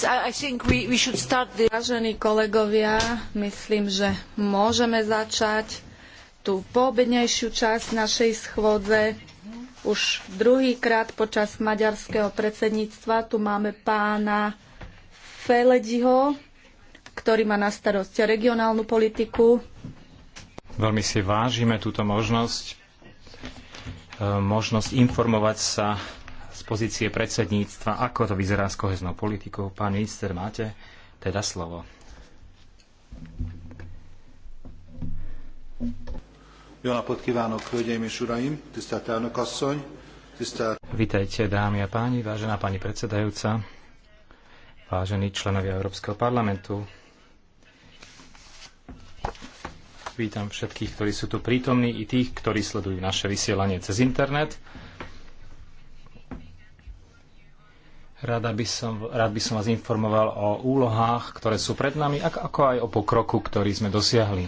Vážení kolegovia, myslím, že môžeme začať tú poobednejšiu časť našej schôdze. Už druhýkrát počas maďarského predsedníctva tu máme pána Felediho, ktorý má na starosti regionálnu politiku. Veľmi si vážime túto možnosť, e, možnosť informovať sa pozície predsedníctva, ako to vyzerá s koheznou politikou. Pán minister, máte teda slovo. Jó napot kívánok, hölgyeim és uraim, tisztelt elnök asszony, tisztelt... Vitajte, dámy a páni, vážená pani predsedajúca, vážení členovia Európskeho parlamentu. Vítam všetkých, ktorí sú tu prítomní i tých, ktorí sledujú naše vysielanie cez internet. Rada by som, rád by som vás informoval o úlohách, ktoré sú pred nami, ako aj o pokroku, ktorý sme dosiahli.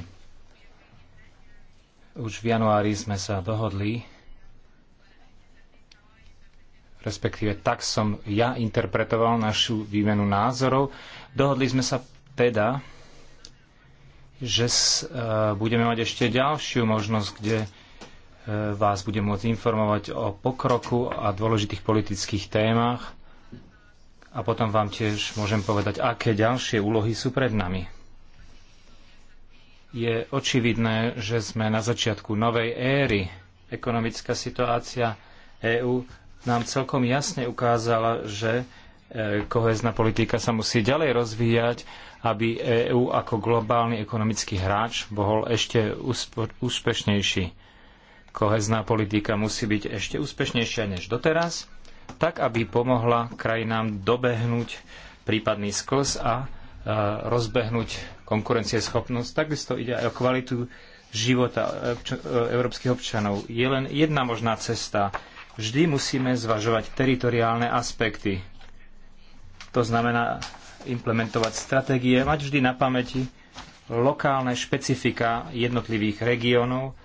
Už v januári sme sa dohodli, respektíve tak som ja interpretoval našu výmenu názorov. Dohodli sme sa teda, že s, e, budeme mať ešte ďalšiu možnosť, kde e, vás budem môcť informovať o pokroku a dôležitých politických témach a potom vám tiež môžem povedať, aké ďalšie úlohy sú pred nami. Je očividné, že sme na začiatku novej éry. Ekonomická situácia EÚ nám celkom jasne ukázala, že e, kohezná politika sa musí ďalej rozvíjať, aby EÚ ako globálny ekonomický hráč bol ešte úspešnejší. Kohezná politika musí byť ešte úspešnejšia než doteraz tak aby pomohla krajinám dobehnúť prípadný skos a e, rozbehnúť konkurencieschopnosť. Takisto ide aj o kvalitu života e, e, európskych občanov. Je len jedna možná cesta. Vždy musíme zvažovať teritoriálne aspekty. To znamená implementovať stratégie, mať vždy na pamäti lokálne špecifika jednotlivých regiónov,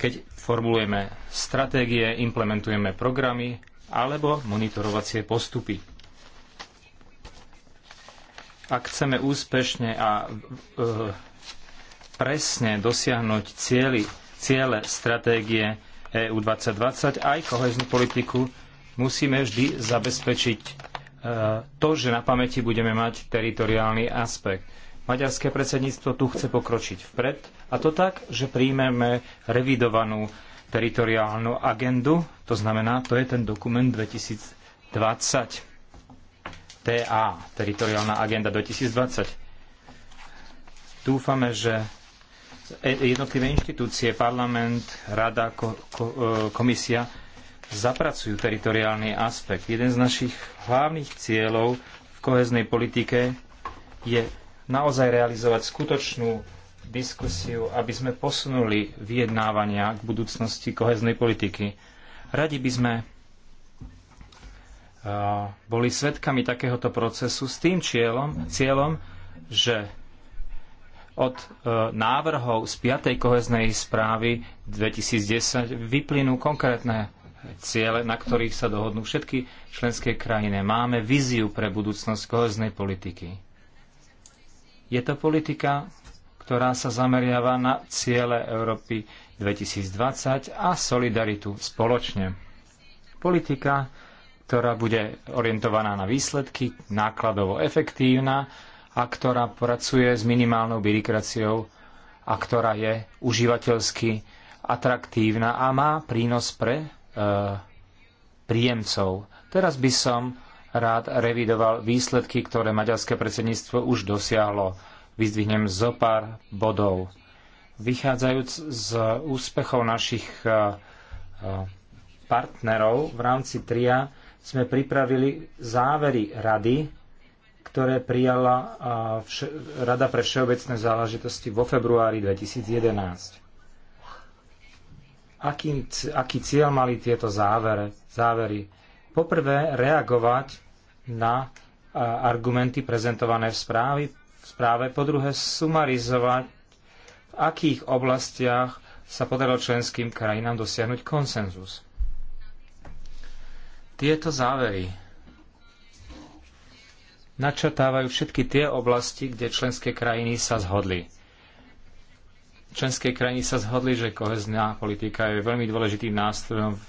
keď formulujeme stratégie, implementujeme programy alebo monitorovacie postupy. Ak chceme úspešne a e, presne dosiahnuť cieľi, ciele stratégie EU 2020 aj koheznú politiku, musíme vždy zabezpečiť e, to, že na pamäti budeme mať teritoriálny aspekt. Maďarské predsedníctvo tu chce pokročiť vpred a to tak, že príjmeme revidovanú teritoriálnu agendu, to znamená, to je ten dokument 2020. TA, teritoriálna agenda 2020. Dúfame, že e- jednotlivé inštitúcie, parlament, rada, e, komisia zapracujú teritoriálny aspekt. Jeden z našich hlavných cieľov v koheznej politike je naozaj realizovať skutočnú diskusiu, aby sme posunuli vyjednávania k budúcnosti koheznej politiky. Radi by sme eh, boli svedkami takéhoto procesu s tým cieľom, cieľom že od eh, návrhov z 5. koheznej správy 2010 vyplynú konkrétne ciele, na ktorých sa dohodnú všetky členské krajiny. Máme víziu pre budúcnosť koheznej politiky. Je to politika, ktorá sa zameriava na ciele Európy 2020 a solidaritu spoločne. Politika, ktorá bude orientovaná na výsledky, nákladovo efektívna a ktorá pracuje s minimálnou byrokraciou a ktorá je užívateľsky atraktívna a má prínos pre e, príjemcov. Teraz by som rád revidoval výsledky, ktoré maďarské predsedníctvo už dosiahlo vyzdvihnem zo pár bodov. Vychádzajúc z úspechov našich eh, eh, partnerov v rámci TRIA sme pripravili závery rady, ktoré prijala eh, Rada pre všeobecné záležitosti vo februári 2011. Aký, aký cieľ mali tieto závere, závery? Poprvé reagovať na argumenty prezentované v správe, správe, po druhé sumarizovať, v akých oblastiach sa podarilo členským krajinám dosiahnuť konsenzus. Tieto závery načrtávajú všetky tie oblasti, kde členské krajiny sa zhodli. Členské krajiny sa zhodli, že kohezná politika je veľmi dôležitým nástrojom v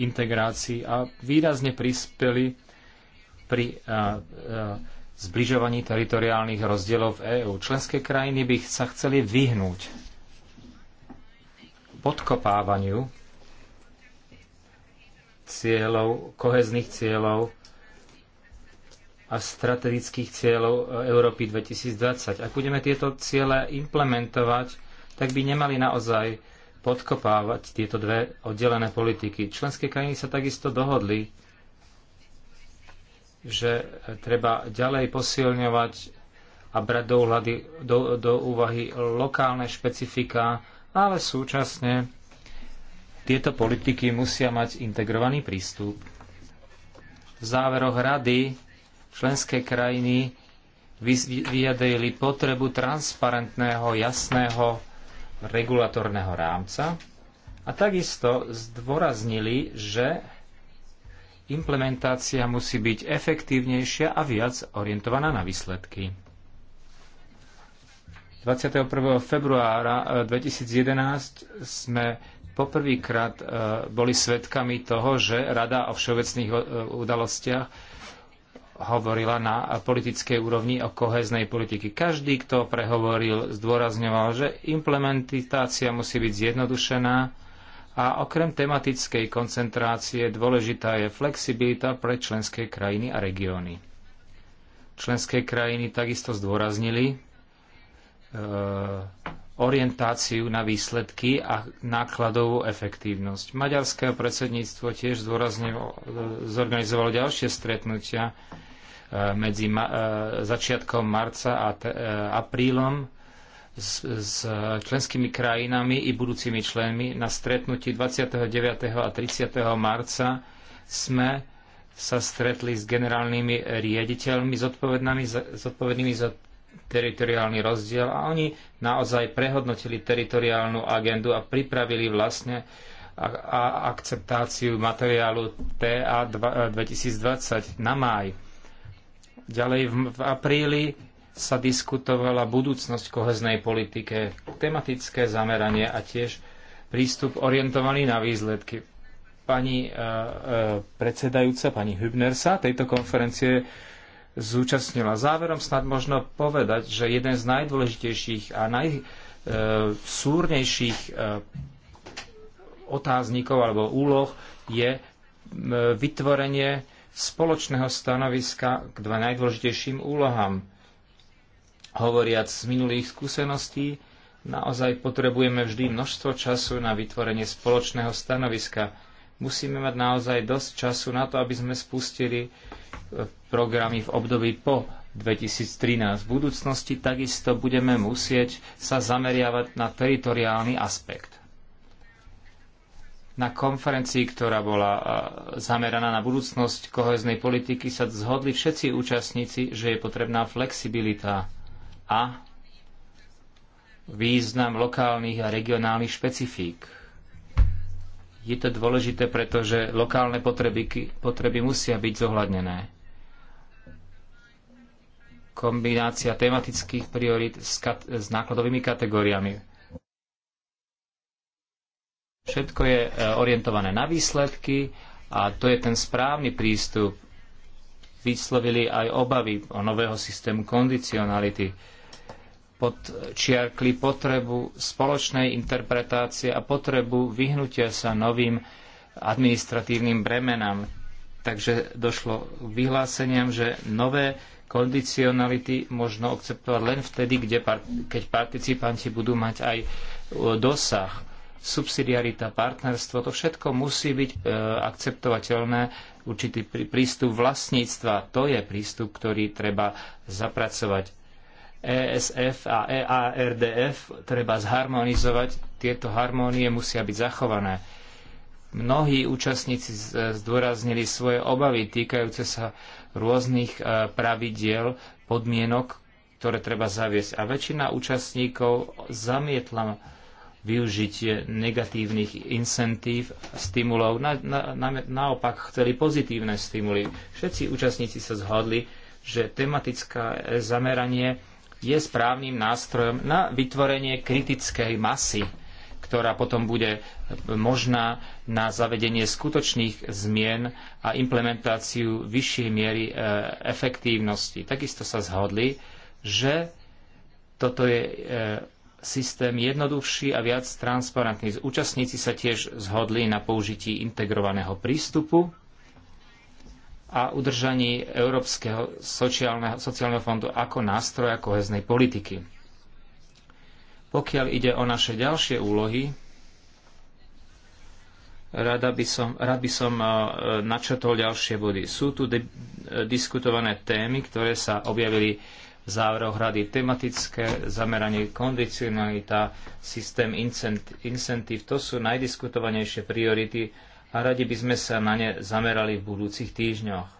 e, integrácii a výrazne prispeli pri e, e, zbližovaní teritoriálnych rozdielov v EÚ. Členské krajiny by sa chceli vyhnúť podkopávaniu cieľov, kohezných cieľov a strategických cieľov Európy 2020. Ak budeme tieto ciele implementovať, tak by nemali naozaj podkopávať tieto dve oddelené politiky. Členské krajiny sa takisto dohodli že treba ďalej posilňovať a brať do, uhľady, do, do úvahy lokálne špecifika, ale súčasne tieto politiky musia mať integrovaný prístup. V záveroch rady členské krajiny vyjadrili potrebu transparentného, jasného regulatorného rámca a takisto zdôraznili, že implementácia musí byť efektívnejšia a viac orientovaná na výsledky. 21. februára 2011 e, sme poprvýkrát e, boli svedkami toho, že Rada o všeobecných e, udalostiach hovorila na politickej úrovni o kohéznej politiky. Každý, kto prehovoril, zdôrazňoval, že implementácia musí byť zjednodušená, a okrem tematickej koncentrácie dôležitá je flexibilita pre členské krajiny a regióny. Členské krajiny takisto zdôraznili e, orientáciu na výsledky a nákladovú efektívnosť. Maďarské predsedníctvo tiež zorganizovalo ďalšie stretnutia e, medzi ma e, začiatkom marca a e, aprílom s, s členskými krajinami i budúcimi členmi na stretnutí 29. a 30. marca sme sa stretli s generálnymi riaditeľmi zodpovednými za teritoriálny rozdiel a oni naozaj prehodnotili teritoriálnu agendu a pripravili vlastne a, a akceptáciu materiálu TA 2020 na máj. Ďalej v, v apríli sa diskutovala budúcnosť koheznej politike, tematické zameranie a tiež prístup orientovaný na výsledky. Pani uh, uh, predsedajúca, pani Hübner sa tejto konferencie zúčastnila. Záverom snad možno povedať, že jeden z najdôležitejších a najsúrnejších uh, otáznikov alebo úloh je vytvorenie spoločného stanoviska k dva najdôležitejším úlohám Hovoriac z minulých skúseností, naozaj potrebujeme vždy množstvo času na vytvorenie spoločného stanoviska. Musíme mať naozaj dosť času na to, aby sme spustili e, programy v období po 2013. V budúcnosti takisto budeme musieť sa zameriavať na teritoriálny aspekt. Na konferencii, ktorá bola e, zameraná na budúcnosť koheznej politiky, sa zhodli všetci účastníci, že je potrebná flexibilita a význam lokálnych a regionálnych špecifík. Je to dôležité, pretože lokálne potreby, potreby musia byť zohľadnené. Kombinácia tematických priorit s, kat- s nákladovými kategóriami. Všetko je e, orientované na výsledky a to je ten správny prístup vyslovili aj obavy o nového systému kondicionality. Podčiarkli potrebu spoločnej interpretácie a potrebu vyhnutia sa novým administratívnym bremenám. Takže došlo k vyhláseniam, že nové kondicionality možno akceptovať len vtedy, kde, keď participanti budú mať aj e, dosah subsidiarita, partnerstvo, to všetko musí byť e, akceptovateľné určitý prístup vlastníctva. To je prístup, ktorý treba zapracovať. ESF a EARDF treba zharmonizovať. Tieto harmónie musia byť zachované. Mnohí účastníci e, zdôraznili svoje obavy týkajúce sa rôznych e, pravidiel, podmienok, ktoré treba zaviesť. A väčšina účastníkov zamietla využitie negatívnych incentív, stimulov. Na, na, na, naopak chceli pozitívne stimuly. Všetci účastníci sa zhodli, že tematické e, zameranie je správnym nástrojom na vytvorenie kritickej masy, ktorá potom bude e, možná na zavedenie skutočných zmien a implementáciu vyššej miery e, efektívnosti. Takisto sa zhodli, že toto je e, systém jednoduchší a viac transparentný. Účastníci sa tiež zhodli na použití integrovaného prístupu a udržaní Európskeho sociálneho, sociálneho fondu ako nástroja koheznej politiky. Pokiaľ ide o naše ďalšie úlohy, rada by som, rád by som e, načetol ďalšie body. Sú tu de, e, diskutované témy, ktoré sa objavili záveroch rady tematické zameranie, kondicionalita, systém incentív. To sú najdiskutovanejšie priority a radi by sme sa na ne zamerali v budúcich týždňoch.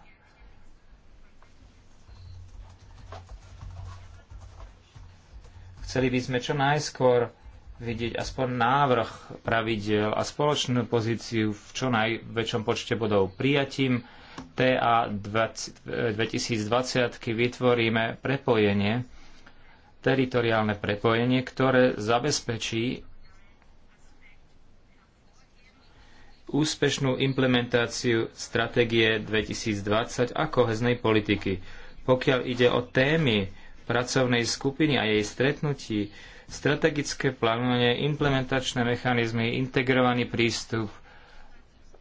Chceli by sme čo najskôr vidieť aspoň návrh pravidel a spoločnú pozíciu v čo najväčšom počte bodov prijatím TA 20, 2020 vytvoríme prepojenie, teritoriálne prepojenie, ktoré zabezpečí úspešnú implementáciu stratégie 2020 a koheznej politiky. Pokiaľ ide o témy pracovnej skupiny a jej stretnutí, strategické plánovanie, implementačné mechanizmy, integrovaný prístup,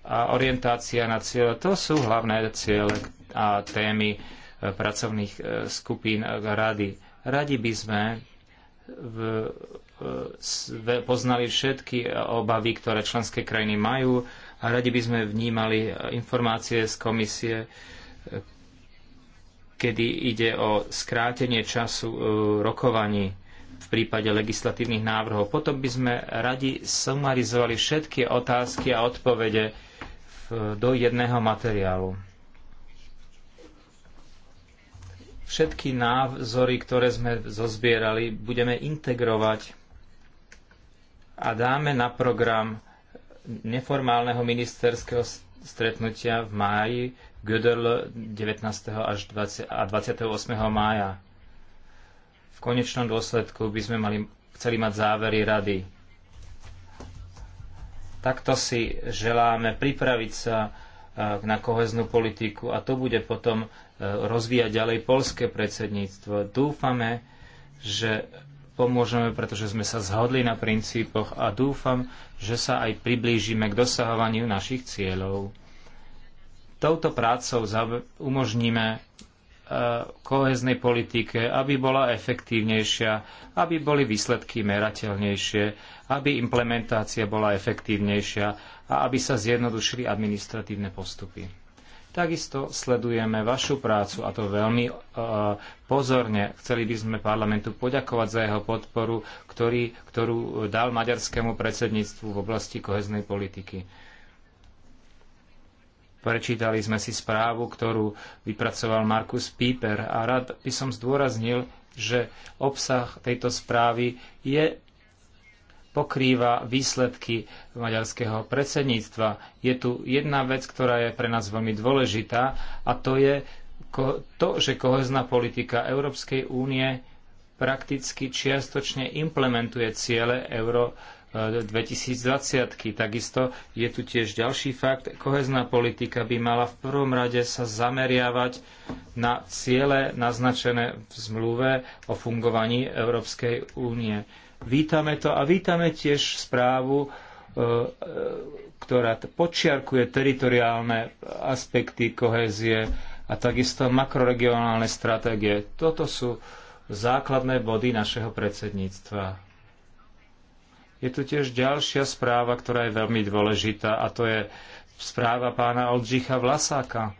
a orientácia na cieľe. To sú hlavné ciele a témy e, pracovných e, skupín e, rady. Radi by sme v, poznali všetky obavy, ktoré členské krajiny majú a radi by sme vnímali informácie z komisie, kedy ide o skrátenie času rokovaní v prípade legislatívnych návrhov. Potom by sme radi sumarizovali všetky otázky a odpovede, do jedného materiálu. Všetky názory, ktoré sme zozbierali, budeme integrovať a dáme na program neformálneho ministerského stretnutia v máji Gödel 19. až 20, a 28. mája. V konečnom dôsledku by sme mali, chceli mať závery rady. Takto si želáme pripraviť sa e, na koheznú politiku a to bude potom e, rozvíjať ďalej polské predsedníctvo. Dúfame, že pomôžeme, pretože sme sa zhodli na princípoch a dúfam, že sa aj priblížime k dosahovaniu našich cieľov. Touto prácou umožníme Eh, koheznej politike, aby bola efektívnejšia, aby boli výsledky merateľnejšie, aby implementácia bola efektívnejšia a aby sa zjednodušili administratívne postupy. Takisto sledujeme vašu prácu a to veľmi eh, pozorne. Chceli by sme parlamentu poďakovať za jeho podporu, ktorý, ktorú dal maďarskému predsedníctvu v oblasti koheznej politiky Prečítali sme si správu, ktorú vypracoval Markus Pieper a rád by som zdôraznil, že obsah tejto správy je pokrýva výsledky maďarského predsedníctva. Je tu jedna vec, ktorá je pre nás veľmi dôležitá a to je to, že kohezná politika Európskej únie prakticky čiastočne implementuje ciele Euro 2020. Takisto je tu tiež ďalší fakt. Kohezná politika by mala v prvom rade sa zameriavať na ciele naznačené v zmluve o fungovaní Európskej únie. Vítame to a vítame tiež správu, e, e, ktorá počiarkuje teritoriálne aspekty kohézie a takisto makroregionálne stratégie. Toto sú základné body našeho predsedníctva je tu tiež ďalšia správa, ktorá je veľmi dôležitá a to je správa pána Oldřicha Vlasáka.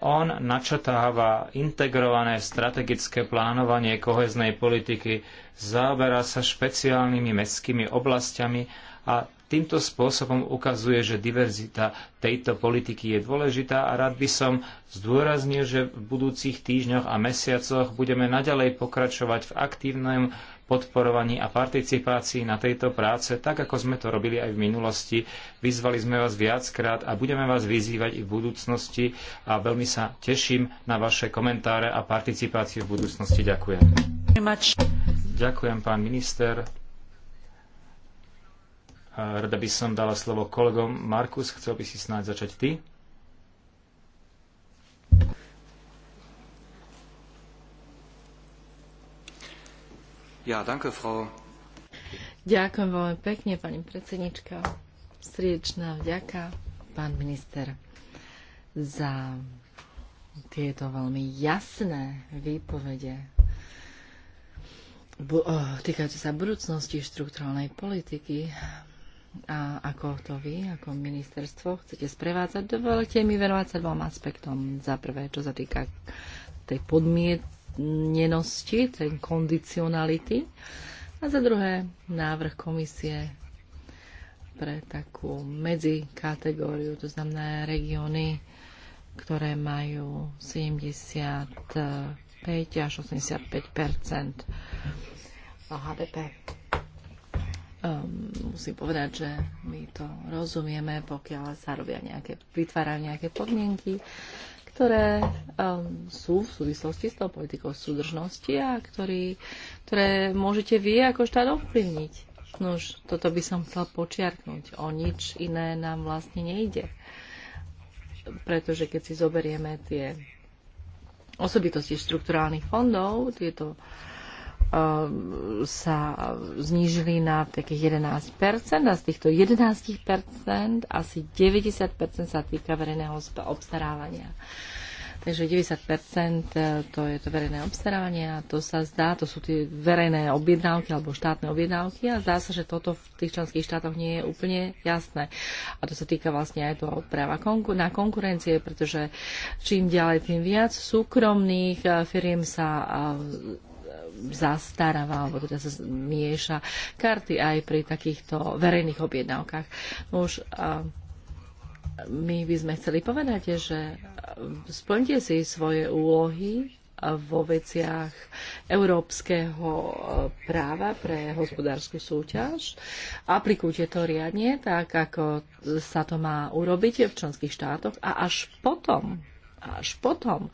On načatáva integrované strategické plánovanie koheznej politiky, zaoberá sa špeciálnymi mestskými oblastiami a týmto spôsobom ukazuje, že diverzita tejto politiky je dôležitá a rád by som zdôraznil, že v budúcich týždňoch a mesiacoch budeme naďalej pokračovať v aktívnom podporovaní a participácii na tejto práce, tak ako sme to robili aj v minulosti. Vyzvali sme vás viackrát a budeme vás vyzývať i v budúcnosti a veľmi sa teším na vaše komentáre a participáciu v budúcnosti. Ďakujem. Ďakujem, pán minister. Rada by som dala slovo kolegom. Markus, chcel by si snáď začať ty? Ja, danke, Frau. Ďakujem veľmi pekne, pani predsednička. Sriečná vďaka, pán minister, za tieto veľmi jasné výpovede týkajúce sa budúcnosti štruktúralnej politiky a ako to vy, ako ministerstvo, chcete sprevádzať, dovolte mi venovať sa dvom aspektom. Za prvé, čo sa týka tej podmien- nenosti, ten kondicionality. A za druhé návrh komisie pre takú medzikategóriu, to znamená regióny, ktoré majú 75 až 85 HDP. Um, musím povedať, že my to rozumieme, pokiaľ sa robia nejaké, vytvárajú nejaké podmienky, ktoré um, sú v súvislosti s tou politikou súdržnosti a ktorý, ktoré môžete vy ako štát ovplyvniť. No už toto by som chcel počiarknúť. O nič iné nám vlastne nejde. Pretože keď si zoberieme tie osobitosti štrukturálnych fondov, tieto uh, Eh, sa znížili na takých 11 a z týchto 11 asi 90 sa týka verejného obstarávania. Takže 90% eh, to je to verejné obstarávanie a to sa zdá, to sú tie verejné objednávky alebo štátne objednávky a zdá sa, že toto v tých členských štátoch nie je úplne jasné. A to sa týka vlastne aj toho práva konkur- na konkurencie, pretože čím ďalej, tým viac súkromných eh, firiem sa zastaráva alebo teda sa mieša karty aj pri takýchto verejných objednávkach. Už my by sme chceli povedať, že e, splňte si svoje úlohy e, vo veciach európskeho e, práva pre hospodárskú súťaž. Aplikujte to riadne, tak ako sa to má urobiť v členských štátoch a až potom až potom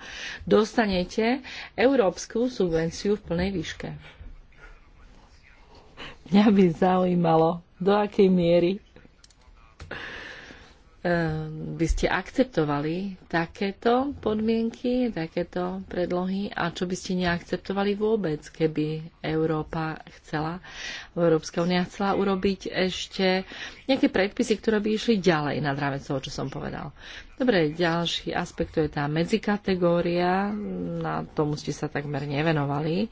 dostanete európsku subvenciu v plnej výške. Mňa by zaujímalo, do akej miery Ehm, by ste akceptovali takéto podmienky, takéto predlohy a čo by ste neakceptovali vôbec, keby Európa chcela, Európska únia chcela urobiť ešte nejaké predpisy, ktoré by išli ďalej nad rámec toho, čo som povedal. Dobre, ďalší aspekt to je tá medzikategória, na tomu ste sa takmer nevenovali,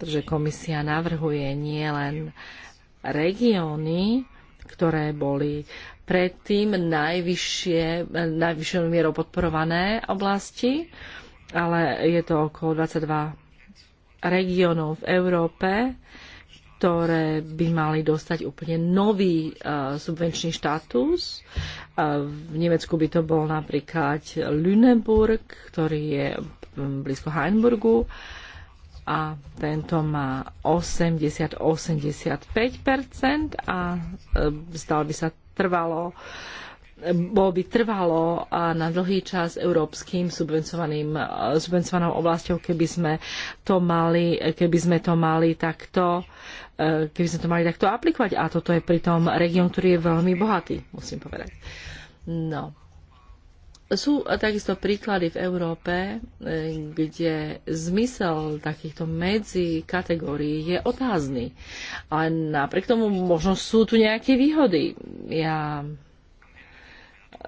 pretože komisia navrhuje nielen regióny, ktoré boli predtým najvyššie, najvyššie mierou podporované oblasti, ale je to okolo 22 regiónov v Európe, ktoré by mali dostať úplne nový uh, subvenčný štatus. Uh, e, v Nemecku by to bol napríklad Lüneburg, ktorý je blízko Heinburgu a tento má 80-85% a uh, e, stal by sa trvalo bol by trvalo a na dlhý čas európskym subvencovaným, subvencovanou oblasťou, keby sme to mali, keby sme to mali takto e, keby sme to mali takto aplikovať. A toto je pritom región, ktorý je veľmi bohatý, musím povedať. No, sú takisto príklady v Európe, e, kde zmysel takýchto medzi kategórií je otázny. Ale napriek tomu možno sú tu nejaké výhody. Ja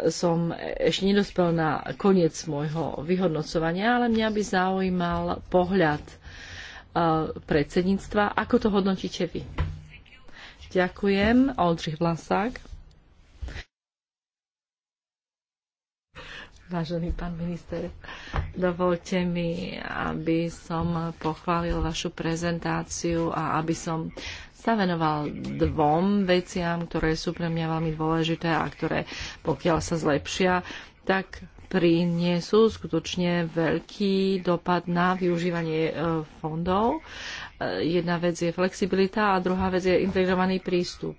som ešte nedospel na koniec môjho vyhodnocovania, ale mňa by zaujímal pohľad e, predsedníctva. Ako to hodnotíte vy? Ďakujem. Oldřich Vlasák. Vážený pán minister, dovolte mi, aby som pochválil vašu prezentáciu a aby som sa venoval dvom veciam, ktoré sú pre mňa veľmi dôležité a ktoré, pokiaľ sa zlepšia, tak priniesú skutočne veľký dopad na využívanie e, fondov. E, jedna vec je flexibilita a druhá vec je integrovaný prístup.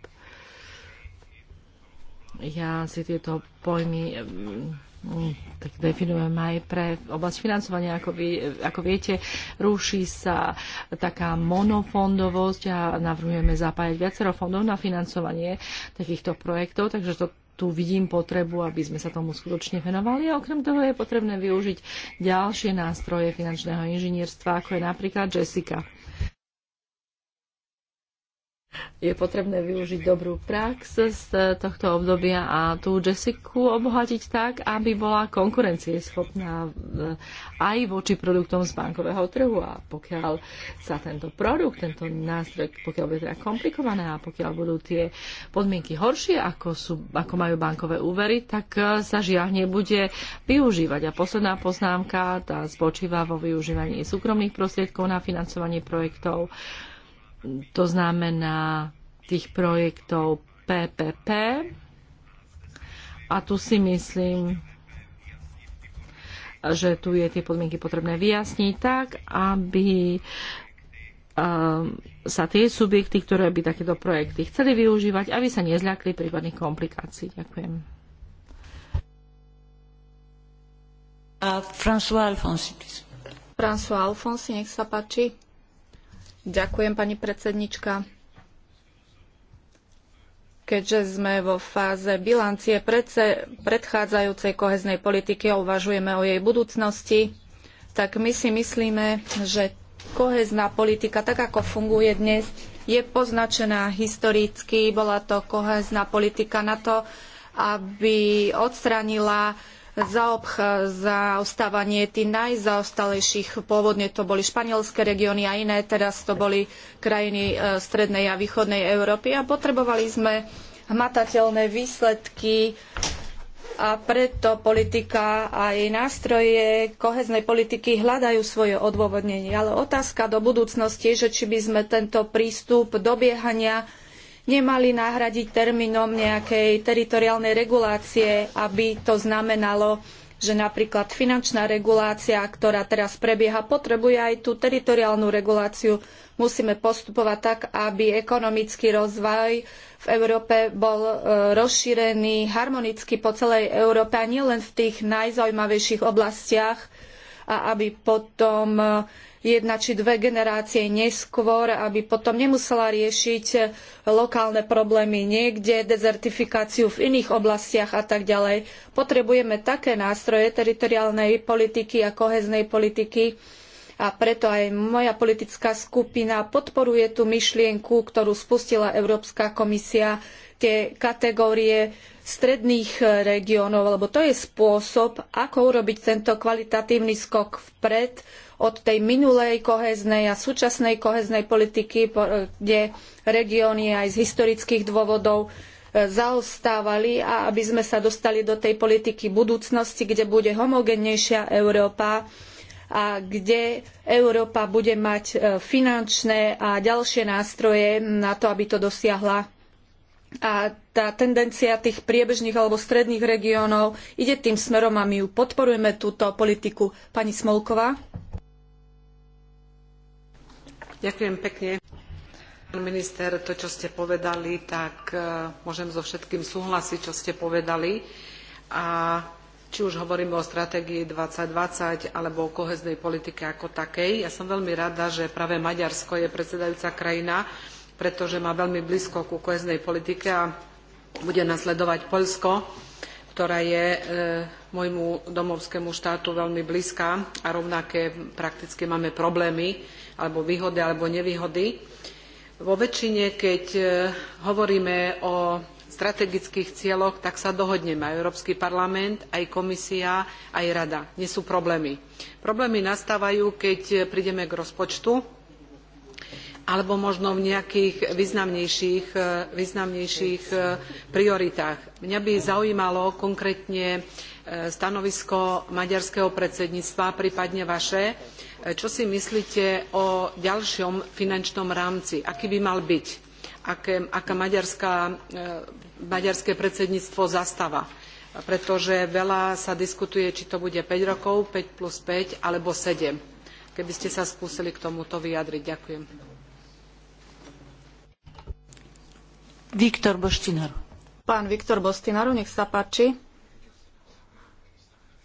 Ja si tieto pojmy Mm, tak definujem aj pre oblasť financovania. Ako, vy, ako viete, ruší sa taká monofondovosť a navrhujeme zapájať viacero fondov na financovanie takýchto projektov, takže to tu vidím potrebu, aby sme sa tomu skutočne venovali a okrem toho je potrebné využiť ďalšie nástroje finančného inžinierstva, ako je napríklad Jessica. Je potrebné využiť dobrú prax z tohto obdobia a tú Jessiku obohatiť tak, aby bola konkurencieschopná e, aj voči produktom z bankového trhu. A pokiaľ sa tento produkt, tento nástroj, pokiaľ bude teda komplikované a pokiaľ budú tie podmienky horšie, ako, sú, ako majú bankové úvery, tak e, sa žiaľ nebude využívať. A posledná poznámka, tá spočíva vo využívaní súkromných prostriedkov na financovanie projektov to znamená tých projektov PPP. A tu si myslím, že tu je tie podmienky potrebné vyjasniť tak, aby ehm, sa tie subjekty, ktoré by takéto projekty chceli využívať, aby sa nezľakli prípadných komplikácií. Ďakujem. François Alfonsi, François Alfonsi, nech sa páči. Ďakujem, pani predsednička. Keďže sme vo fáze bilancie predchádzajúcej koheznej politiky a uvažujeme o jej budúcnosti, tak my si myslíme, že kohezná politika, tak ako funguje dnes, je poznačená historicky. Bola to kohezná politika na to, aby odstránila zaostávanie tých najzaostalejších. Pôvodne to boli španielské regióny a iné, teraz to boli krajiny e, strednej a východnej Európy a potrebovali sme hmatateľné výsledky a preto politika a jej nástroje koheznej politiky hľadajú svoje odôvodnenie. Ale otázka do budúcnosti je, že či by sme tento prístup dobiehania nemali nahradiť termínom nejakej teritoriálnej regulácie, aby to znamenalo, že napríklad finančná regulácia, ktorá teraz prebieha, potrebuje aj tú teritoriálnu reguláciu. Musíme postupovať tak, aby ekonomický rozvoj v Európe bol e, rozšírený harmonicky po celej Európe a nielen v tých najzaujímavejších oblastiach a aby potom e, jedna či dve generácie neskôr, aby potom nemusela riešiť lokálne problémy niekde, dezertifikáciu v iných oblastiach a tak ďalej. Potrebujeme také nástroje teritoriálnej politiky a koheznej politiky, a preto aj moja politická skupina podporuje tú myšlienku, ktorú spustila Európska komisia, tie kategórie stredných regiónov, lebo to je spôsob, ako urobiť tento kvalitatívny skok vpred od tej minulej koheznej a súčasnej koheznej politiky, kde regióny aj z historických dôvodov e, zaostávali a aby sme sa dostali do tej politiky budúcnosti, kde bude homogénnejšia Európa a kde Európa bude mať e, finančné a ďalšie nástroje na to, aby to dosiahla a tá tendencia tých priebežných alebo stredných regiónov ide tým smerom a my ju podporujeme túto politiku. Pani Smolková. Ďakujem pekne. Pán minister, to, čo ste povedali, tak e, môžem so všetkým súhlasiť, čo ste povedali. A či už hovoríme o stratégii 2020 alebo o koheznej politike ako takej. Ja som veľmi rada, že práve Maďarsko je predsedajúca krajina, pretože má veľmi blízko ku koheznej politike a bude nasledovať Poľsko, ktorá je e, môjmu domovskému štátu veľmi blízka a rovnaké prakticky máme problémy alebo výhody alebo nevýhody. Vo väčšine, keď e, hovoríme o strategických cieľoch, tak sa dohodneme aj Európsky parlament, aj komisia, aj rada. Nie sú problémy. Problémy nastávajú, keď e, prídeme k rozpočtu alebo možno v nejakých významnejších, e, významnejších prioritách. Mňa by zaujímalo konkrétne stanovisko maďarského predsedníctva, prípadne vaše, E, čo si myslíte o ďalšom finančnom rámci? Aký by mal byť? Aké, aká maďarská, e, maďarské predsedníctvo zastáva? Pretože veľa sa diskutuje, či to bude 5 rokov, 5 plus 5 alebo 7. Keby ste sa skúsili k tomuto vyjadriť. Ďakujem. Viktor Boštinaru. Pán Viktor Bostinaru, nech sa páči.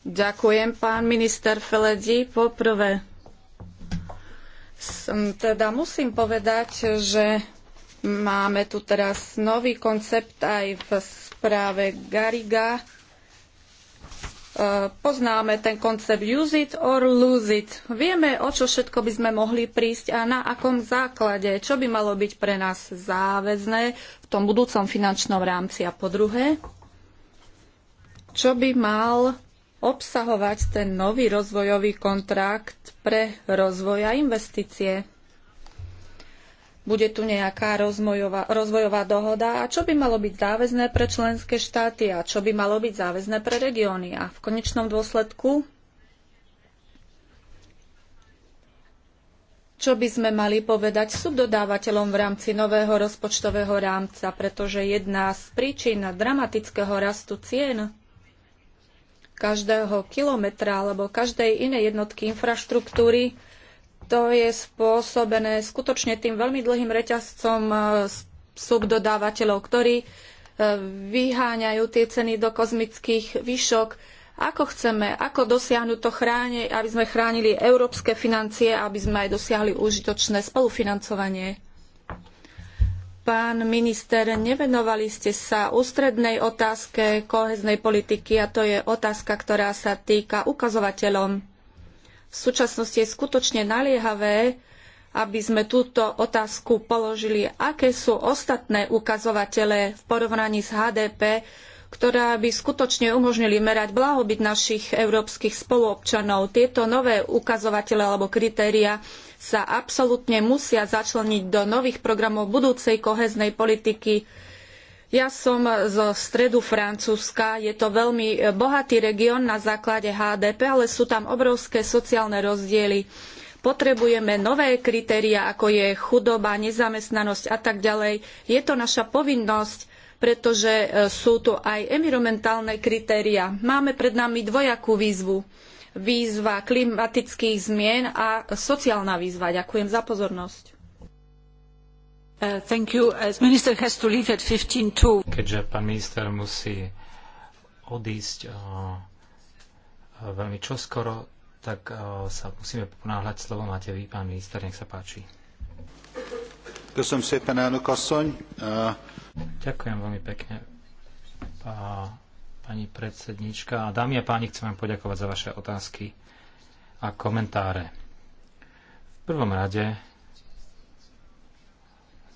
Ďakujem, pán minister Feledi. Poprvé, teda musím povedať, že máme tu teraz nový koncept aj v správe Gariga. E, poznáme ten koncept use it or lose it. Vieme, o čo všetko by sme mohli prísť a na akom základe, čo by malo byť pre nás záväzné v tom budúcom finančnom rámci a po druhé, čo by mal obsahovať ten nový rozvojový kontrakt pre rozvoj a investície. Bude tu nejaká rozvojová, rozvojová dohoda a čo by malo byť záväzné pre členské štáty a čo by malo byť záväzné pre regióny. A v konečnom dôsledku, čo by sme mali povedať subdodávateľom v rámci nového rozpočtového rámca, pretože jedna z príčin dramatického rastu cien každého kilometra alebo každej inej jednotky infraštruktúry, to je spôsobené skutočne tým veľmi dlhým reťazcom e, subdodávateľov, ktorí e, vyháňajú tie ceny do kozmických výšok. Ako chceme, ako dosiahnuť to chráne, aby sme chránili európske financie, aby sme aj dosiahli užitočné spolufinancovanie? Pán minister, nevenovali ste sa ústrednej otázke koheznej politiky a to je otázka, ktorá sa týka ukazovateľom. V súčasnosti je skutočne naliehavé, aby sme túto otázku položili, aké sú ostatné ukazovatele v porovnaní s HDP, ktorá by skutočne umožnili merať blahobyt našich európskych spoluobčanov. Tieto nové ukazovatele alebo kritéria sa absolútne musia začleniť do nových programov budúcej kohéznej politiky. Ja som zo stredu Francúzska, je to veľmi bohatý región na základe HDP, ale sú tam obrovské sociálne rozdiely. Potrebujeme nové kritériá, ako je chudoba, nezamestnanosť a tak ďalej. Je to naša povinnosť pretože e, sú tu aj environmentálne kritéria. Máme pred nami dvojakú výzvu. Výzva klimatických zmien a sociálna výzva. Ďakujem za pozornosť. Uh, Keďže pán minister musí odísť uh, veľmi čoskoro, tak uh, sa musíme ponáhľať. Slovo máte vy, pán minister, nech sa páči. Ďakujem veľmi pekne, pani predsednička. A dámy a páni, chcem vám poďakovať za vaše otázky a komentáre. V prvom rade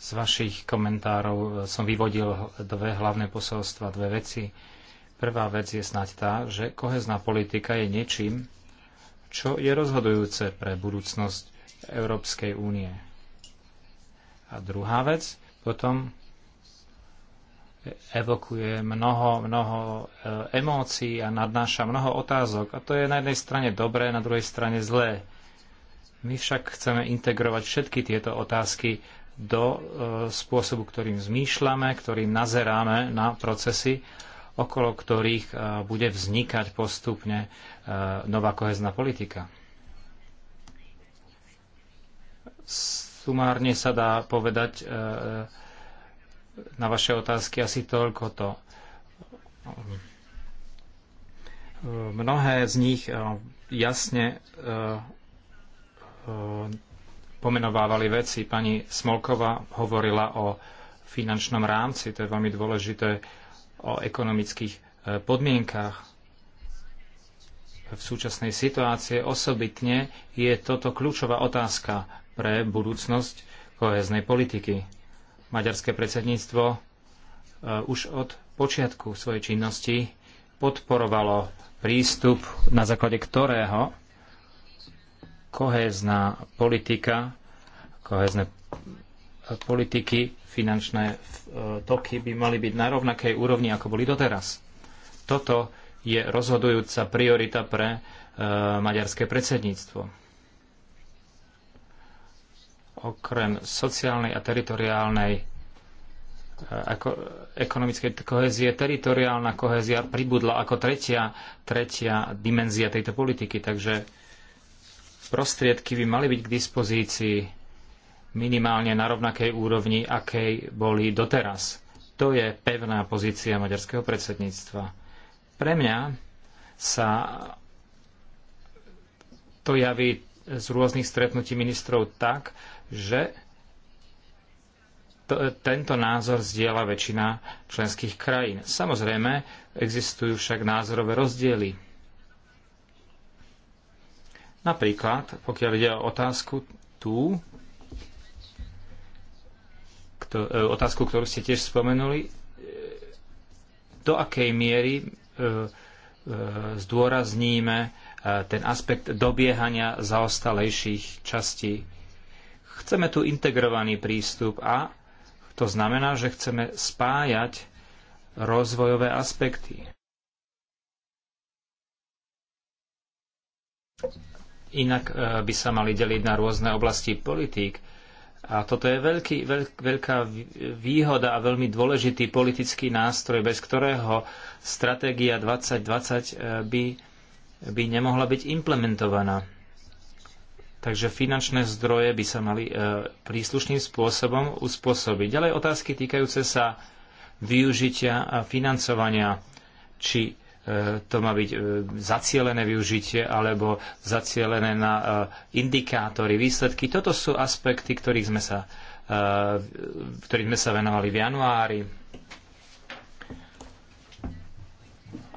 z vašich komentárov som vyvodil dve hlavné posolstva, dve veci. Prvá vec je snáď tá, že kohezná politika je niečím, čo je rozhodujúce pre budúcnosť Európskej únie a druhá vec, potom evokuje mnoho, mnoho e, emócií a nadnáša mnoho otázok. A to je na jednej strane dobré, na druhej strane zlé. My však chceme integrovať všetky tieto otázky do e, spôsobu, ktorým zmýšľame, ktorým nazeráme na procesy, okolo ktorých e, bude vznikať postupne nová kohezná politika. S sumárne sa dá povedať e, e, na vaše otázky asi toľko to. Mnohé z nich e, jasne pomenovávali veci. Pani Smolkova hovorila o finančnom rámci, to je veľmi dôležité, o ekonomických podmienkách. V súčasnej situácie osobitne je toto kľúčová otázka pre budúcnosť koheznej politiky. Maďarské predsedníctvo e, už od počiatku svojej činnosti podporovalo prístup, na základe ktorého kohézna politika, kohézne politiky, finančné e, toky by mali byť na rovnakej úrovni, ako boli doteraz. Toto je rozhodujúca priorita pre e, maďarské predsedníctvo okrem sociálnej a teritoriálnej e, ako ekonomickej kohezie, teritoriálna kohezia pribudla ako tretia, tretia dimenzia tejto politiky. Takže prostriedky by mali byť k dispozícii minimálne na rovnakej úrovni, akej boli doteraz. To je pevná pozícia maďarského predsedníctva. Pre mňa sa to javí z rôznych stretnutí ministrov tak, že tento názor zdieľa väčšina členských krajín. Samozrejme, existujú však názorové rozdiely. Napríklad, pokiaľ ide o otázku tú, e, otázku, ktorú ste tiež spomenuli, e, do akej miery e, zdôrazníme ten aspekt dobiehania zaostalejších častí. Chceme tu integrovaný prístup a to znamená, že chceme spájať rozvojové aspekty. Inak e, by sa mali deliť na rôzne oblasti politík. A toto je veľký, veľk, veľká výhoda a veľmi dôležitý politický nástroj, bez ktorého stratégia 2020 e, by by nemohla byť implementovaná. Takže finančné zdroje by sa mali e, príslušným spôsobom uspôsobiť. Ďalej otázky týkajúce sa využitia a financovania, či e, to má byť e, zacielené využitie alebo zacielené na indikátory, výsledky. Toto sú aspekty, ktorých sme sa, ktorých sme sa venovali v januári.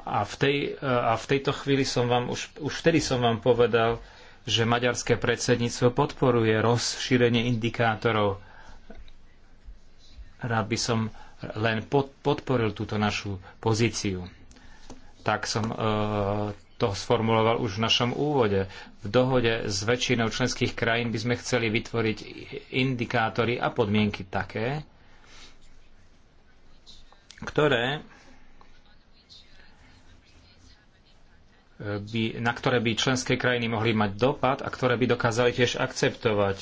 A v, tej, a v tejto chvíli som vám, už, už vtedy som vám povedal, že maďarské predsedníctvo podporuje rozšírenie indikátorov. Rád by som len pod, podporil túto našu pozíciu. Tak som e, to sformuloval už v našom úvode. V dohode s väčšinou členských krajín by sme chceli vytvoriť indikátory a podmienky také, ktoré by, na ktoré by členské krajiny mohli mať dopad a ktoré by dokázali tiež akceptovať.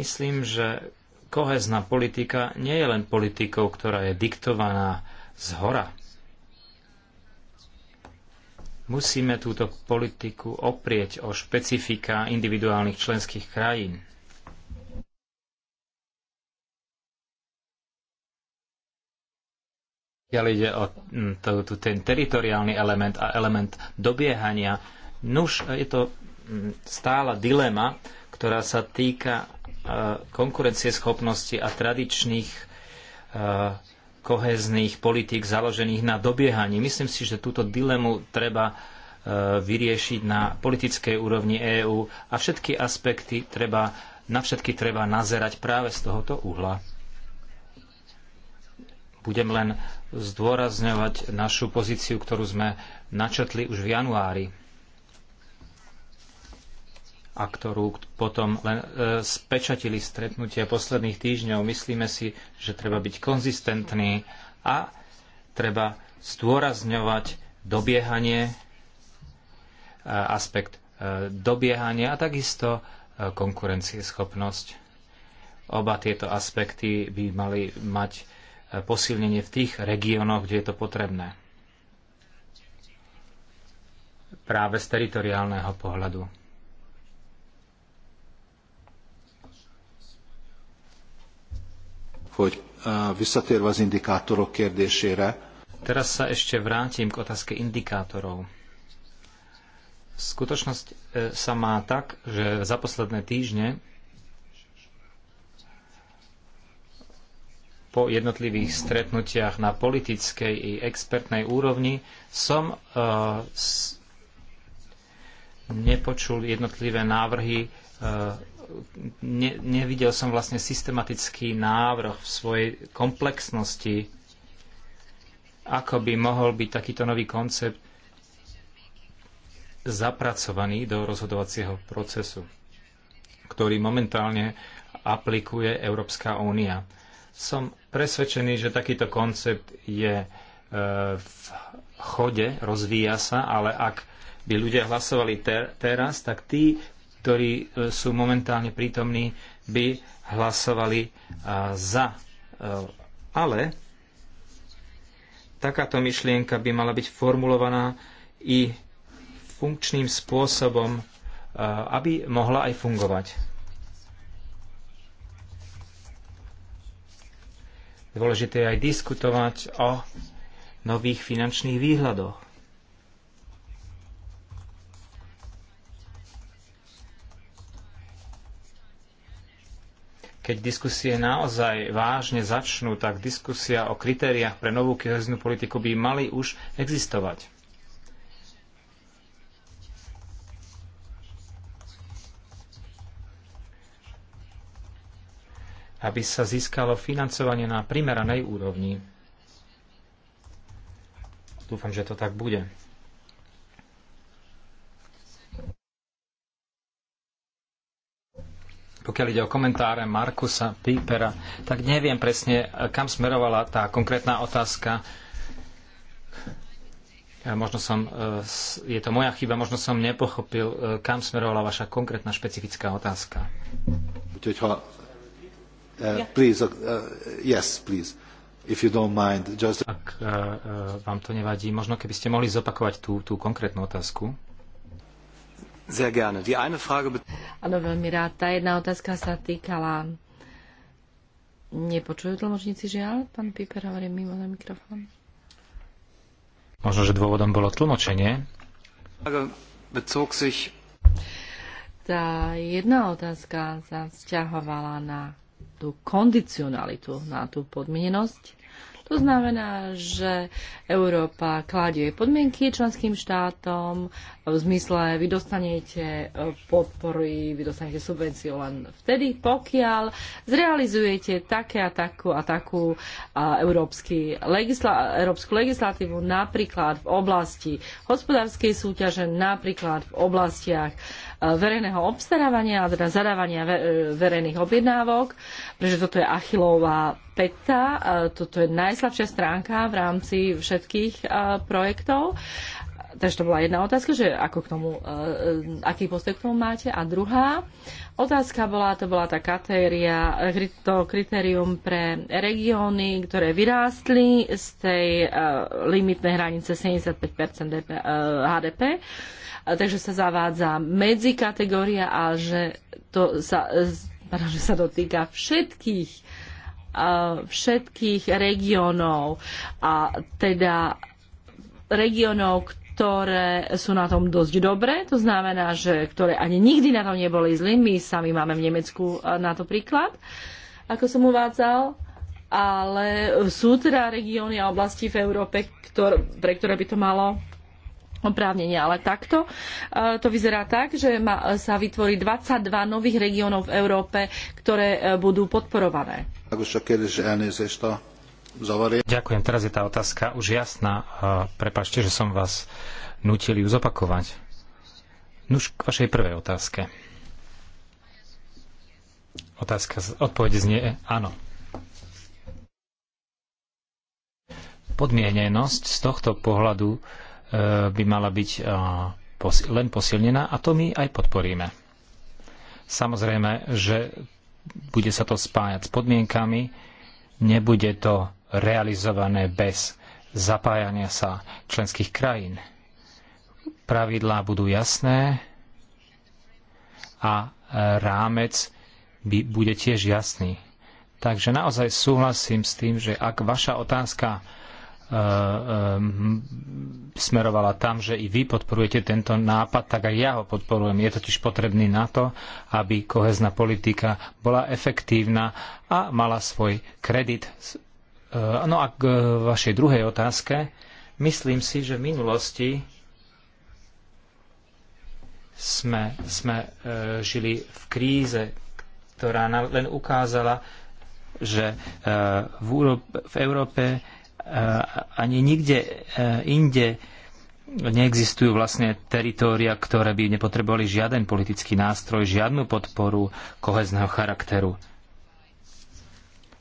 Myslím, že kohezná politika nie je len politikou, ktorá je diktovaná z hora. Musíme túto politiku oprieť o špecifika individuálnych členských krajín. Pokiaľ ide o mm, ten teritoriálny element a element dobiehania, nuž je to mm, stála dilema, ktorá sa týka e, konkurencieschopnosti a tradičných e, kohezných politík založených na dobiehaní. Myslím si, že túto dilemu treba e, vyriešiť na politickej úrovni EÚ a všetky aspekty treba, na všetky treba nazerať práve z tohoto uhla. Budem len zdôrazňovať našu pozíciu, ktorú sme načetli už v januári a ktorú potom len e, spečatili stretnutia posledných týždňov. Myslíme si, že treba byť konzistentný a treba zdôrazňovať dobiehanie, e, aspekt e, dobiehania a takisto konkurencieschopnosť. Oba tieto aspekty by mali mať posilnenie v tých regiónoch, kde je to potrebné. Práve z teritoriálneho pohľadu. Hogy visszatérve az indikátorok kérdésére. Teraz sa ešte vrátim k otázke indikátorov. Skutočnosť e, sa má tak, že za posledné týždne po jednotlivých stretnutiach na politickej i expertnej úrovni som uh, s, nepočul jednotlivé návrhy, uh, ne, nevidel som vlastne systematický návrh v svojej komplexnosti, ako by mohol byť takýto nový koncept zapracovaný do rozhodovacieho procesu, ktorý momentálne aplikuje Európska únia. Som presvedčený, že takýto koncept je e, v chode, rozvíja sa, ale ak by ľudia hlasovali ter, teraz, tak tí, ktorí e, sú momentálne prítomní, by hlasovali e, za. Ale takáto myšlienka by mala byť formulovaná i funkčným spôsobom, aby mohla aj fungovať. Dôležité je aj diskutovať o nových finančných výhľadoch. keď diskusie naozaj vážne začnú, tak diskusia o kritériách pre novú koheznú politiku by mali už existovať. aby sa získalo financovanie na primeranej úrovni. Dúfam, že to tak bude. Pokiaľ ide o komentáre Markusa Pípera, tak neviem presne, kam smerovala tá konkrétna otázka. Možno som, e, je to moja chyba, možno som nepochopil, e, kam smerovala vaša konkrétna špecifická otázka. Uh, uh, uh, Ak vám to nevadí, možno keby ste mohli zopakovať tú, tú konkrétnu otázku. Sehr gerne. Die eine Frage... Áno, veľmi rád. Tá jedna otázka sa týkala... Nepočujú tlmočníci žiaľ? Pán Piper hovorí mimo na mikrofón. Možno, že dôvodom bolo tlmočenie. Tá jedna otázka sa vzťahovala na tú kondicionalitu, na tú podmienenosť. To znamená, že Európa kladie podmienky členským štátom v zmysle vy dostanete e, podpory, vy dostanete subvenciu len vtedy, pokiaľ zrealizujete také a takú a takú európsky legisla- európsku legislatívu napríklad v oblasti hospodárskej súťaže, napríklad v oblastiach Eh, verejného obstarávania, a teda zadávania eh, verejných objednávok, pretože toto je achilová peta, eh, toto je najslabšia stránka v rámci všetkých projektov takže to bola jedna otázka, že ako k tomu, e, e, aký postoj k tomu máte. A druhá otázka bola, to bola tá katéria, to kritérium pre regióny, ktoré vyrástli z tej e, limitnej hranice 75% HDP takže sa zavádza medzi kategória a že to sa, pardon, že sa dotýka všetkých všetkých regiónov a teda regiónov, ktoré sú na tom dosť dobre, to znamená, že ktoré ani nikdy na tom neboli zlí. My sami máme v Nemecku e, na to príklad, ako som uvádzal. Ale sú teda regióny a oblasti v Európe, ktor- pre ktoré by to malo oprávnenie, Ale takto e, to vyzerá tak, že sa vytvorí 22 nových regiónov v Európe, ktoré e, budú podporované. Ako Ďakujem, teraz je tá otázka už jasná. Prepačte, že som vás nutil ju zopakovať. Nuž k vašej prvej otázke. Otázka, odpovede znie e, áno. Podmienenosť z tohto pohľadu e, by mala byť e, len posilnená a to my aj podporíme. Samozrejme, že bude sa to spájať s podmienkami, nebude to realizované bez zapájania sa členských krajín. Pravidlá budú jasné a e, rámec by, bude tiež jasný. Takže naozaj súhlasím s tým, že ak vaša otázka e, e, smerovala tam, že i vy podporujete tento nápad, tak aj ja ho podporujem. Je totiž potrebný na to, aby kohezná politika bola efektívna a mala svoj kredit E, no a k e, vašej druhej otázke, myslím si, že v minulosti sme, sme e, žili v kríze, ktorá nám len ukázala, že v, Európe, v Európe ani nikde inde neexistujú vlastne teritória, ktoré by nepotrebovali žiaden politický nástroj, žiadnu podporu kohezného charakteru.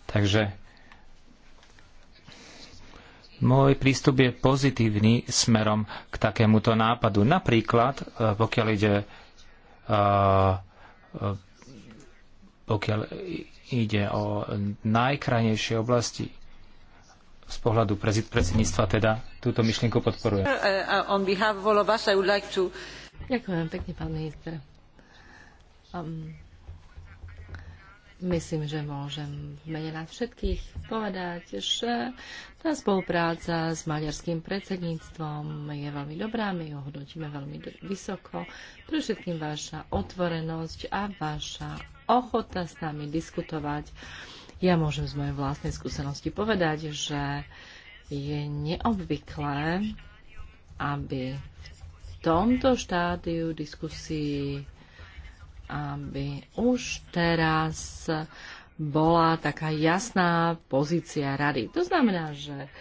Takže môj prístup je pozitívny smerom k takémuto nápadu. Napríklad, e, pokiaľ ide, e, e, pokiaľ ide o najkrajnejšie oblasti z pohľadu predsedníctva, teda túto myšlienku podporujem. Uh, uh, Ďakujem pekne, pán minister. Um, Myslím, že môžem v mene nás všetkých povedať, že tá spolupráca s maďarským predsedníctvom je veľmi dobrá, my ju hodnotíme veľmi vysoko. Pre všetkým vaša otvorenosť a vaša ochota s nami diskutovať. Ja môžem z mojej vlastnej skúsenosti povedať, že je neobvyklé, aby v tomto štádiu diskusí aby už teraz bola taká jasná pozícia rady. To znamená, že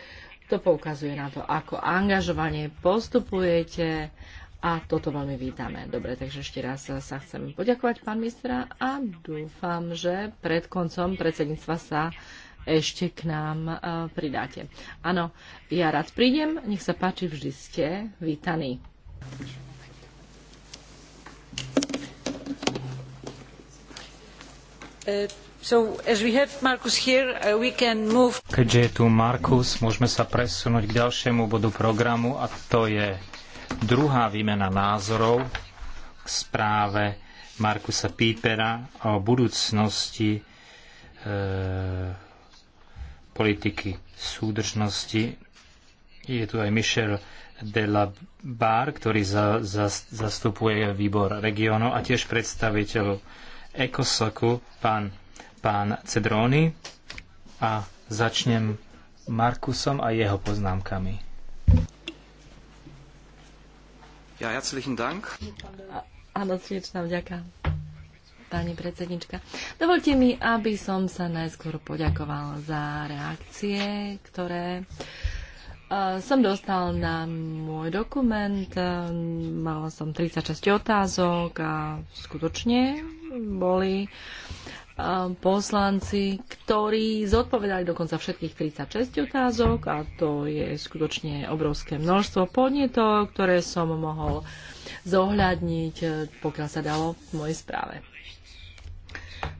to poukazuje na to, ako angažovanie postupujete a toto veľmi vítame. Dobre, takže ešte raz sa chcem poďakovať pán ministra a dúfam, že pred koncom predsedníctva sa ešte k nám uh, pridáte. Áno, ja rád prídem, nech sa páči, vždy ste vítaní. Uh, uh, Keďže je tu Markus, môžeme sa presunúť k ďalšiemu bodu programu a to je druhá výmena názorov k správe Markusa Pípera o budúcnosti e, politiky súdržnosti. Je tu aj Michel de la Bar, ktorý za, za, zastupuje výbor regionu a tiež predstaviteľ Ekosoku pán, pán Cedróny a začnem Markusom a jeho poznámkami. Ja, herzlichen Dank. Áno, srdečná vďaka, pani predsednička. Dovolte mi, aby som sa najskôr poďakoval za reakcie, ktoré som dostal na môj dokument, mala som 36 otázok a skutočne boli um, poslanci, ktorí zodpovedali dokonca všetkých 36 otázok a to je skutočne obrovské množstvo podnetov, ktoré som mohol zohľadniť, eh, pokiaľ sa dalo v mojej správe.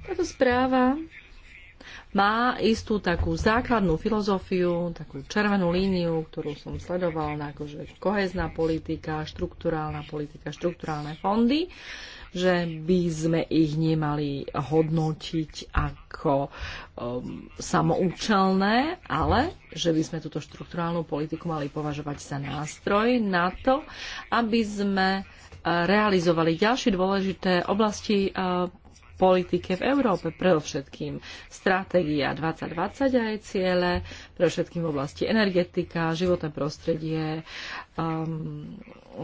Táto správa má istú takú základnú filozofiu, takú červenú líniu, ktorú som sledoval, akože kohezná politika, štruktúrálna politika, štruktúrálne fondy. Uh, že by sme ich nemali hodnotiť ako um, samoučelné, ale že by sme túto štruktúrálnu politiku mali považovať za nástroj na to, aby sme uh, realizovali ďalšie dôležité oblasti uh, politike v Európe, predovšetkým stratégia 2020 a jej ciele, predovšetkým v oblasti energetika, životné prostredie, um,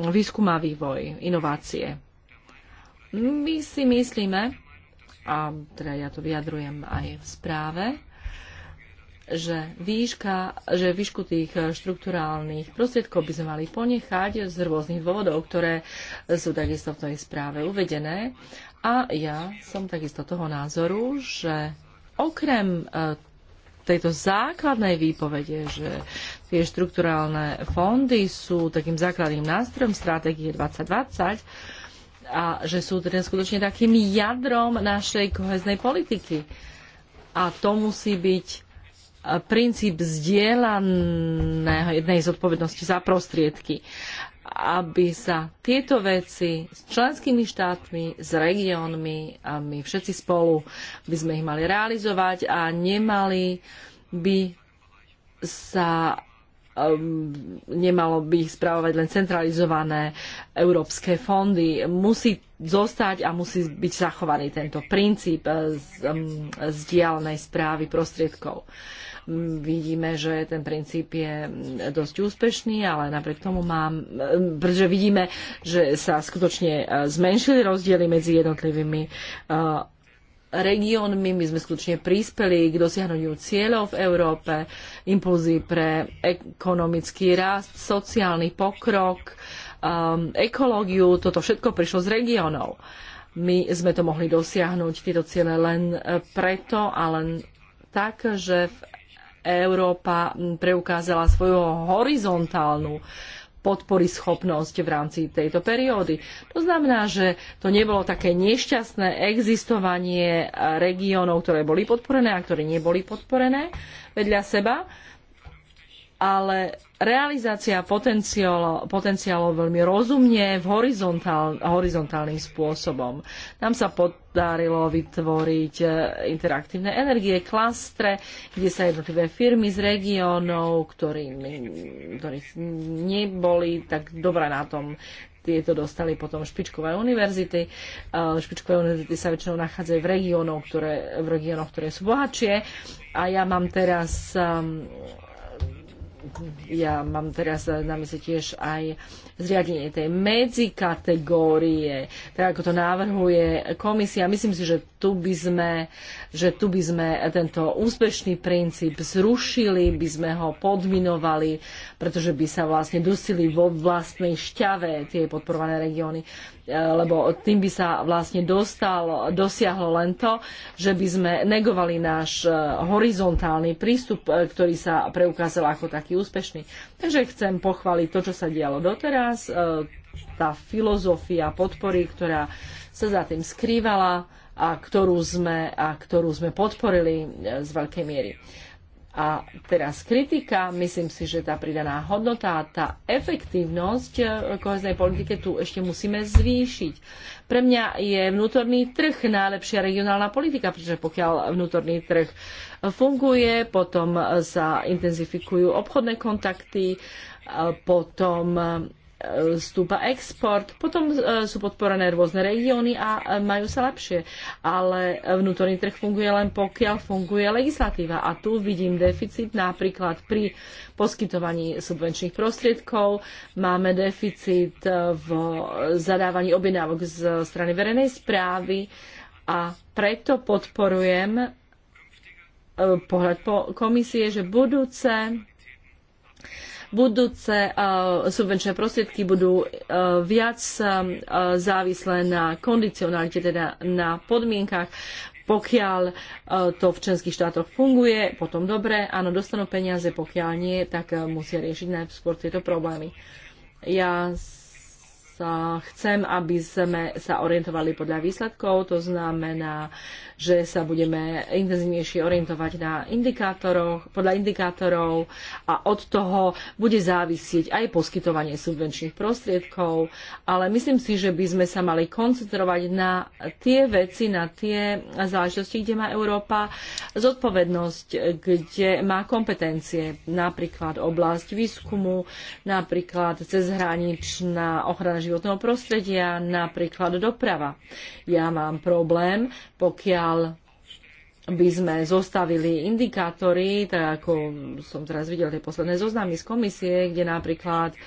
výskum a vývoj, inovácie. My si myslíme, a teda ja to vyjadrujem aj v správe, že, výška, že výšku tých štruktúrálnych prostriedkov by sme mali ponechať z rôznych dôvodov, ktoré sú takisto v tej správe uvedené. A ja som takisto toho názoru, že okrem e, tejto základnej výpovede, že tie štrukturálne fondy sú takým základným nástrojom stratégie 2020, a že sú teda skutočne takým jadrom našej koheznej politiky. A to musí byť e, princíp zdieľaného jednej zodpovednosti za prostriedky, aby sa tieto veci s členskými štátmi, s regiónmi a my všetci spolu by sme ich mali realizovať a nemali by sa Ehm, nemalo by ich správovať len centralizované európske fondy. Musí zostať a musí byť zachovaný tento princíp eh, ehm, zdialnej správy prostriedkov. Ehm, vidíme, že ten princíp je dosť úspešný, ale napriek tomu mám, pretože vidíme, že sa skutočne eh, zmenšili rozdiely medzi jednotlivými eh, regiónmi. My sme skutočne prispeli k dosiahnutiu cieľov v Európe, impulzy pre ekonomický rast, sociálny pokrok, um, ekológiu. Toto všetko prišlo z regiónov. My sme to mohli dosiahnuť, tieto ciele, len e, preto a len tak, že Európa preukázala svoju horizontálnu podpory schopnosť v rámci tejto periódy. To znamená, že to nebolo také nešťastné existovanie regiónov, ktoré boli podporené a ktoré neboli podporené vedľa seba ale realizácia potenciálov, veľmi rozumne, v horizontál, horizontálnym spôsobom. Nám sa podarilo vytvoriť e, interaktívne energie, klastre, kde sa jednotlivé firmy z regiónov, ktorí, ktorí neboli tak dobré na tom, tieto dostali potom špičkové univerzity. E, špičkové univerzity sa väčšinou nachádzajú v regiónoch, ktoré, v regiónoch, ktoré sú bohatšie. A ja mám teraz ja mám teraz na mysli tiež aj zriadenie tej medzikategórie, tak ako to navrhuje komisia. Myslím si, že tu by sme, že tu by sme tento úspešný princíp zrušili, by sme ho podminovali, pretože by sa vlastne dusili vo vlastnej šťave tie podporované regióny e, lebo tým by sa vlastne dostal, dosiahlo len to, že by sme negovali náš e, horizontálny prístup, e, ktorý sa preukázal ako taký úspešný. Takže chcem pochváliť to, čo sa dialo doteraz, tá filozofia podpory, ktorá sa za tým skrývala a ktorú sme, a ktorú sme podporili e, z veľkej miery. A teraz kritika, myslím si, že tá pridaná hodnota, a tá efektívnosť e, koheznej politike tu ešte musíme zvýšiť. Pre mňa je vnútorný trh najlepšia regionálna politika, pretože pokiaľ vnútorný trh funguje, potom sa intenzifikujú obchodné kontakty, e, potom stúpa export, potom e, sú podporené rôzne regióny a e, majú sa lepšie. Ale vnútorný trh funguje len pokiaľ funguje legislatíva. A tu vidím deficit napríklad pri poskytovaní subvenčných prostriedkov, máme deficit e, v zadávaní objednávok z strany verejnej správy a preto podporujem pohľad po komisie, že budúce budúce eh, subvenčné prostriedky budú eh, viac eh, závislé na kondicionalite, teda na podmienkach, pokiaľ to v členských štátoch funguje, potom dobre, áno, dostanú peniaze, pokiaľ nie, tak musia riešiť najskôr tieto problémy. Ja sa chcem, aby sme sa orientovali podľa výsledkov, to znamená že sa budeme intenzívnejšie orientovať na indikátoroch, podľa indikátorov a od toho bude závisieť aj poskytovanie subvenčných prostriedkov, ale myslím si, že by sme sa mali koncentrovať na tie veci, na tie záležitosti, kde má Európa zodpovednosť, kde má kompetencie, napríklad oblasť výskumu, napríklad cezhraničná ochrana životného prostredia, napríklad doprava. Ja mám problém, pokiaľ pokiaľ by sme zostavili indikátory, tak ako som teraz videl tie posledné zoznamy z komisie, kde napríklad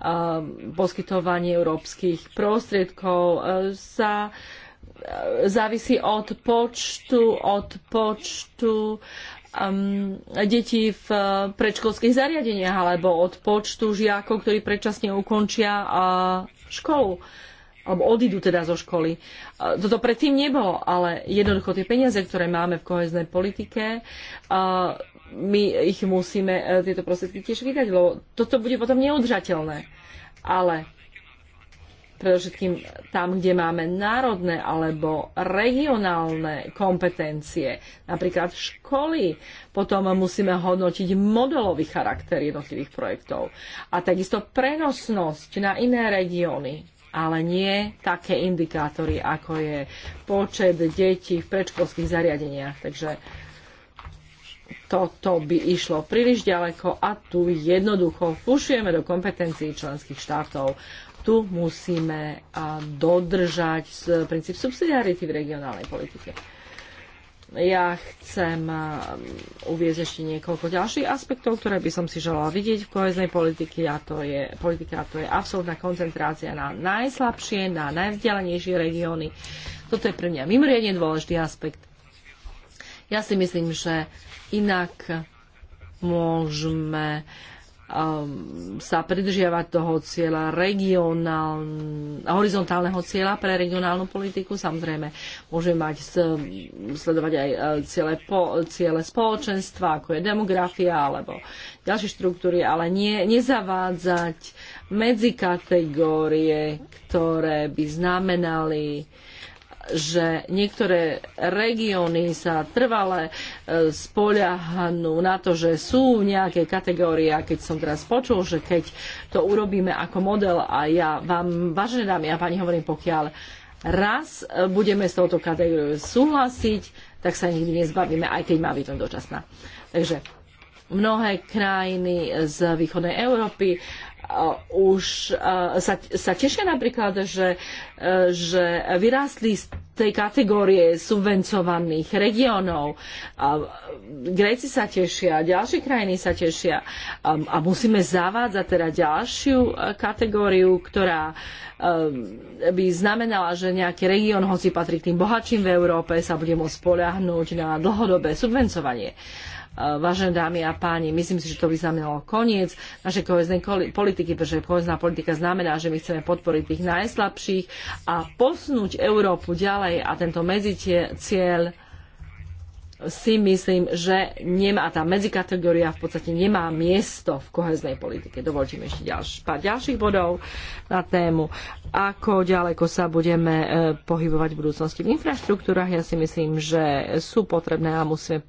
um, poskytovanie európskych prostriedkov uh, sa uh, závisí od počtu, od počtu um, detí v uh, predškolských zariadeniach alebo od počtu žiakov, ktorí predčasne ukončia uh, školu alebo odídu teda zo školy. Toto predtým nebolo, ale jednoducho tie peniaze, ktoré máme v koheznej politike, my ich musíme e, tieto prostriedky tiež vydať, lebo toto bude potom neudržateľné. Ale predovšetkým tam, kde máme národné alebo regionálne kompetencie, napríklad školy. Potom musíme hodnotiť modelový charakter jednotlivých projektov a takisto prenosnosť na iné regióny ale nie také indikátory, ako je počet detí v predškolských zariadeniach. Takže toto by išlo príliš ďaleko a tu jednoducho fušujeme do kompetencií členských štátov. Tu musíme dodržať princíp subsidiarity v regionálnej politike. Ja chcem um, uviezť ešte niekoľko ďalších aspektov, ktoré by som si želala vidieť v koheznej politike a to je, politika, a to je absolútna koncentrácia na najslabšie, na najvzdialenejšie regióny. Toto je pre mňa mimoriadne dôležitý aspekt. Ja si myslím, že inak môžeme uh, Um, sa pridržiavať toho cieľa regionálne, horizontálneho cieľa pre regionálnu politiku. Samozrejme, môžeme mať sledovať aj e, ciele, po, cieľe spoločenstva, ako je demografia alebo ďalšie štruktúry, ale nie, nezavádzať medzi kategórie, ktoré by znamenali že niektoré regióny sa trvale e, spoliahnú na to, že sú nejaké kategórie, a keď som teraz počul, že keď to urobíme ako model a ja vám, vážne dámy a pani hovorím, pokiaľ raz e, budeme s touto kategóriou súhlasiť, tak sa nikdy nezbavíme, aj keď má byť dočasná. Takže mnohé krajiny z východnej Európy Uh, už uh, sa, sa tešia napríklad, že, uh, že vyrástli z tej kategórie subvencovaných regiónov. Gréci sa tešia, ďalšie krajiny sa tešia um, a musíme zavádzať teda ďalšiu kategóriu, ktorá um, by znamenala, že nejaký región, hoci patrí k tým bohatším v Európe, sa bude môcť spoliahnuť na dlhodobé subvencovanie. Vážené dámy a páni, myslím si, že to by znamenalo koniec našej koheznej politiky, pretože kohezná politika znamená, že my chceme podporiť tých najslabších a posnúť Európu ďalej a tento cieľ si myslím, že nemá, tá medzikategória v podstate nemá miesto v koheznej politike. Dovolte mi ešte ďalš, pár ďalších bodov na tému ako ďaleko sa budeme e, pohybovať v budúcnosti. V infraštruktúrach ja si myslím, že sú potrebné a musíme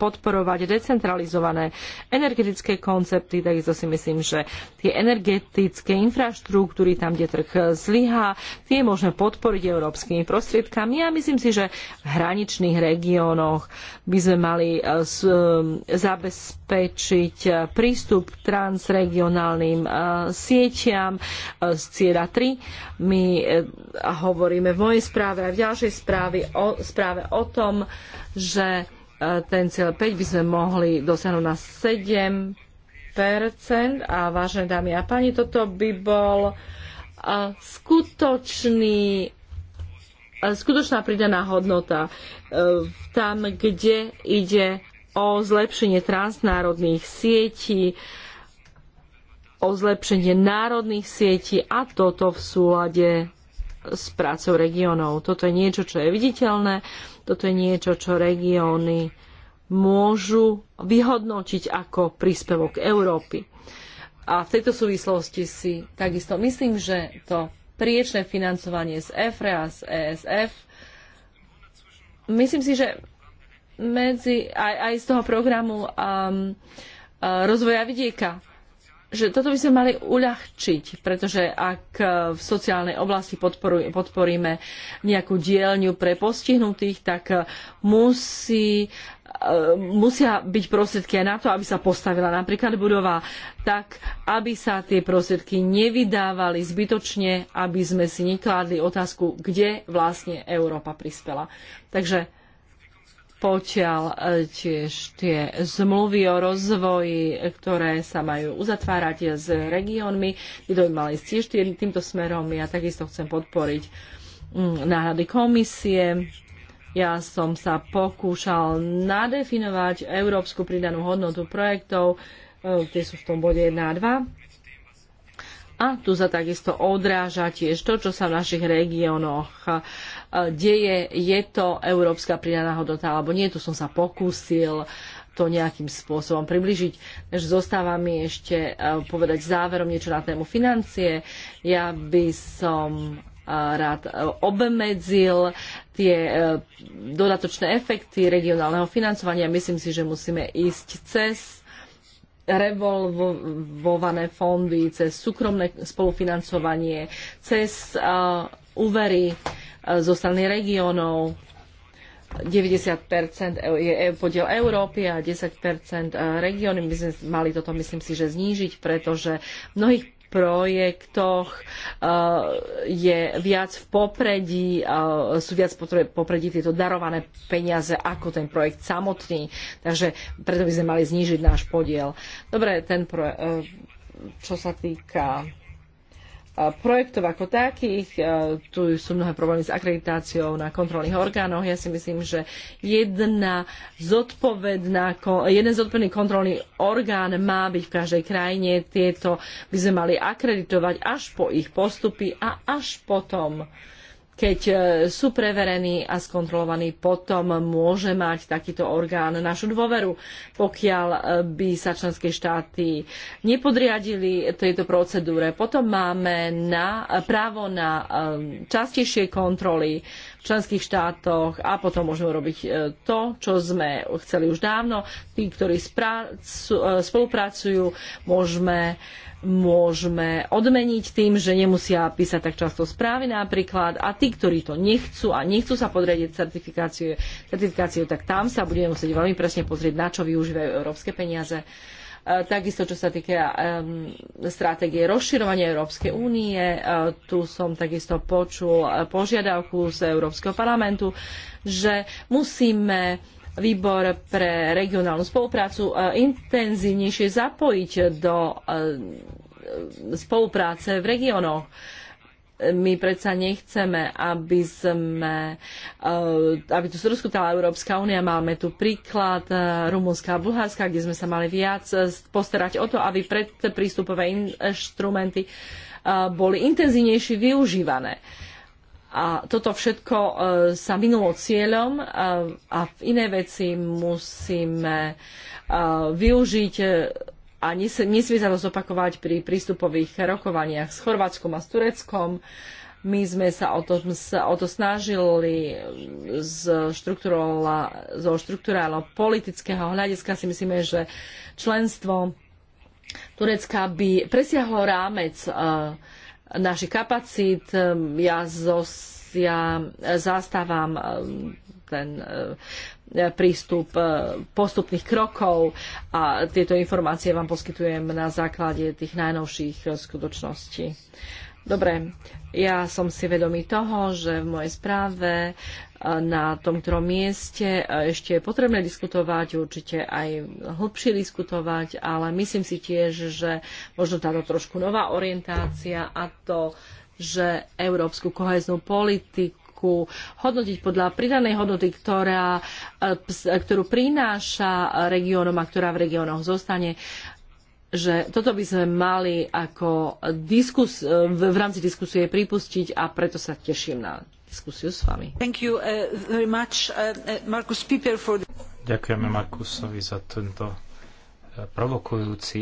podporovať decentralizované energetické koncepty. Takisto si myslím, že tie energetické infraštruktúry, tam, kde trh zlyhá, tie môžeme podporiť európskymi prostriedkami. Ja myslím si, že v hraničných regiónoch by sme mali e, e, zabezpečiť prístup transregionálnym sieťam z cieľa 3 my. Eh, hovoríme v mojej správe a v ďalšej správe o, správe o tom, že eh, ten cieľ 5 by sme mohli dosiahnuť na 7 a vážené dámy a páni, toto by bol eh, skutočný skutočná pridaná hodnota tam, kde ide o zlepšenie transnárodných sietí, o zlepšenie národných sietí a toto v súlade s prácou regiónov. Toto je niečo, čo je viditeľné, toto je niečo, čo regióny môžu vyhodnotiť ako príspevok Európy. A v tejto súvislosti si takisto myslím, že to priečné financovanie z EFRE a z ESF, myslím si, že medzi, aj, aj z toho programu um, uh, rozvoja vidieka že toto by sme mali uľahčiť, pretože ak eh, v sociálnej oblasti podporíme nejakú dielňu pre postihnutých, tak eh, musí, eh, musia byť prostriedky aj na to, aby sa postavila napríklad budova, tak aby sa tie prostriedky nevydávali zbytočne, aby sme si nekládli otázku, kde vlastne Európa prispela. Takže potiaľ e, tiež tie zmluvy o rozvoji, ktoré sa majú uzatvárať s regiónmi, by mali ísť tiež týmto smerom. Ja takisto chcem podporiť mm, náhrady komisie. Ja som sa pokúšal nadefinovať európsku pridanú hodnotu projektov, e, tie sú v tom bode 1 a 2 a tu sa takisto odráža tiež to, čo sa v našich regiónoch e, deje. Je to európska pridaná hodnota alebo nie, tu som sa pokúsil to nejakým spôsobom približiť. Takže zostáva mi ešte e, povedať záverom niečo na tému financie. Ja by som e, rád obmedzil tie dodatočné efekty regionálneho financovania. Myslím si, že musíme ísť cez revolvované fondy, cez súkromné spolufinancovanie, cez uh, úvery uh, zo strany regiónov. 90% e, je e, podiel Európy a 10% regióny. My sme mali toto, myslím si, že znížiť, pretože v mnohých projektoch eh, je viac v popredí, eh, sú viac v popredí tieto darované peniaze ako ten projekt samotný. Takže preto by sme mali znížiť náš podiel. Dobre, ten uh, čo sa týka projektov ako takých. Tu sú mnohé problémy s akreditáciou na kontrolných orgánoch. Ja si myslím, že jedna zodpovedná, jeden zodpovedný kontrolný orgán má byť v každej krajine. Tieto by sme mali akreditovať až po ich postupy a až potom uh, keď e, sú preverení a skontrolovaní, potom môže mať takýto orgán našu dôveru. Pokiaľ e, by sa členské štáty nepodriadili tejto procedúre, potom máme na, právo na e, častejšie kontroly v členských štátoch a potom môžeme robiť to, čo sme chceli už dávno. Tí, ktorí spolupracujú, môžeme môžeme odmeniť tým, že nemusia písať tak často správy napríklad a tí, ktorí to nechcú a nechcú sa podriadiť certifikáciu, certifikáciu, tak tam sa budeme musieť veľmi presne pozrieť, na čo využívajú európske peniaze. E, takisto, čo sa týka um, stratégie rozširovania Európskej únie, uh, tu som takisto počul e, požiadavku z Európskeho parlamentu, že musíme uh, výbor pre regionálnu spoluprácu e, intenzívnejšie zapojiť do e, spolupráce v regiónoch. My predsa nechceme, aby, sme, e, aby tu zrozkutala Európska únia. Máme tu príklad Rumunska a Bulharska, kde sme sa mali viac postarať o to, aby predprístupové inštrumenty boli intenzívnejšie využívané a toto všetko e, sa minulo cieľom e, a v iné veci musíme e, využiť a nesmie sa to zopakovať pri prístupových rokovaniach s Chorvátskom a s Tureckom. My sme sa o to, o to snažili zo štruktúrálo politického hľadiska. Si myslíme, že členstvo Turecka by presiahlo rámec uh, našich kapacít. Um, ja, zos, ja eh, zastávam eh, ten eh, prístup postupných krokov a tieto informácie vám poskytujem na základe tých najnovších skutočností. Dobre, ja som si vedomý toho, že v mojej správe e, na tom, ktorom mieste e, ešte je potrebné diskutovať, určite aj hlbšie diskutovať, ale myslím si tiež, že možno táto trošku nová orientácia a to, že európsku koheznú politiku politiku hodnotiť podľa pridanej hodnoty, ktorá, e, ktorú prináša regiónom a ktorá v regiónoch zostane že toto by sme mali ako diskus, v rámci diskusie pripustiť a preto sa teším na diskusiu s vami. You, uh, much, uh, uh Marcus the... Ďakujeme Markusovi za tento uh, provokujúci,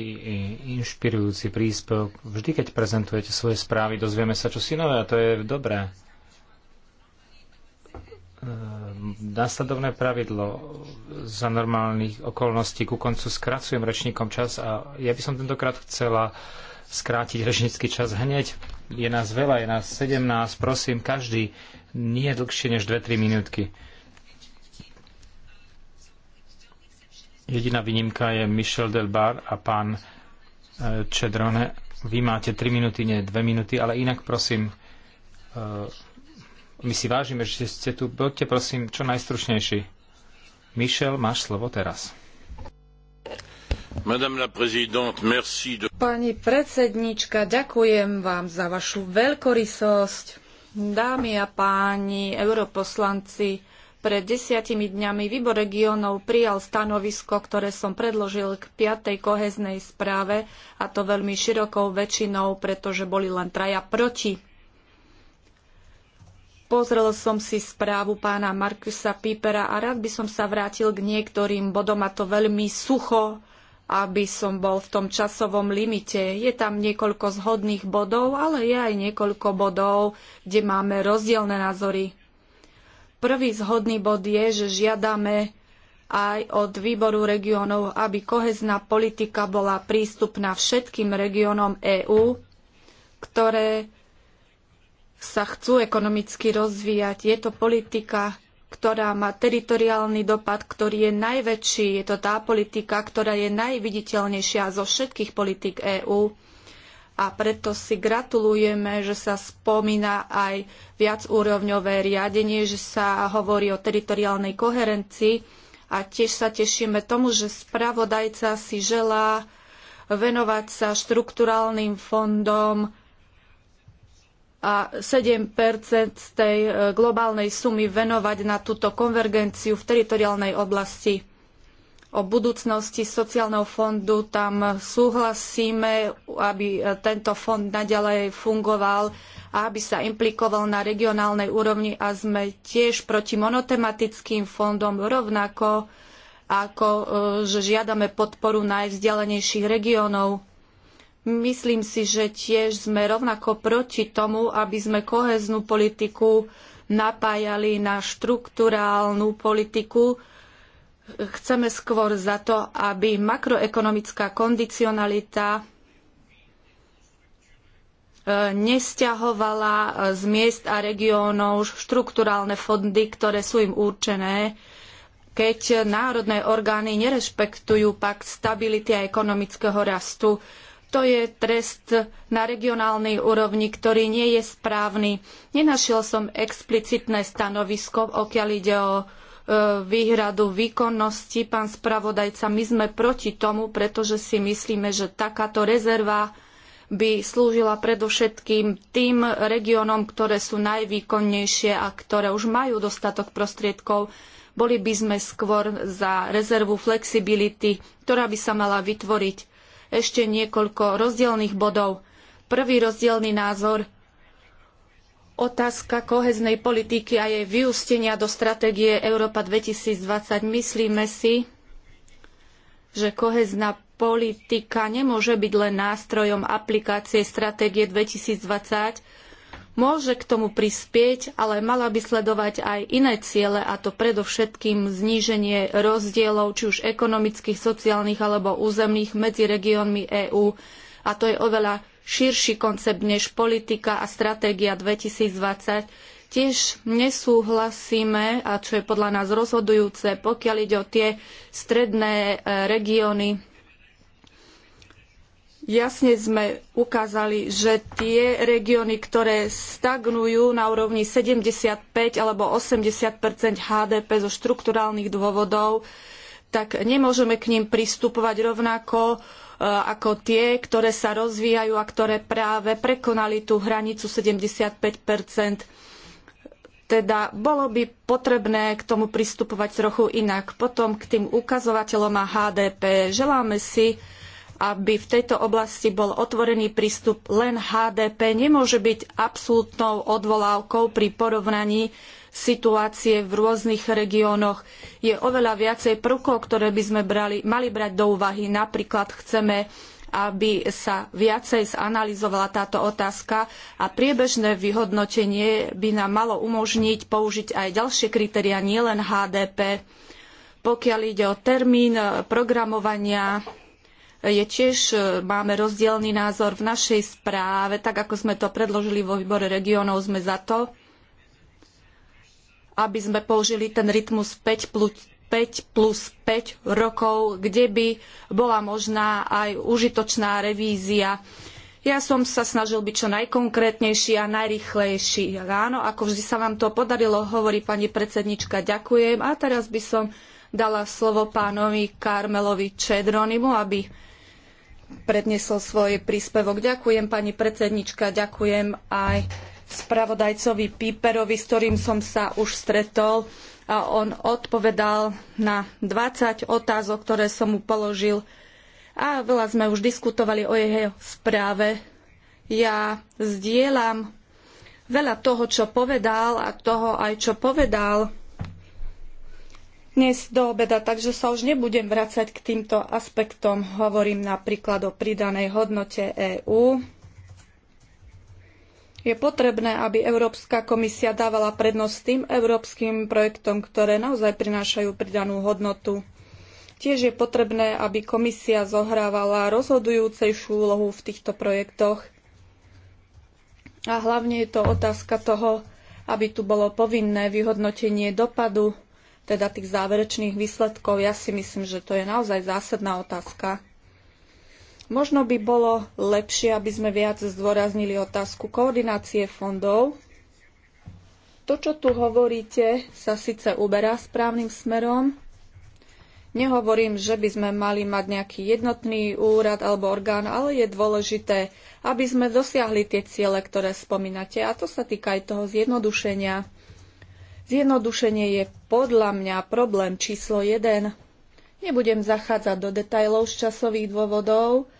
inšpirujúci príspevok. Vždy, keď prezentujete svoje správy, dozvieme sa čo si nové a to je dobré. Ehm, následovné pravidlo za normálnych okolností. Ku koncu skracujem rečníkom čas a ja by som tentokrát chcela skrátiť rečnícky čas hneď. Je nás veľa, je nás 17, prosím, každý nie dlhšie než 2-3 minútky. Jediná výnimka je Michel Delbar a pán e, Čedrone. Vy máte 3 minúty, nie 2 minúty, ale inak prosím, e, my si vážime, že ste tu. Buďte prosím čo najstručnejší. Michel, máš slovo teraz. Pani predsednička, ďakujem vám za vašu veľkorysosť. Dámy a páni, europoslanci, pred desiatimi dňami výbor regiónov prijal stanovisko, ktoré som predložil k piatej koheznej správe, a to veľmi širokou väčšinou, pretože boli len traja proti. Pozrel som si správu pána Markusa Pípera a rád by som sa vrátil k niektorým bodom a to veľmi sucho, aby som bol v tom časovom limite. Je tam niekoľko zhodných bodov, ale je aj niekoľko bodov, kde máme rozdielne názory. Prvý zhodný bod je, že žiadame aj od výboru regiónov, aby kohezná politika bola prístupná všetkým regiónom EÚ, ktoré sa chcú ekonomicky rozvíjať. Je to politika, ktorá má teritoriálny dopad, ktorý je najväčší. Je to tá politika, ktorá je najviditeľnejšia zo všetkých politik EÚ. A preto si gratulujeme, že sa spomína aj viacúrovňové riadenie, že sa hovorí o teritoriálnej koherencii a tiež sa tešíme tomu, že spravodajca si želá venovať sa štrukturálnym fondom, a 7 z tej e, globálnej sumy venovať na túto konvergenciu v teritoriálnej oblasti. O budúcnosti sociálneho fondu tam súhlasíme, aby e, tento fond naďalej fungoval a aby sa implikoval na regionálnej úrovni a sme tiež proti monotematickým fondom rovnako ako e, že žiadame podporu najvzdialenejších regiónov Myslím si, že tiež sme rovnako proti tomu, aby sme koheznú politiku napájali na štrukturálnu politiku. Chceme skôr za to, aby makroekonomická kondicionalita e, nesťahovala z miest a regiónov štrukturálne fondy, ktoré sú im určené, keď národné orgány nerešpektujú pakt stability a ekonomického rastu to je trest na regionálnej úrovni, ktorý nie je správny. Nenašiel som explicitné stanovisko, okiaľ ide o e, výhradu výkonnosti. Pán spravodajca, my sme proti tomu, pretože si myslíme, že takáto rezerva by slúžila predovšetkým tým regiónom, ktoré sú najvýkonnejšie a ktoré už majú dostatok prostriedkov. Boli by sme skôr za rezervu flexibility, ktorá by sa mala vytvoriť ešte niekoľko rozdielných bodov. Prvý rozdielný názor otázka kohéznej politiky a jej vyústenia do stratégie Európa 2020. Myslíme si, že kohézna politika nemôže byť len nástrojom aplikácie stratégie 2020, môže k tomu prispieť, ale mala by sledovať aj iné ciele, a to predovšetkým zníženie rozdielov, či už ekonomických, sociálnych alebo územných medzi regiónmi EÚ. A to je oveľa širší koncept než politika a stratégia 2020. Tiež nesúhlasíme, a čo je podľa nás rozhodujúce, pokiaľ ide o tie stredné e, regióny Jasne sme ukázali, že tie regióny, ktoré stagnujú na úrovni 75 alebo 80 HDP zo štrukturálnych dôvodov, tak nemôžeme k ním pristupovať rovnako e, ako tie, ktoré sa rozvíjajú a ktoré práve prekonali tú hranicu 75 Teda bolo by potrebné k tomu pristupovať trochu inak. Potom k tým ukazovateľom a HDP. Želáme si, aby v tejto oblasti bol otvorený prístup len HDP, nemôže byť absolútnou odvolávkou pri porovnaní situácie v rôznych regiónoch. Je oveľa viacej prvkov, ktoré by sme brali, mali brať do úvahy. Napríklad chceme aby sa viacej zanalizovala táto otázka a priebežné vyhodnotenie by nám malo umožniť použiť aj ďalšie kritéria, nielen HDP. Pokiaľ ide o termín programovania je tiež, e, máme rozdielný názor v našej správe, tak ako sme to predložili vo výbore regiónov, sme za to, aby sme použili ten rytmus 5 plus 5, plus 5 rokov, kde by bola možná aj užitočná revízia. Ja som sa snažil byť čo najkonkrétnejší a najrychlejší. Áno, ako vždy sa vám to podarilo, hovorí pani predsednička, ďakujem. A teraz by som dala slovo pánovi Karmelovi Čedronimu, aby predniesol svoj príspevok. Ďakujem pani predsednička, ďakujem aj spravodajcovi Píperovi, s ktorým som sa už stretol a on odpovedal na 20 otázok, ktoré som mu položil a veľa sme už diskutovali o jeho správe. Ja zdieľam veľa toho, čo povedal a toho aj, čo povedal dnes do obeda, takže sa už nebudem vracať k týmto aspektom. Hovorím napríklad o pridanej hodnote EÚ. Je potrebné, aby Európska komisia dávala prednosť tým európskym projektom, ktoré naozaj prinášajú pridanú hodnotu. Tiež je potrebné, aby komisia zohrávala rozhodujúcejšiu úlohu v týchto projektoch. A hlavne je to otázka toho, aby tu bolo povinné vyhodnotenie dopadu teda tých záverečných výsledkov, ja si myslím, že to je naozaj zásadná otázka. Možno by bolo lepšie, aby sme viac zdôraznili otázku koordinácie fondov. To, čo tu hovoríte, sa síce uberá správnym smerom. Nehovorím, že by sme mali mať nejaký jednotný úrad alebo orgán, ale je dôležité, aby sme dosiahli tie ciele, ktoré spomínate. A to sa týka aj toho zjednodušenia Zjednodušenie je podľa mňa problém číslo 1. Nebudem zachádzať do detajlov z časových dôvodov,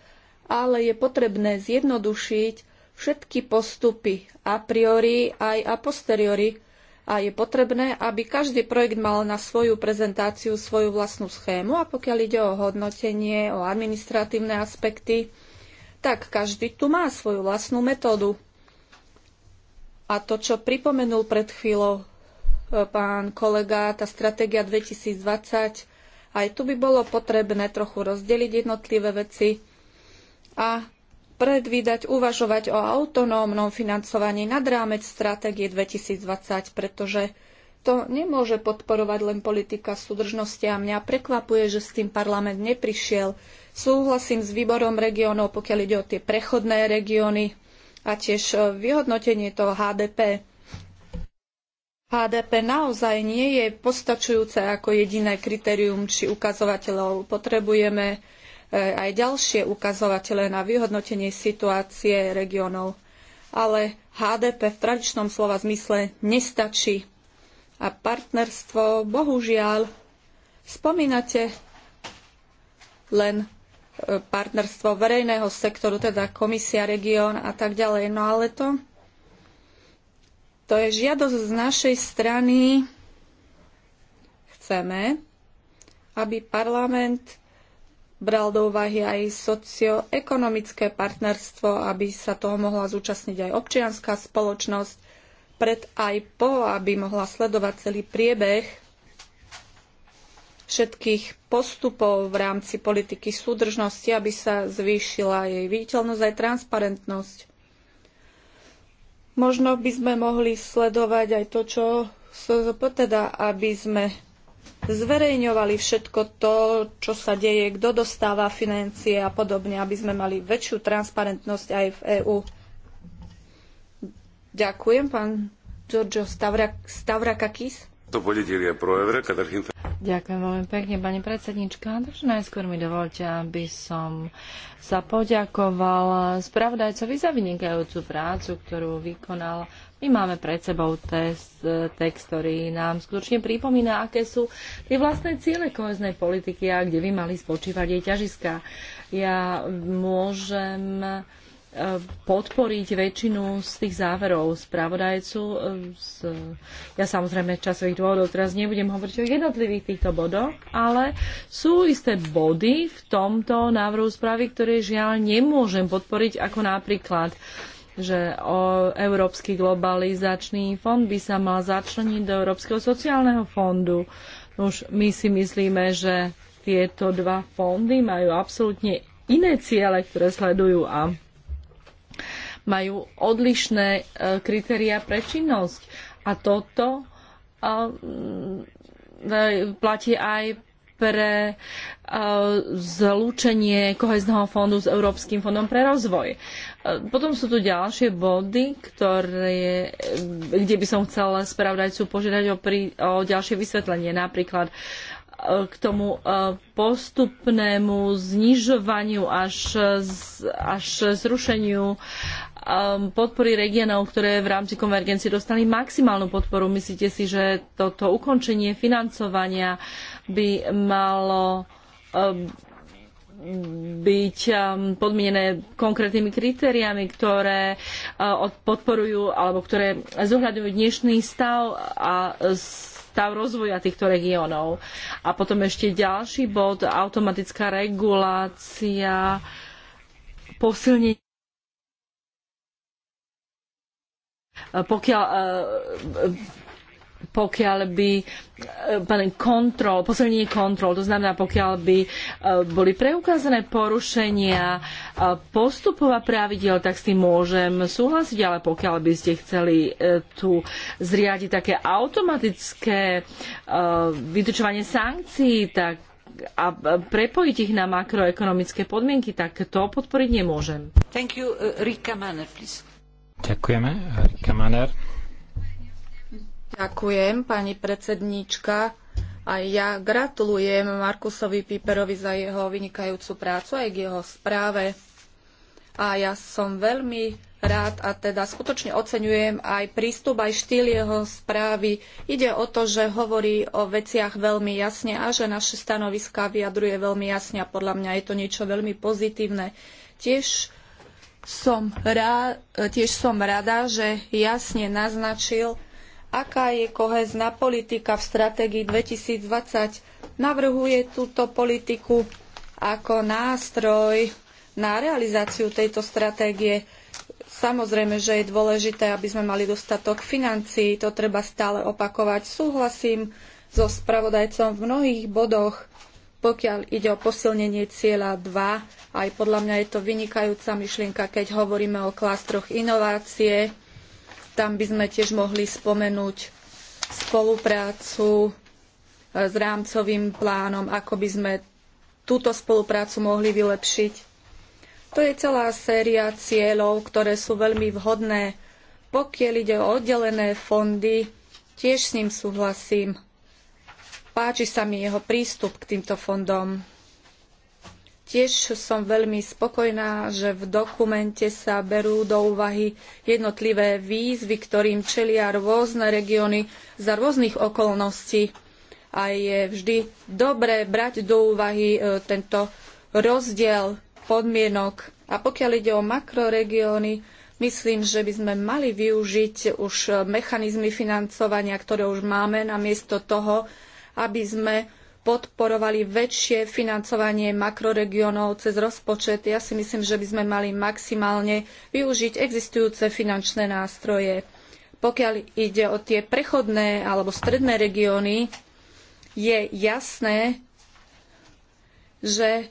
ale je potrebné zjednodušiť všetky postupy a priori aj a posteriori a je potrebné, aby každý projekt mal na svoju prezentáciu svoju vlastnú schému a pokiaľ ide o hodnotenie, o administratívne aspekty, tak každý tu má svoju vlastnú metódu. A to, čo pripomenul pred chvíľou pán kolega, tá stratégia 2020, aj tu by bolo potrebné trochu rozdeliť jednotlivé veci a predvídať, uvažovať o autonómnom financovaní nad rámec stratégie 2020, pretože to nemôže podporovať len politika súdržnosti a mňa prekvapuje, že s tým parlament neprišiel. Súhlasím s výborom regiónov, pokiaľ ide o tie prechodné regióny a tiež e, vyhodnotenie toho HDP. HDP naozaj nie je postačujúce ako jediné kritérium či ukazovateľov. Potrebujeme e, aj ďalšie ukazovatele na vyhodnotenie situácie regiónov. Ale HDP v tradičnom slova zmysle nestačí. A partnerstvo, bohužiaľ, spomínate len e, partnerstvo verejného sektoru, teda komisia, región a tak ďalej. No ale to to je žiadosť z našej strany. Chceme, aby parlament bral do úvahy aj socioekonomické partnerstvo, aby sa toho mohla zúčastniť aj občianská spoločnosť, pred aj po, aby mohla sledovať celý priebeh všetkých postupov v rámci politiky súdržnosti, aby sa zvýšila jej viditeľnosť aj transparentnosť. Možno by sme mohli sledovať aj to, čo teda aby sme zverejňovali všetko to, čo sa deje, kto dostáva financie a podobne, aby sme mali väčšiu transparentnosť aj v EÚ. Ďakujem, pán Giorgio Stavrakakis. Ďakujem veľmi pekne, pani predsednička. Takže najskôr mi dovolte, aby som sa poďakoval spravodajcovi za vynikajúcu prácu, ktorú vykonal. My máme pred sebou test, text, ktorý nám skutočne pripomína, aké sú tie vlastné ciele koheznej politiky a kde by mali spočívať jej ťažiska. Ja môžem podporiť väčšinu z tých záverov spravodajcu. ja samozrejme časových dôvodov teraz nebudem hovoriť o jednotlivých týchto bodoch, ale sú isté body v tomto návrhu správy, ktoré žiaľ nemôžem podporiť, ako napríklad že o Európsky globalizačný fond by sa mal začleniť do Európskeho sociálneho fondu. Už my si myslíme, že tieto dva fondy majú absolútne iné ciele, ktoré sledujú a majú odlišné e, kritéria pre činnosť. A toto e, e, platí aj pre zlúčenie kohezného fondu s Európskym fondom pre rozvoj. Potom sú tu ďalšie body, ktoré, kde by som chcela spravodajcu požiadať o, pri, o ďalšie vysvetlenie. Napríklad k tomu postupnému znižovaniu až, až zrušeniu Um, podpory regiónov, ktoré v rámci konvergencie dostali maximálnu podporu. Myslíte si, že toto ukončenie financovania by malo um, byť um, podmienené konkrétnymi kritériami, ktoré uh, podporujú alebo ktoré zohľadňujú dnešný stav a stav rozvoja týchto regiónov. A potom ešte ďalší bod, automatická regulácia, posilnenie pokiaľ, e, pokiaľ by e, kontrol, posilnenie kontrol, to znamená, pokiaľ by e, boli preukázané porušenia postupov a pravidel, tak s tým môžem súhlasiť, ale pokiaľ by ste chceli tu zriadiť také automatické vytočovanie sankcií, tak a prepojiť ich na makroekonomické podmienky, tak to podporiť nemôžem. Thank you, Rika Manner, please. Ďakujeme, Maner. Ďakujem, pani predsedníčka. A ja gratulujem Markusovi Piperovi za jeho vynikajúcu prácu aj k jeho správe. A ja som veľmi rád a teda skutočne oceňujem aj prístup, aj štýl jeho správy. Ide o to, že hovorí o veciach veľmi jasne a že naše stanoviská vyjadruje veľmi jasne a podľa mňa je to niečo veľmi pozitívne. Tiež som rá, tiež som rada, že jasne naznačil, aká je kohezná politika v stratégii 2020. Navrhuje túto politiku ako nástroj na realizáciu tejto stratégie. Samozrejme, že je dôležité, aby sme mali dostatok financií, to treba stále opakovať. Súhlasím so spravodajcom v mnohých bodoch, pokiaľ ide o posilnenie cieľa 2, aj podľa mňa je to vynikajúca myšlienka, keď hovoríme o klástroch inovácie. Tam by sme tiež mohli spomenúť spoluprácu e, s rámcovým plánom, ako by sme túto spoluprácu mohli vylepšiť. To je celá séria cieľov, ktoré sú veľmi vhodné. Pokiaľ ide o oddelené fondy, tiež s ním súhlasím. Páči sa mi jeho prístup k týmto fondom. Tiež som veľmi spokojná, že v dokumente sa berú do úvahy jednotlivé výzvy, ktorým čelia rôzne regióny za rôznych okolností. A je vždy dobré brať do úvahy e, tento rozdiel podmienok. A pokiaľ ide o makroregióny, myslím, že by sme mali využiť už mechanizmy financovania, ktoré už máme, namiesto toho, aby sme podporovali väčšie financovanie makroregiónov cez rozpočet. Ja si myslím, že by sme mali maximálne využiť existujúce finančné nástroje. Pokiaľ ide o tie prechodné alebo stredné regióny, je jasné, že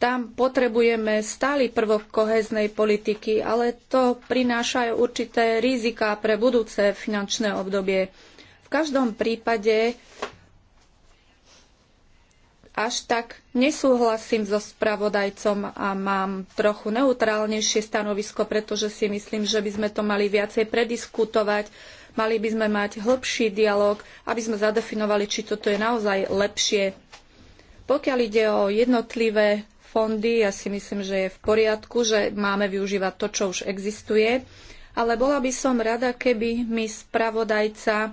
tam potrebujeme stály prvok kohéznej politiky, ale to prináša aj určité riziká pre budúce finančné obdobie. V každom prípade až tak nesúhlasím so spravodajcom a mám trochu neutrálnejšie stanovisko, pretože si myslím, že by sme to mali viacej prediskutovať, mali by sme mať hĺbší dialog, aby sme zadefinovali, či toto je naozaj lepšie. Pokiaľ ide o jednotlivé fondy, ja si myslím, že je v poriadku, že máme využívať to, čo už existuje, ale bola by som rada, keby mi spravodajca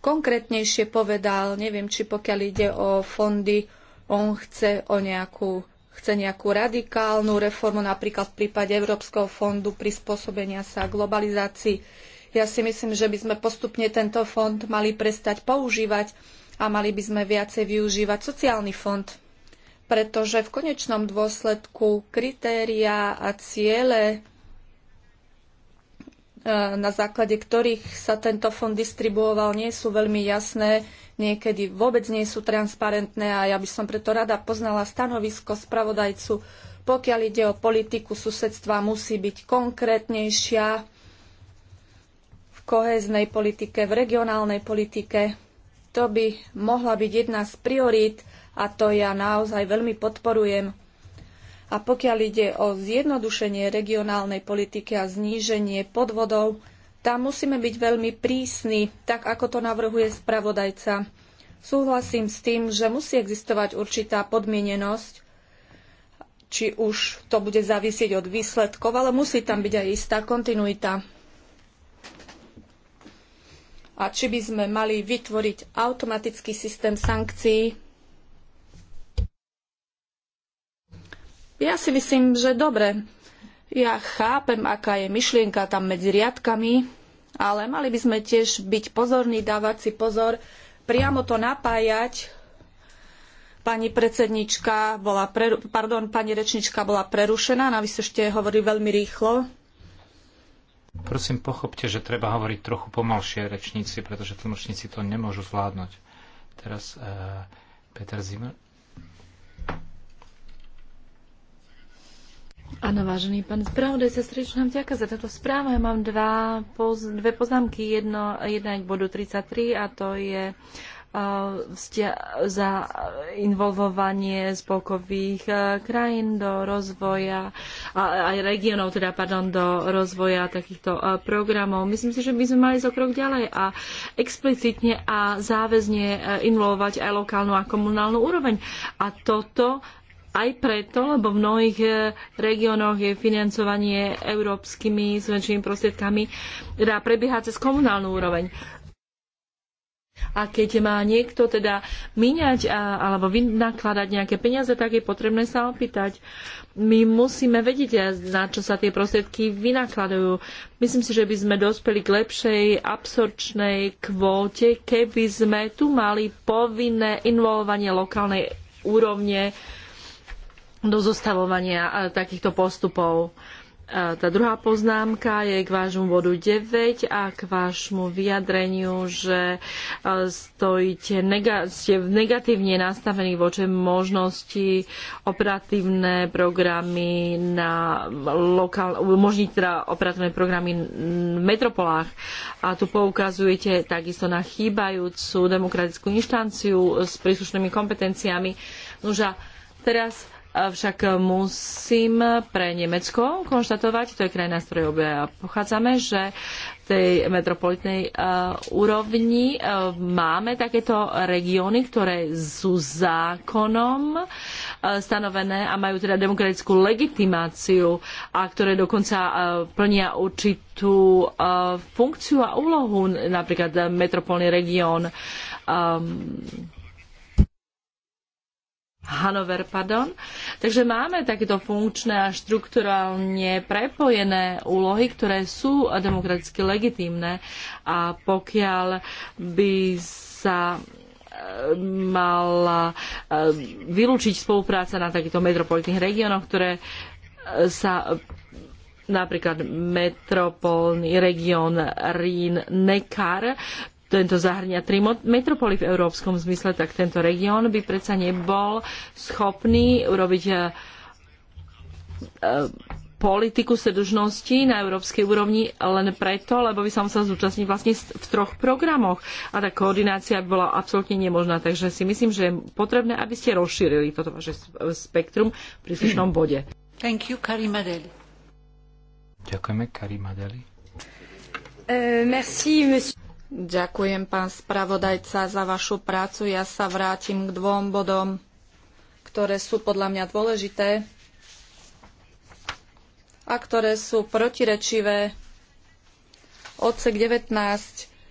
konkrétnejšie povedal, neviem, či pokiaľ ide o fondy on chce o nejakú chce nejakú radikálnu reformu, napríklad v prípade Európskeho fondu prispôsobenia sa globalizácii. Ja si myslím, že by sme postupne tento fond mali prestať používať a mali by sme viacej využívať sociálny fond, pretože v konečnom dôsledku kritériá a ciele E, na základe ktorých sa tento fond distribuoval, nie sú veľmi jasné, niekedy vôbec nie sú transparentné a ja by som preto rada poznala stanovisko spravodajcu. Pokiaľ ide o politiku susedstva, musí byť konkrétnejšia v kohéznej politike, v regionálnej politike. To by mohla byť jedna z priorít a to ja naozaj veľmi podporujem. A pokiaľ ide o zjednodušenie regionálnej politiky a zníženie podvodov, tam musíme byť veľmi prísni, tak ako to navrhuje spravodajca. Súhlasím s tým, že musí existovať určitá podmienenosť, či už to bude závisieť od výsledkov, ale musí tam byť aj istá kontinuita. A či by sme mali vytvoriť automatický systém sankcií Ja si myslím, že dobre, ja chápem, aká je myšlienka tam medzi riadkami, ale mali by sme tiež byť pozorní, dávať si pozor, priamo to napájať. Pani predsednička bola, preru- pardon, pani rečnička bola prerušená, na ešte hovorí veľmi rýchlo. Prosím, pochopte, že treba hovoriť trochu pomalšie rečníci, pretože tlmočníci to nemôžu zvládnuť. Teraz uh, Peter Zimmer. Áno, vážený pán spravodajca, srdečná vďaka za táto správu. Ja mám dva, poz, dve poznámky. Jedno, jedna je k bodu 33 a to je uh, za involvovanie spolkových uh, krajín do rozvoja a aj regionov, teda pardon, do rozvoja takýchto uh, programov. Myslím si, že by sme mali zo krok ďalej a explicitne a záväzne involovať aj lokálnu a komunálnu úroveň. A toto aj preto, lebo v mnohých e, regiónoch je financovanie európskymi zväčšenými prostriedkami, teda prebieha cez komunálnu úroveň. A keď má niekto teda míňať a, alebo vynakladať nejaké peniaze, tak je potrebné sa opýtať. My musíme vedieť, e, na čo sa tie prostriedky vynakladajú. Myslím si, že by sme dospeli k lepšej absorčnej kvóte, keby sme tu mali povinné involovanie lokálnej úrovne do zostavovania eh, takýchto postupov. Eh, tá druhá poznámka je k vášmu bodu 9 a k vášmu vyjadreniu, že eh, stojíte nega- ste negatívne nastavení voči možnosti operatívne programy na lokál, umožniť teda operatívne programy v metropolách. A tu poukazujete takisto na chýbajúcu demokratickú inštanciu s príslušnými kompetenciami. Nože teraz Avšak musím pre Nemecko konštatovať, to je krajina, z ktorej obaja pochádzame, že v tej metropolitnej uh, úrovni uh, máme takéto regióny, ktoré sú zákonom uh, stanovené a majú teda demokratickú legitimáciu a ktoré dokonca plnia určitú funkciu a úlohu, napríklad metropolný región um, Hanover, pardon. Takže máme takéto funkčné a štruktúralne prepojené úlohy, ktoré sú demokraticky legitímne a pokiaľ by sa e, mala e, vylúčiť spolupráca na takýchto metropolitných regiónoch, ktoré e, sa napríklad metropolný región Rín-Nekar, tento zahrňa tri metropoly v európskom zmysle, tak tento región by predsa nebol schopný urobiť eh, eh, politiku sedužnosti na európskej úrovni len preto, lebo by sa musel zúčastniť vlastne v troch programoch a tá koordinácia by bola absolútne nemožná. Takže si myslím, že je potrebné, aby ste rozšírili toto vaše spektrum v príslušnom bode. Thank you, Karima Deli. Ďakujeme, Karima Deli. Uh, eh, merci, monsieur. Ďakujem, pán spravodajca, za vašu prácu. Ja sa vrátim k dvom bodom, ktoré sú podľa mňa dôležité a ktoré sú protirečivé. Odsek 19.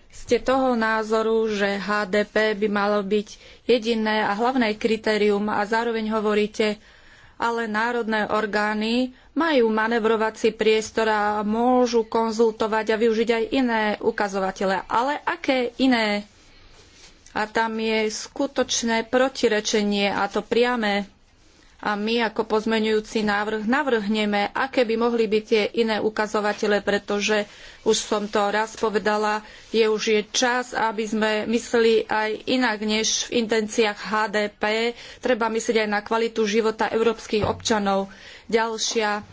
Ste toho názoru, že HDP by malo byť jediné a hlavné kritérium a zároveň hovoríte, ale národné orgány majú manevrovací priestor a môžu konzultovať a využiť aj iné ukazovatele. Ale aké iné? A tam je skutočné protirečenie a to priame a my ako pozmenujúci návrh navrhneme, aké by mohli byť tie iné ukazovatele, pretože už som to raz povedala, je už je čas, aby sme mysleli aj inak než v intenciách HDP. Treba myslieť aj na kvalitu života európskych občanov. Ďalšia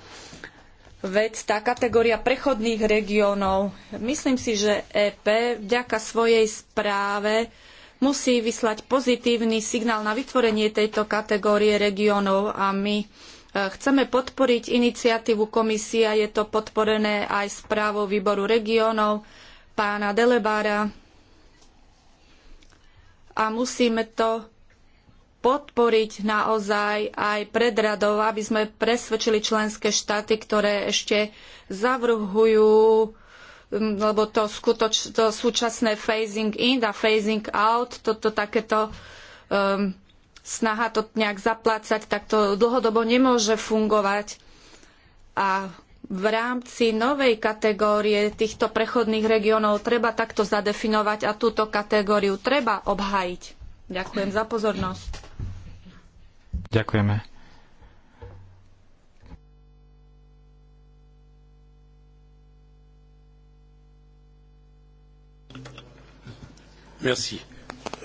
vec, tá kategória prechodných regiónov. Myslím si, že EP vďaka svojej správe musí vyslať pozitívny signál na vytvorenie tejto kategórie regiónov a my e, Chceme podporiť iniciatívu komisia, je to podporené aj správou výboru regiónov pána Delebára a musíme to podporiť naozaj aj pred radou, aby sme presvedčili členské štáty, ktoré ešte zavrhujú Um, lebo to, skutoč, to súčasné phasing in a phasing out, toto takéto um, snaha to nejak zaplácať, tak to dlhodobo nemôže fungovať. A v rámci novej kategórie týchto prechodných regiónov treba takto zadefinovať a túto kategóriu treba obhájiť. Ďakujem za pozornosť. Ďakujeme.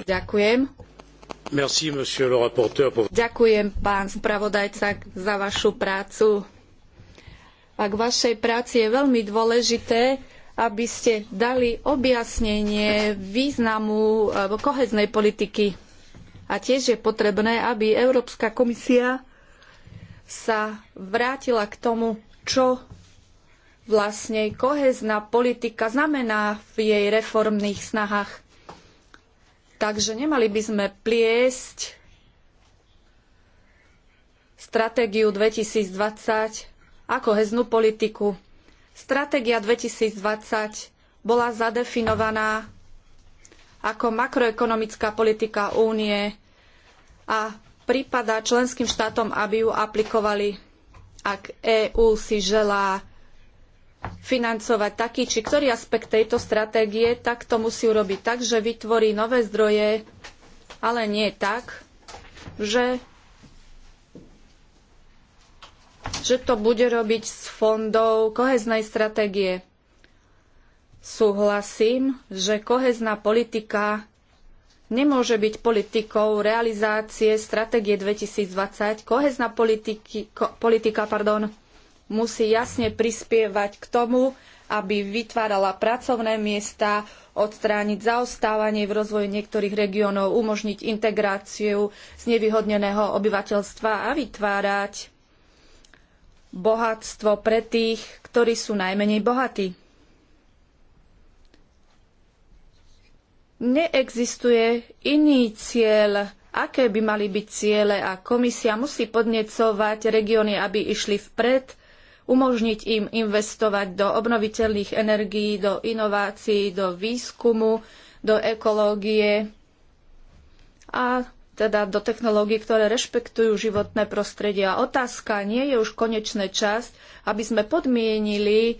Ďakujem. Ďakujem, pán spravodajca, za vašu prácu. A k vašej práci je veľmi dôležité, aby ste dali objasnenie významu koheznej politiky. A tiež je potrebné, aby Európska komisia sa vrátila k tomu, čo vlastne kohezná politika znamená v jej reformných snahách. Takže nemali by sme pliesť stratégiu 2020 ako heznú politiku. Stratégia 2020 bola zadefinovaná ako makroekonomická politika únie a prípada členským štátom, aby ju aplikovali, ak EÚ si želá financovať taký či ktorý aspekt tejto stratégie, tak to musí urobiť tak, že vytvorí nové zdroje, ale nie tak, že, že to bude robiť z fondov koheznej stratégie. Súhlasím, že kohezná politika nemôže byť politikou realizácie stratégie 2020. Kohezná politiky, ko, politika pardon, musí jasne prispievať k tomu, aby vytvárala pracovné miesta, odstrániť zaostávanie v rozvoji niektorých regiónov, umožniť integráciu znevýhodneného obyvateľstva a vytvárať bohatstvo pre tých, ktorí sú najmenej bohatí. Neexistuje iný cieľ, aké by mali byť ciele a komisia musí podnecovať regióny, aby išli vpred umožniť im investovať do obnoviteľných energií, do inovácií, do výskumu, do ekológie a teda do technológií, ktoré rešpektujú životné prostredie. A otázka nie je už konečná časť, aby sme podmienili e,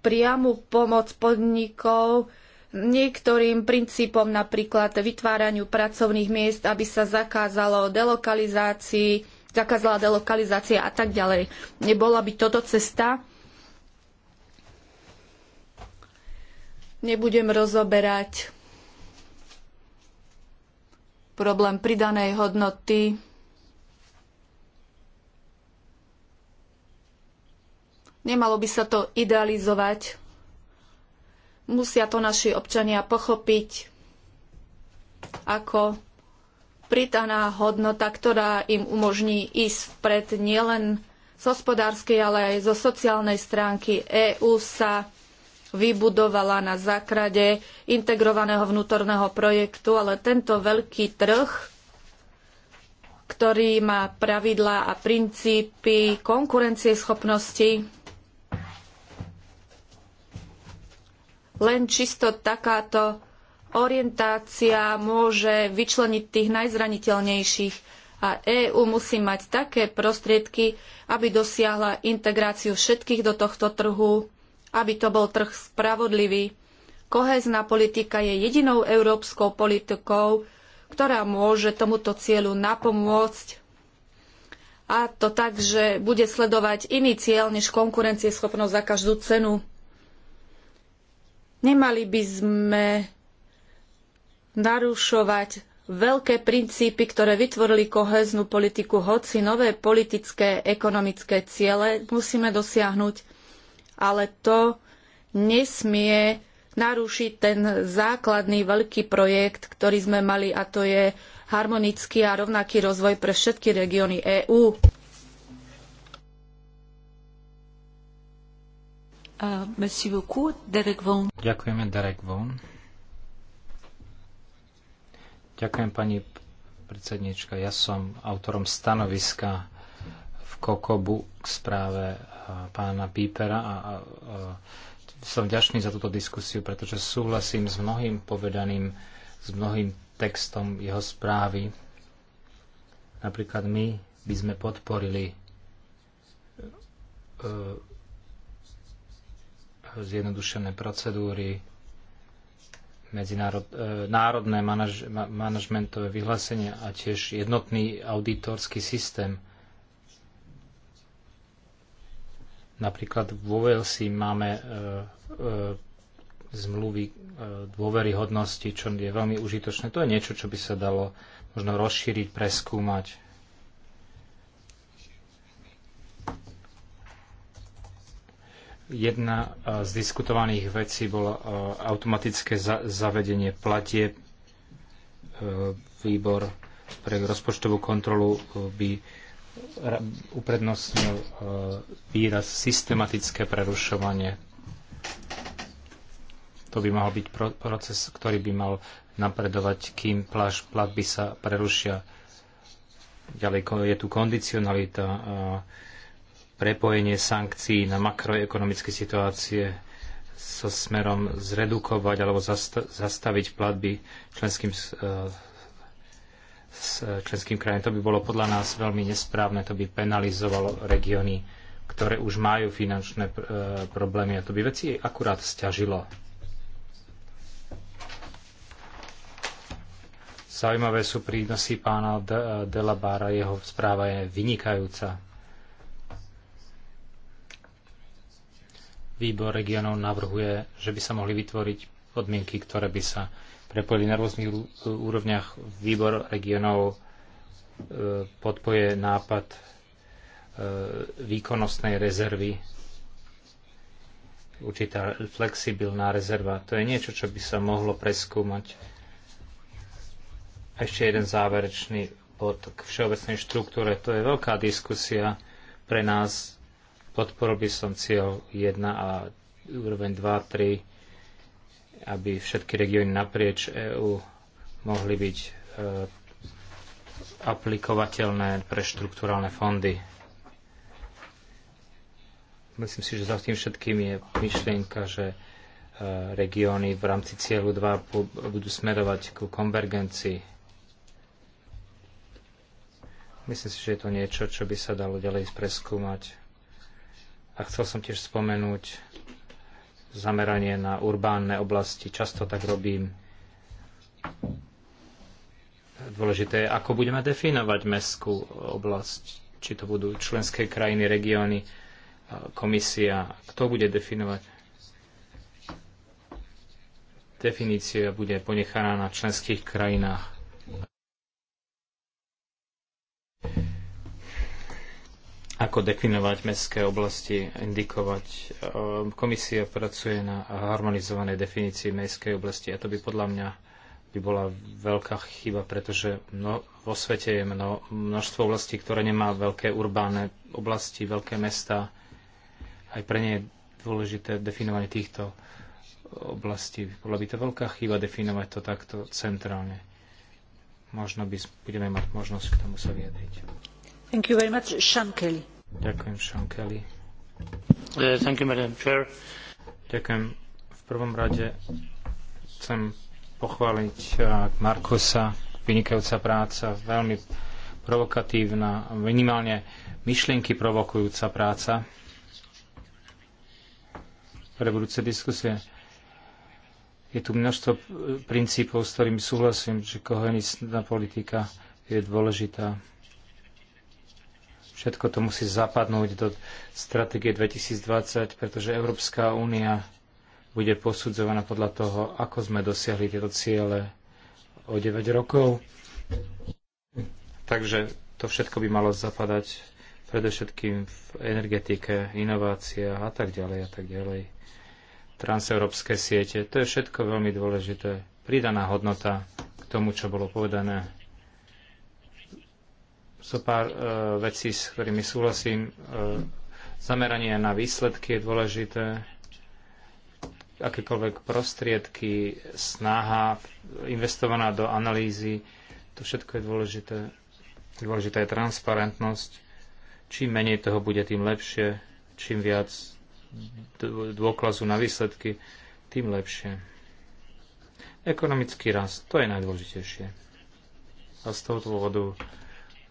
priamu pomoc podnikov niektorým princípom, napríklad vytváraniu pracovných miest, aby sa zakázalo delokalizácii, zakázala delokalizácia a tak ďalej. Nebola by toto cesta? Nebudem rozoberať problém pridanej hodnoty. Nemalo by sa to idealizovať. Musia to naši občania pochopiť, ako pridaná hodnota, ktorá im umožní ísť vpred nielen z hospodárskej, ale aj zo sociálnej stránky. EÚ sa vybudovala na základe integrovaného vnútorného projektu, ale tento veľký trh, ktorý má pravidlá a princípy konkurencieschopnosti, len čisto takáto orientácia môže vyčleniť tých najzraniteľnejších a EÚ musí mať také prostriedky, aby dosiahla integráciu všetkých do tohto trhu, aby to bol trh spravodlivý. Kohézna politika je jedinou európskou politikou, ktorá môže tomuto cieľu napomôcť a to tak, že bude sledovať iný cieľ než konkurencieschopnosť za každú cenu. Nemali by sme narušovať veľké princípy, ktoré vytvorili koheznú politiku, hoci nové politické, ekonomické ciele musíme dosiahnuť, ale to nesmie narušiť ten základný veľký projekt, ktorý sme mali a to je harmonický a rovnaký rozvoj pre všetky regióny EÚ. Uh, Ďakujeme, Derek Vaughan. Ďakujem, pani predsednička. Ja som autorom stanoviska v Kokobu k správe e, pána Pípera a, a, a e, som vďačný za túto diskusiu, pretože súhlasím s mnohým povedaným, s mnohým textom jeho správy. Napríklad my by sme podporili e, zjednodušené procedúry, E, národné manaž, manažmentové vyhlásenia a tiež jednotný auditorský systém. Napríklad vo Walesi máme e, e, zmluvy e, dôveryhodnosti, čo je veľmi užitočné. To je niečo, čo by sa dalo možno rozšíriť, preskúmať. Jedna z diskutovaných vecí bolo automatické zavedenie platie. E, výbor pre rozpočtovú kontrolu e, by uprednostnil e, výraz systematické prerušovanie. To by mohol byť proces, ktorý by mal napredovať, kým platby sa prerušia. Ďalej je tu kondicionalita prepojenie sankcií na makroekonomické situácie so smerom zredukovať alebo zastaviť platby členským, e, členským To by bolo podľa nás veľmi nesprávne, to by penalizovalo regióny, ktoré už majú finančné e, problémy a to by veci akurát stiažilo. Zaujímavé sú prínosy pána Delabára, jeho správa je vynikajúca výbor regionov navrhuje, že by sa mohli vytvoriť podmienky, ktoré by sa prepojili na rôznych úrovniach. Výbor regionov e, podpoje nápad e, výkonnostnej rezervy, určitá flexibilná rezerva. To je niečo, čo by sa mohlo preskúmať. Ešte jeden záverečný bod k všeobecnej štruktúre. To je veľká diskusia pre nás Podporil by som cieľ 1 a úroveň 2, 3, aby všetky regióny naprieč EÚ mohli byť e, aplikovateľné pre štrukturálne fondy. Myslím si, že za tým všetkým je myšlienka, že e, regióny v rámci cieľu 2 budú smerovať ku konvergencii. Myslím si, že je to niečo, čo by sa dalo ďalej preskúmať. A chcel som tiež spomenúť zameranie na urbánne oblasti. Často tak robím. Dôležité je, ako budeme definovať mestskú oblasť. Či to budú členské krajiny, regióny, komisia. Kto bude definovať? Definícia bude ponechaná na členských krajinách ako definovať mestské oblasti, indikovať. Eh, komisia pracuje na harmonizovanej definícii mestskej oblasti a to by podľa mňa by bola veľká chyba, pretože mno, vo svete je mno, množstvo oblastí, ktoré nemá veľké urbánne oblasti, veľké mesta. Aj pre ne je dôležité definovanie týchto oblastí. Bola by to veľká chyba definovať to takto centrálne. Možno by budeme mať možnosť k tomu sa vyjadriť. Uh, Ďakujem, V prvom rade chcem pochváliť uh, Markosa vynikajúca práca, veľmi provokatívna, minimálne myšlienky provokujúca práca pre budúce diskusie. Je tu množstvo uh, princípov, s ktorými súhlasím, že koherentná politika je dôležitá. Všetko to musí zapadnúť do stratégie 2020, pretože Európska únia bude posudzovaná podľa toho, ako sme dosiahli tieto ciele o 9 rokov. Takže to všetko by malo zapadať predovšetkým v energetike, inovácia a tak ďalej a tak ďalej. Transeurópske siete, to je všetko veľmi dôležité. Pridaná hodnota k tomu, čo bolo povedané so pár e, vecí, s ktorými súhlasím. E, zameranie na výsledky je dôležité. Akékoľvek prostriedky, snaha investovaná do analýzy, to všetko je dôležité. Dôležitá je transparentnosť. Čím menej toho bude, tým lepšie. Čím viac dôkazu na výsledky, tým lepšie. Ekonomický rast, to je najdôležitejšie. A z toho dôvodu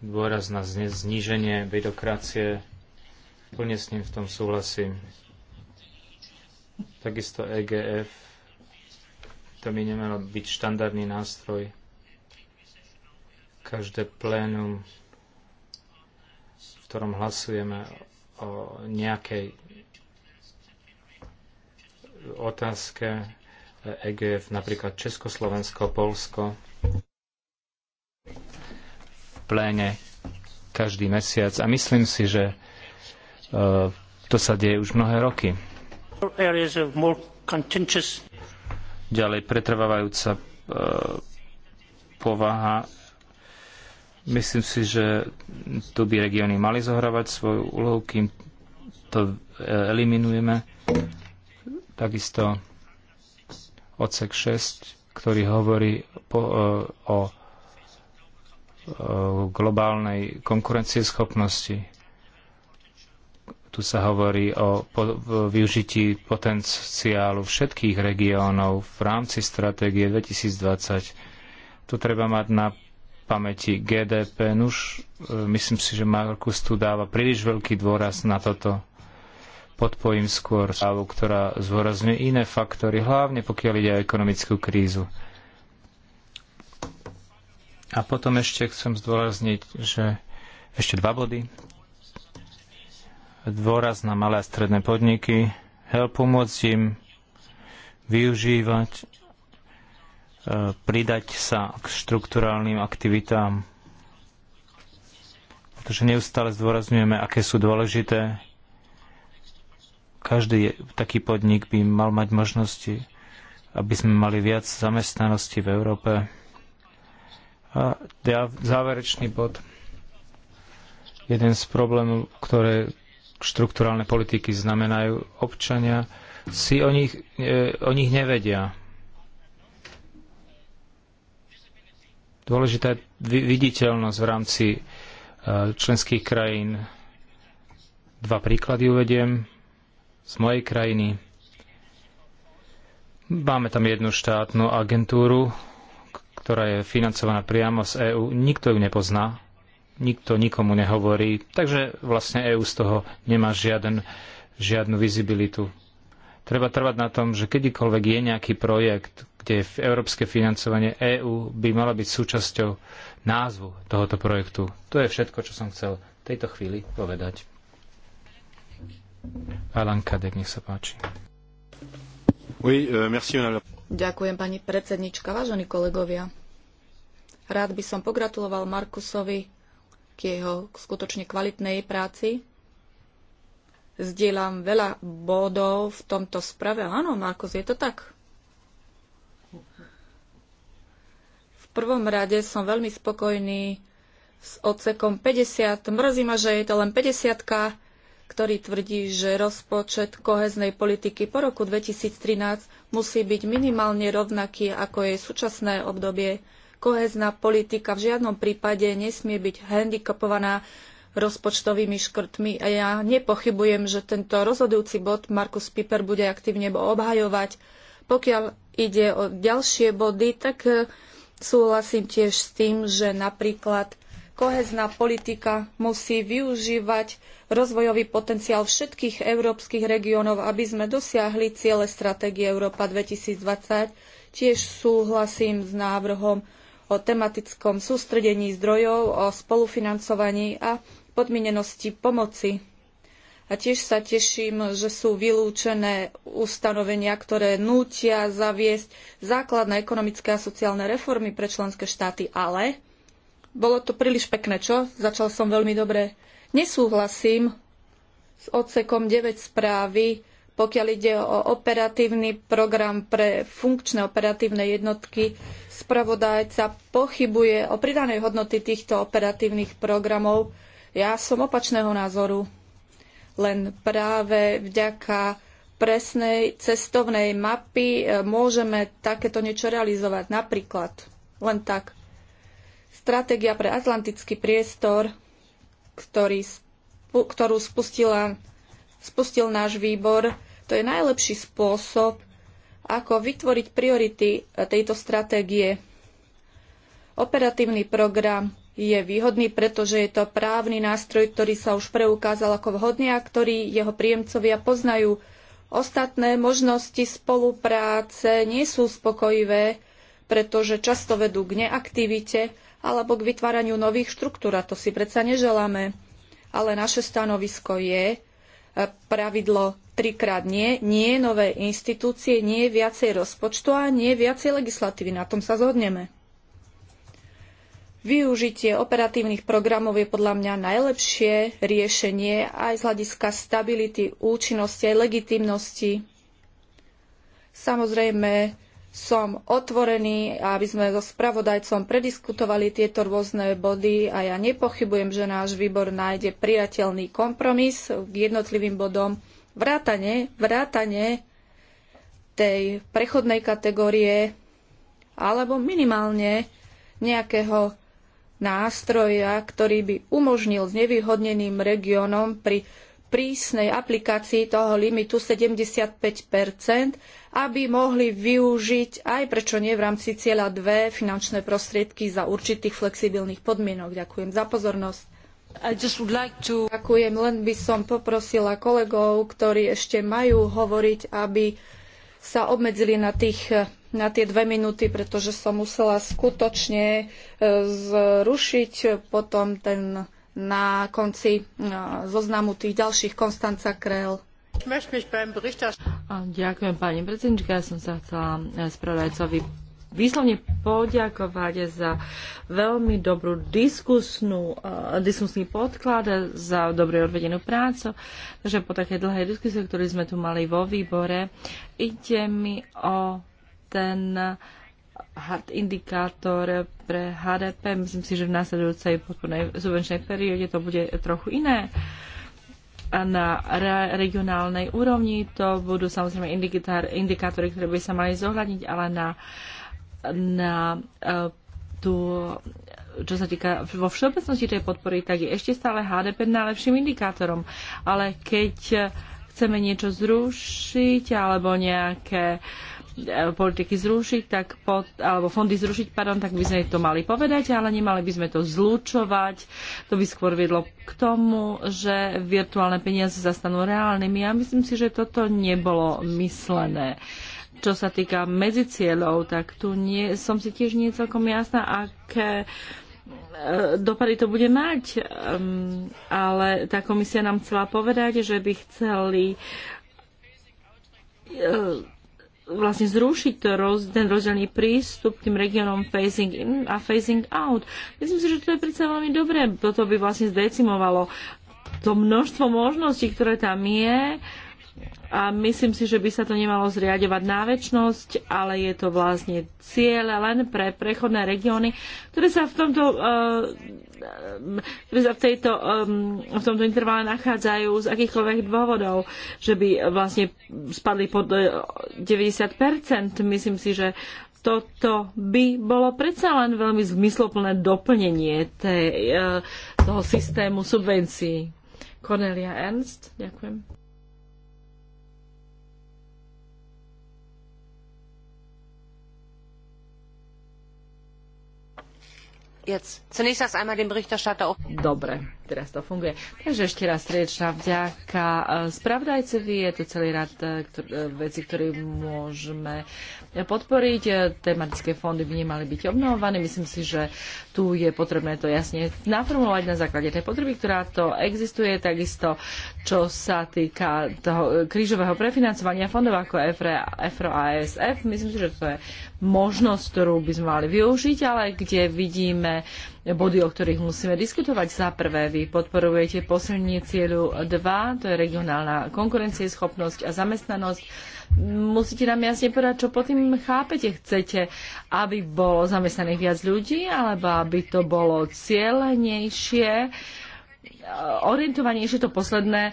dôraz na zníženie byrokracie. Plne s ním v tom súhlasím. Takisto EGF, to by nemalo byť štandardný nástroj. Každé plénum, v ktorom hlasujeme o nejakej otázke EGF, napríklad Československo, Polsko, pléne každý mesiac a myslím si, že e, to sa deje už mnohé roky. Ďalej pretrvávajúca e, povaha. Myslím si, že tu by regióny mali zohrávať svoju úlohu, kým to e, eliminujeme. Takisto odsek 6, ktorý hovorí po, o Eh, globálnej konkurencieschopnosti. Tu sa hovorí o využití potenciálu všetkých regiónov v rámci stratégie 2020. Tu treba mať na pamäti GDP. Nuž, eh, myslím si, že Markus tu dáva príliš veľký dôraz na toto. Podpojím skôr správu, ktorá zdôrazňuje iné faktory, hlavne pokiaľ ide o ekonomickú krízu. A potom ešte chcem zdôrazniť, že ešte dva body. Dôraz na malé a stredné podniky, help pomôcť im využívať, e, pridať sa k štruktúrálnym aktivitám, pretože neustále zdôrazňujeme, aké sú dôležité. Každý taký podnik by mal mať možnosti, aby sme mali viac zamestnanosti v Európe. A záverečný bod. Jeden z problémov, ktoré štruktúralne politiky znamenajú, občania si o nich, e, o nich nevedia. Dôležitá je viditeľnosť v rámci e, členských krajín. Dva príklady uvediem z mojej krajiny. Máme tam jednu štátnu agentúru, ktorá je financovaná priamo z EÚ, nikto ju nepozná, nikto nikomu nehovorí, takže vlastne EÚ z toho nemá žiaden, žiadnu vizibilitu. Treba trvať na tom, že kedykoľvek je nejaký projekt, kde je európske financovanie EÚ by mala byť súčasťou názvu tohoto projektu. To je všetko, čo som chcel v tejto chvíli povedať. Alan Kadek, nech sa páči. Oui, euh, merci, madame. Ďakujem, pani predsednička, vážení kolegovia. Rád by som pogratuloval Markusovi k jeho skutočne kvalitnej práci. Zdieľam veľa bodov v tomto sprave. Áno, Markus, je to tak? V prvom rade som veľmi spokojný s odsekom 50. Mrzí ma, že je to len 50 ktorý tvrdí, že rozpočet koheznej politiky po roku 2013 musí byť minimálne rovnaký ako jej súčasné obdobie. Kohezná politika v žiadnom prípade nesmie byť handikapovaná rozpočtovými škrtmi a ja nepochybujem, že tento rozhodujúci bod Markus Piper bude aktívne obhajovať. Pokiaľ ide o ďalšie body, tak eh, súhlasím tiež s tým, že napríklad kohezná politika musí využívať rozvojový potenciál všetkých európskych regiónov, aby sme dosiahli ciele stratégie Európa 2020. Tiež súhlasím s návrhom o tematickom sústredení zdrojov, o spolufinancovaní a podmienenosti pomoci. A tiež sa teším, že sú vylúčené ustanovenia, ktoré nútia zaviesť základné ekonomické a sociálne reformy pre členské štáty, ale bolo to príliš pekné, čo? Začal som veľmi dobre. Nesúhlasím s odsekom 9 správy, pokiaľ ide o operatívny program pre funkčné operatívne jednotky, spravodajca pochybuje o pridanej hodnoty týchto operatívnych programov. Ja som opačného názoru. Len práve vďaka presnej cestovnej mapy e, môžeme takéto niečo realizovať. Napríklad, len tak. Stratégia pre atlantický priestor, ktorý, ktorú spustila, spustil náš výbor, to je najlepší spôsob, ako vytvoriť priority tejto stratégie. Operatívny program je výhodný, pretože je to právny nástroj, ktorý sa už preukázal ako vhodný a ktorý jeho príjemcovia poznajú. Ostatné možnosti spolupráce nie sú spokojivé pretože často vedú k neaktivite alebo k vytváraniu nových štruktúr a to si predsa neželáme. Ale naše stanovisko je e, pravidlo trikrát nie, nie nové inštitúcie, nie viacej rozpočtu a nie viacej legislatívy. Na tom sa zhodneme. Využitie operatívnych programov je podľa mňa najlepšie riešenie aj z hľadiska stability, účinnosti aj legitimnosti. Samozrejme, som otvorený, aby sme so spravodajcom prediskutovali tieto rôzne body a ja nepochybujem, že náš výbor nájde priateľný kompromis k jednotlivým bodom vrátane, vrátane tej prechodnej kategórie alebo minimálne nejakého nástroja, ktorý by umožnil znevýhodneným regiónom pri prísnej aplikácii toho limitu 75 aby mohli využiť aj prečo nie v rámci cieľa 2 finančné prostriedky za určitých flexibilných podmienok. Ďakujem za pozornosť. Like to... Ďakujem, len by som poprosila kolegov, ktorí ešte majú hovoriť, aby sa obmedzili na, tých, na tie dve minúty, pretože som musela skutočne e, zrušiť potom ten na konci e, zoznamu tých ďalších Konstanca Krell. Ďakujem pani predsednička. Ja som sa chcela e, spravodajcovi výslovne poďakovať za veľmi dobrú diskusnú, e, diskusný podklad, e, za dobre odvedenú prácu. Takže po také dlhej diskusie, ktorú sme tu mali vo výbore, ide mi o ten hard indikátor pre HDP. Myslím si, že v následujúcej podpornej subvenčnej perióde to bude trochu iné. Uh, na regionálnej úrovni. To budú samozrejme indikátory, ktoré by sa mali zohľadniť, ale na, na e, tú, čo sa týka vo všeobecnosti tej podpory, tak je ešte stále HDP najlepším indikátorom. Ale keď chceme niečo zrušiť alebo nejaké uh, E, politiky zrušiť, tak pod, alebo fondy zrušiť, pardon, tak by sme to mali povedať, ale nemali by sme to zlúčovať. To by skôr viedlo k tomu, že virtuálne peniaze zastanú reálnymi. Ja myslím si, že toto nebolo myslené. Čo sa týka medzicieľov, tak tu nie, som si tiež nie celkom jasná, aké e, dopady to bude mať. Ale tá komisia nám chcela povedať, že by chceli e, vlastne zrušiť to roz, ten rozdelný prístup k tým regiónom phasing in a phasing out. Myslím si, že to je predsa veľmi dobré. Toto by vlastne zdecimovalo to množstvo možností, ktoré tam je. Uh, a myslím si, že by sa to nemalo zriadovať na väčnosť, ale je to vlastne cieľ len pre prechodné regióny, ktoré sa v tomto, uh, sa v, tejto, v tomto intervale nachádzajú z akýchkoľvek dôvodov, že by vlastne spadli pod 90%. Eh, myslím si, že toto by bolo predsa len veľmi zmysloplné doplnenie tej, eh, toho systému subvencií. Cornelia Ernst, ďakujem. Dobre, teraz to funguje. Takže ešte raz srdečná vďaka spravodajcovi. Je tu celý rad e, e, vecí, ktoré môžeme podporiť. Tematické fondy by nemali byť obnovované. Myslím si, že tu je potrebné to jasne naformulovať na základe tej potreby, ktorá to existuje. Takisto, čo sa týka toho krížového prefinancovania fondov ako EFRO a ESF, myslím si, že to je možnosť, ktorú by sme mali využiť, ale kde vidíme body, o ktorých musíme diskutovať. Za prvé, vy podporujete posilnenie cieľu 2, to je regionálna konkurencieschopnosť a zamestnanosť musíte nám jasne povedať, čo po tým chápete. Chcete, aby bolo zamestnaných viac ľudí, alebo aby to bolo cieľenejšie? orientovanejšie to posledné e,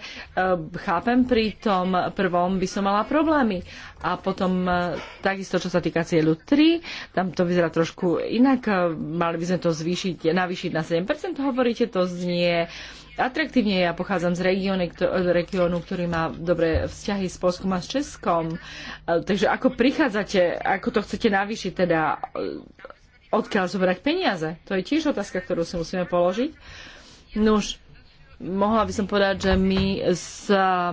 chápem, pri tom prvom by som mala problémy. A potom e, takisto, čo sa týka cieľu 3, tam to vyzerá trošku inak. E, mali by sme to zvýšiť, navýšiť na 7%, hovoríte, to znie atraktívne. Ja pochádzam z regiónu, ktorý má dobré vzťahy s Polskom a s Českom. E, takže ako prichádzate, ako to chcete navýšiť, teda e, odkiaľ zobrať peniaze? To je tiež otázka, ktorú si musíme položiť. Nuž, mohla by som povedať, že my sa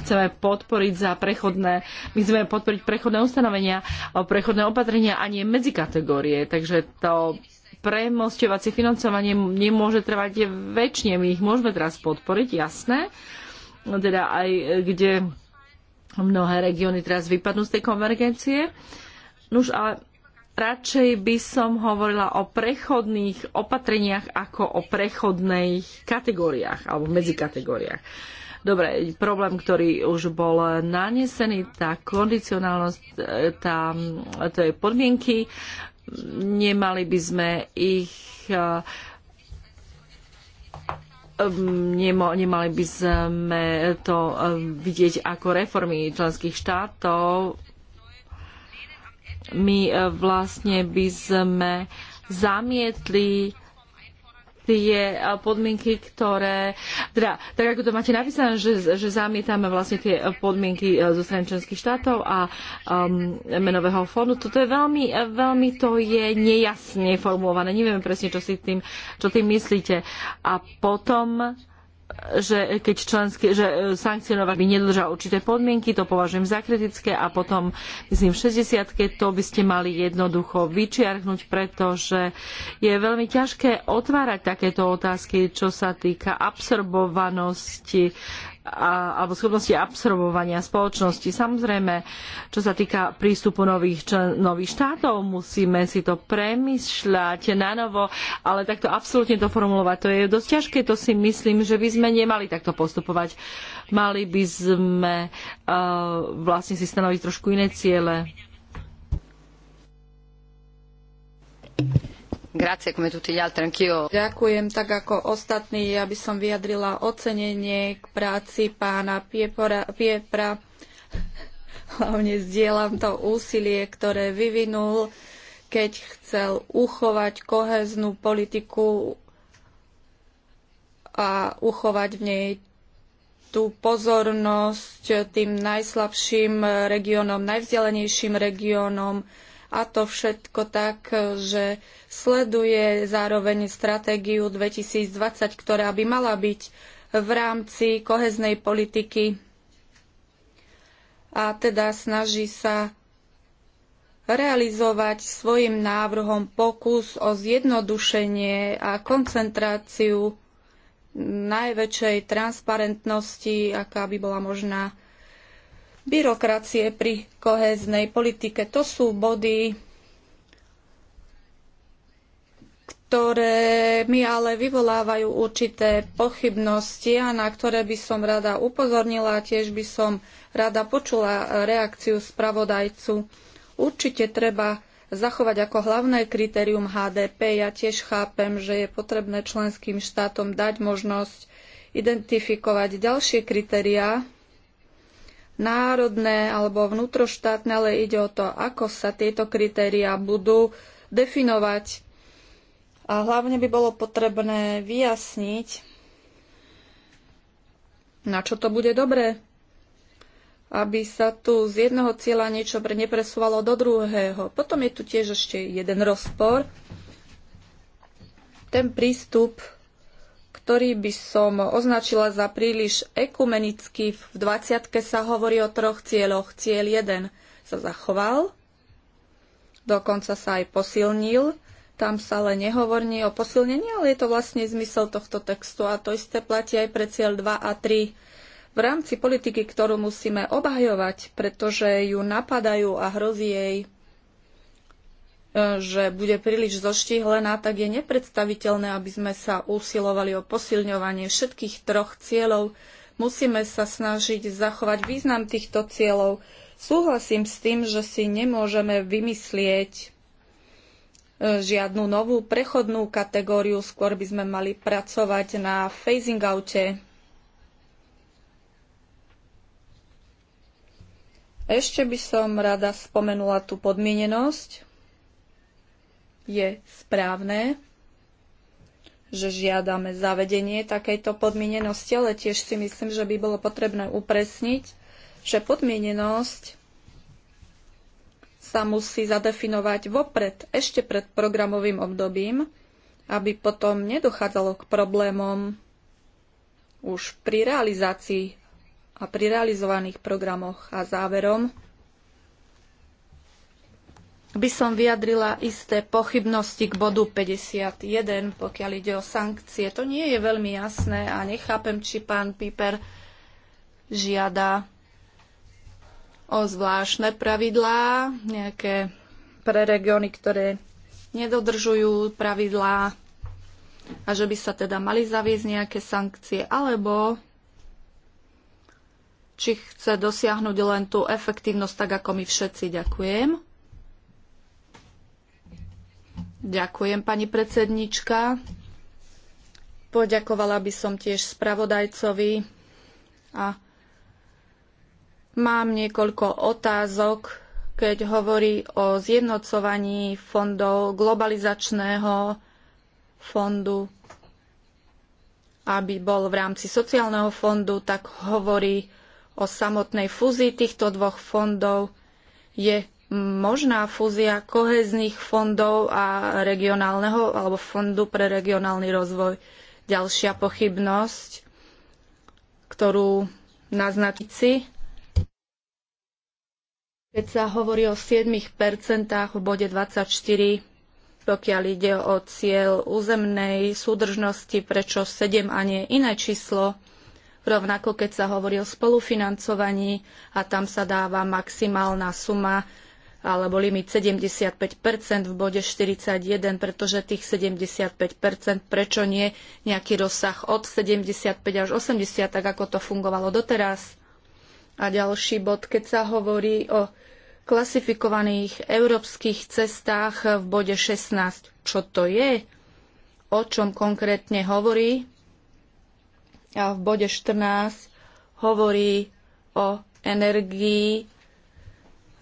chceme podporiť za prechodné, my chceme podporiť prechodné ustanovenia, prechodné opatrenia a nie medzikategórie. Takže to premosťovacie financovanie nemôže trvať väčšine. My ich môžeme teraz podporiť, jasné. Teda aj e, kde mnohé regióny teraz vypadnú z tej konvergencie. Nuž, ale radšej by som hovorila o prechodných opatreniach ako o prechodných kategóriách alebo medzikategóriách. Dobre, problém, ktorý už bol nanesený, tá kondicionálnosť, e, tá, to je podmienky, nemali by sme ich eh, nemali by sme to vidieť ako reformy členských štátov. My eh, vlastne by sme zamietli tie eh, podmienky, ktoré, teda, tak ako to máte napísané, že, že zamietame vlastne tie eh, podmienky eh, zo strany členských štátov a um, menového fondu. Toto je veľmi, veľmi to je nejasne formulované. Nevieme presne, čo si tým, čo tým myslíte. A potom že keď členské, že e, by nedržia určité podmienky, to považujem za kritické a potom, myslím, v 60 to by ste mali jednoducho vyčiarknuť, pretože je veľmi ťažké otvárať takéto otázky, čo sa týka absorbovanosti a, alebo schopnosti absorbovania spoločnosti. Samozrejme, čo sa týka prístupu nových, nových štátov, musíme si to premyšľať na novo, ale takto absolútne to formulovať, to je dosť ťažké, to si myslím, že by sme nemali takto postupovať. Mali by sme uh, vlastne si stanoviť trošku iné ciele. Ďakujem, tak ako ostatní, ja by som vyjadrila ocenenie k práci pána Piepora, Piepra. Hlavne zdieľam to úsilie, ktoré vyvinul, keď chcel uchovať koheznú politiku a uchovať v nej tú pozornosť tým najslabším regiónom, najvzdelenejším regiónom, a to všetko tak, že sleduje zároveň stratégiu 2020, ktorá by mala byť v rámci koheznej politiky a teda snaží sa realizovať svojim návrhom pokus o zjednodušenie a koncentráciu najväčšej transparentnosti, aká by bola možná byrokracie pri kohéznej politike. To sú body, ktoré mi ale vyvolávajú určité pochybnosti a na ktoré by som rada upozornila, tiež by som rada počula reakciu spravodajcu. Určite treba zachovať ako hlavné kritérium HDP. Ja tiež chápem, že je potrebné členským štátom dať možnosť identifikovať ďalšie kritériá, národné alebo vnútroštátne, ale ide o to, ako sa tieto kritériá budú definovať. A hlavne by bolo potrebné vyjasniť, na čo to bude dobré, aby sa tu z jedného cieľa niečo nepresúvalo do druhého. Potom je tu tiež ešte jeden rozpor. Ten prístup ktorý by som označila za príliš ekumenický. V 20. sa hovorí o troch cieľoch. Cieľ 1 sa zachoval, dokonca sa aj posilnil. Tam sa ale nehovorní o posilnení, ale je to vlastne zmysel tohto textu a to isté platí aj pre cieľ 2 a 3 v rámci politiky, ktorú musíme obhajovať, pretože ju napadajú a hrozí jej že bude príliš zoštíhlená, tak je nepredstaviteľné, aby sme sa usilovali o posilňovanie všetkých troch cieľov. Musíme sa snažiť zachovať význam týchto cieľov. Súhlasím s tým, že si nemôžeme vymyslieť e, žiadnu novú prechodnú kategóriu, skôr by sme mali pracovať na phasing oute. Ešte by som rada spomenula tú podmienenosť je správne, že žiadame zavedenie takejto podmienenosti, ale tiež si myslím, že by bolo potrebné upresniť, že podmienenosť sa musí zadefinovať vopred, ešte pred programovým obdobím, aby potom nedochádzalo k problémom už pri realizácii a pri realizovaných programoch a záverom by som vyjadrila isté pochybnosti k bodu 51, pokiaľ ide o sankcie. To nie je veľmi jasné a nechápem, či pán Piper žiada o zvláštne pravidlá, nejaké pre regióny, ktoré nedodržujú pravidlá a že by sa teda mali zaviesť nejaké sankcie, alebo či chce dosiahnuť len tú efektívnosť, tak ako my všetci. Ďakujem. Ďakujem, pani predsednička. Poďakovala by som tiež spravodajcovi a mám niekoľko otázok, keď hovorí o zjednocovaní fondov globalizačného fondu, aby bol v rámci sociálneho fondu, tak hovorí o samotnej fúzii týchto dvoch fondov. Je možná fúzia kohezných fondov a regionálneho alebo fondu pre regionálny rozvoj. Ďalšia pochybnosť, ktorú naznačíci, keď sa hovorí o 7% v bode 24, pokiaľ ide o cieľ územnej súdržnosti, prečo 7 a nie iné číslo, rovnako keď sa hovorí o spolufinancovaní a tam sa dáva maximálna suma alebo limit 75 v bode 41, pretože tých 75 prečo nie nejaký rozsah od 75 až 80, tak ako to fungovalo doteraz. A ďalší bod, keď sa hovorí o klasifikovaných európskych cestách v bode 16. Čo to je? O čom konkrétne hovorí? A v bode 14 hovorí o energii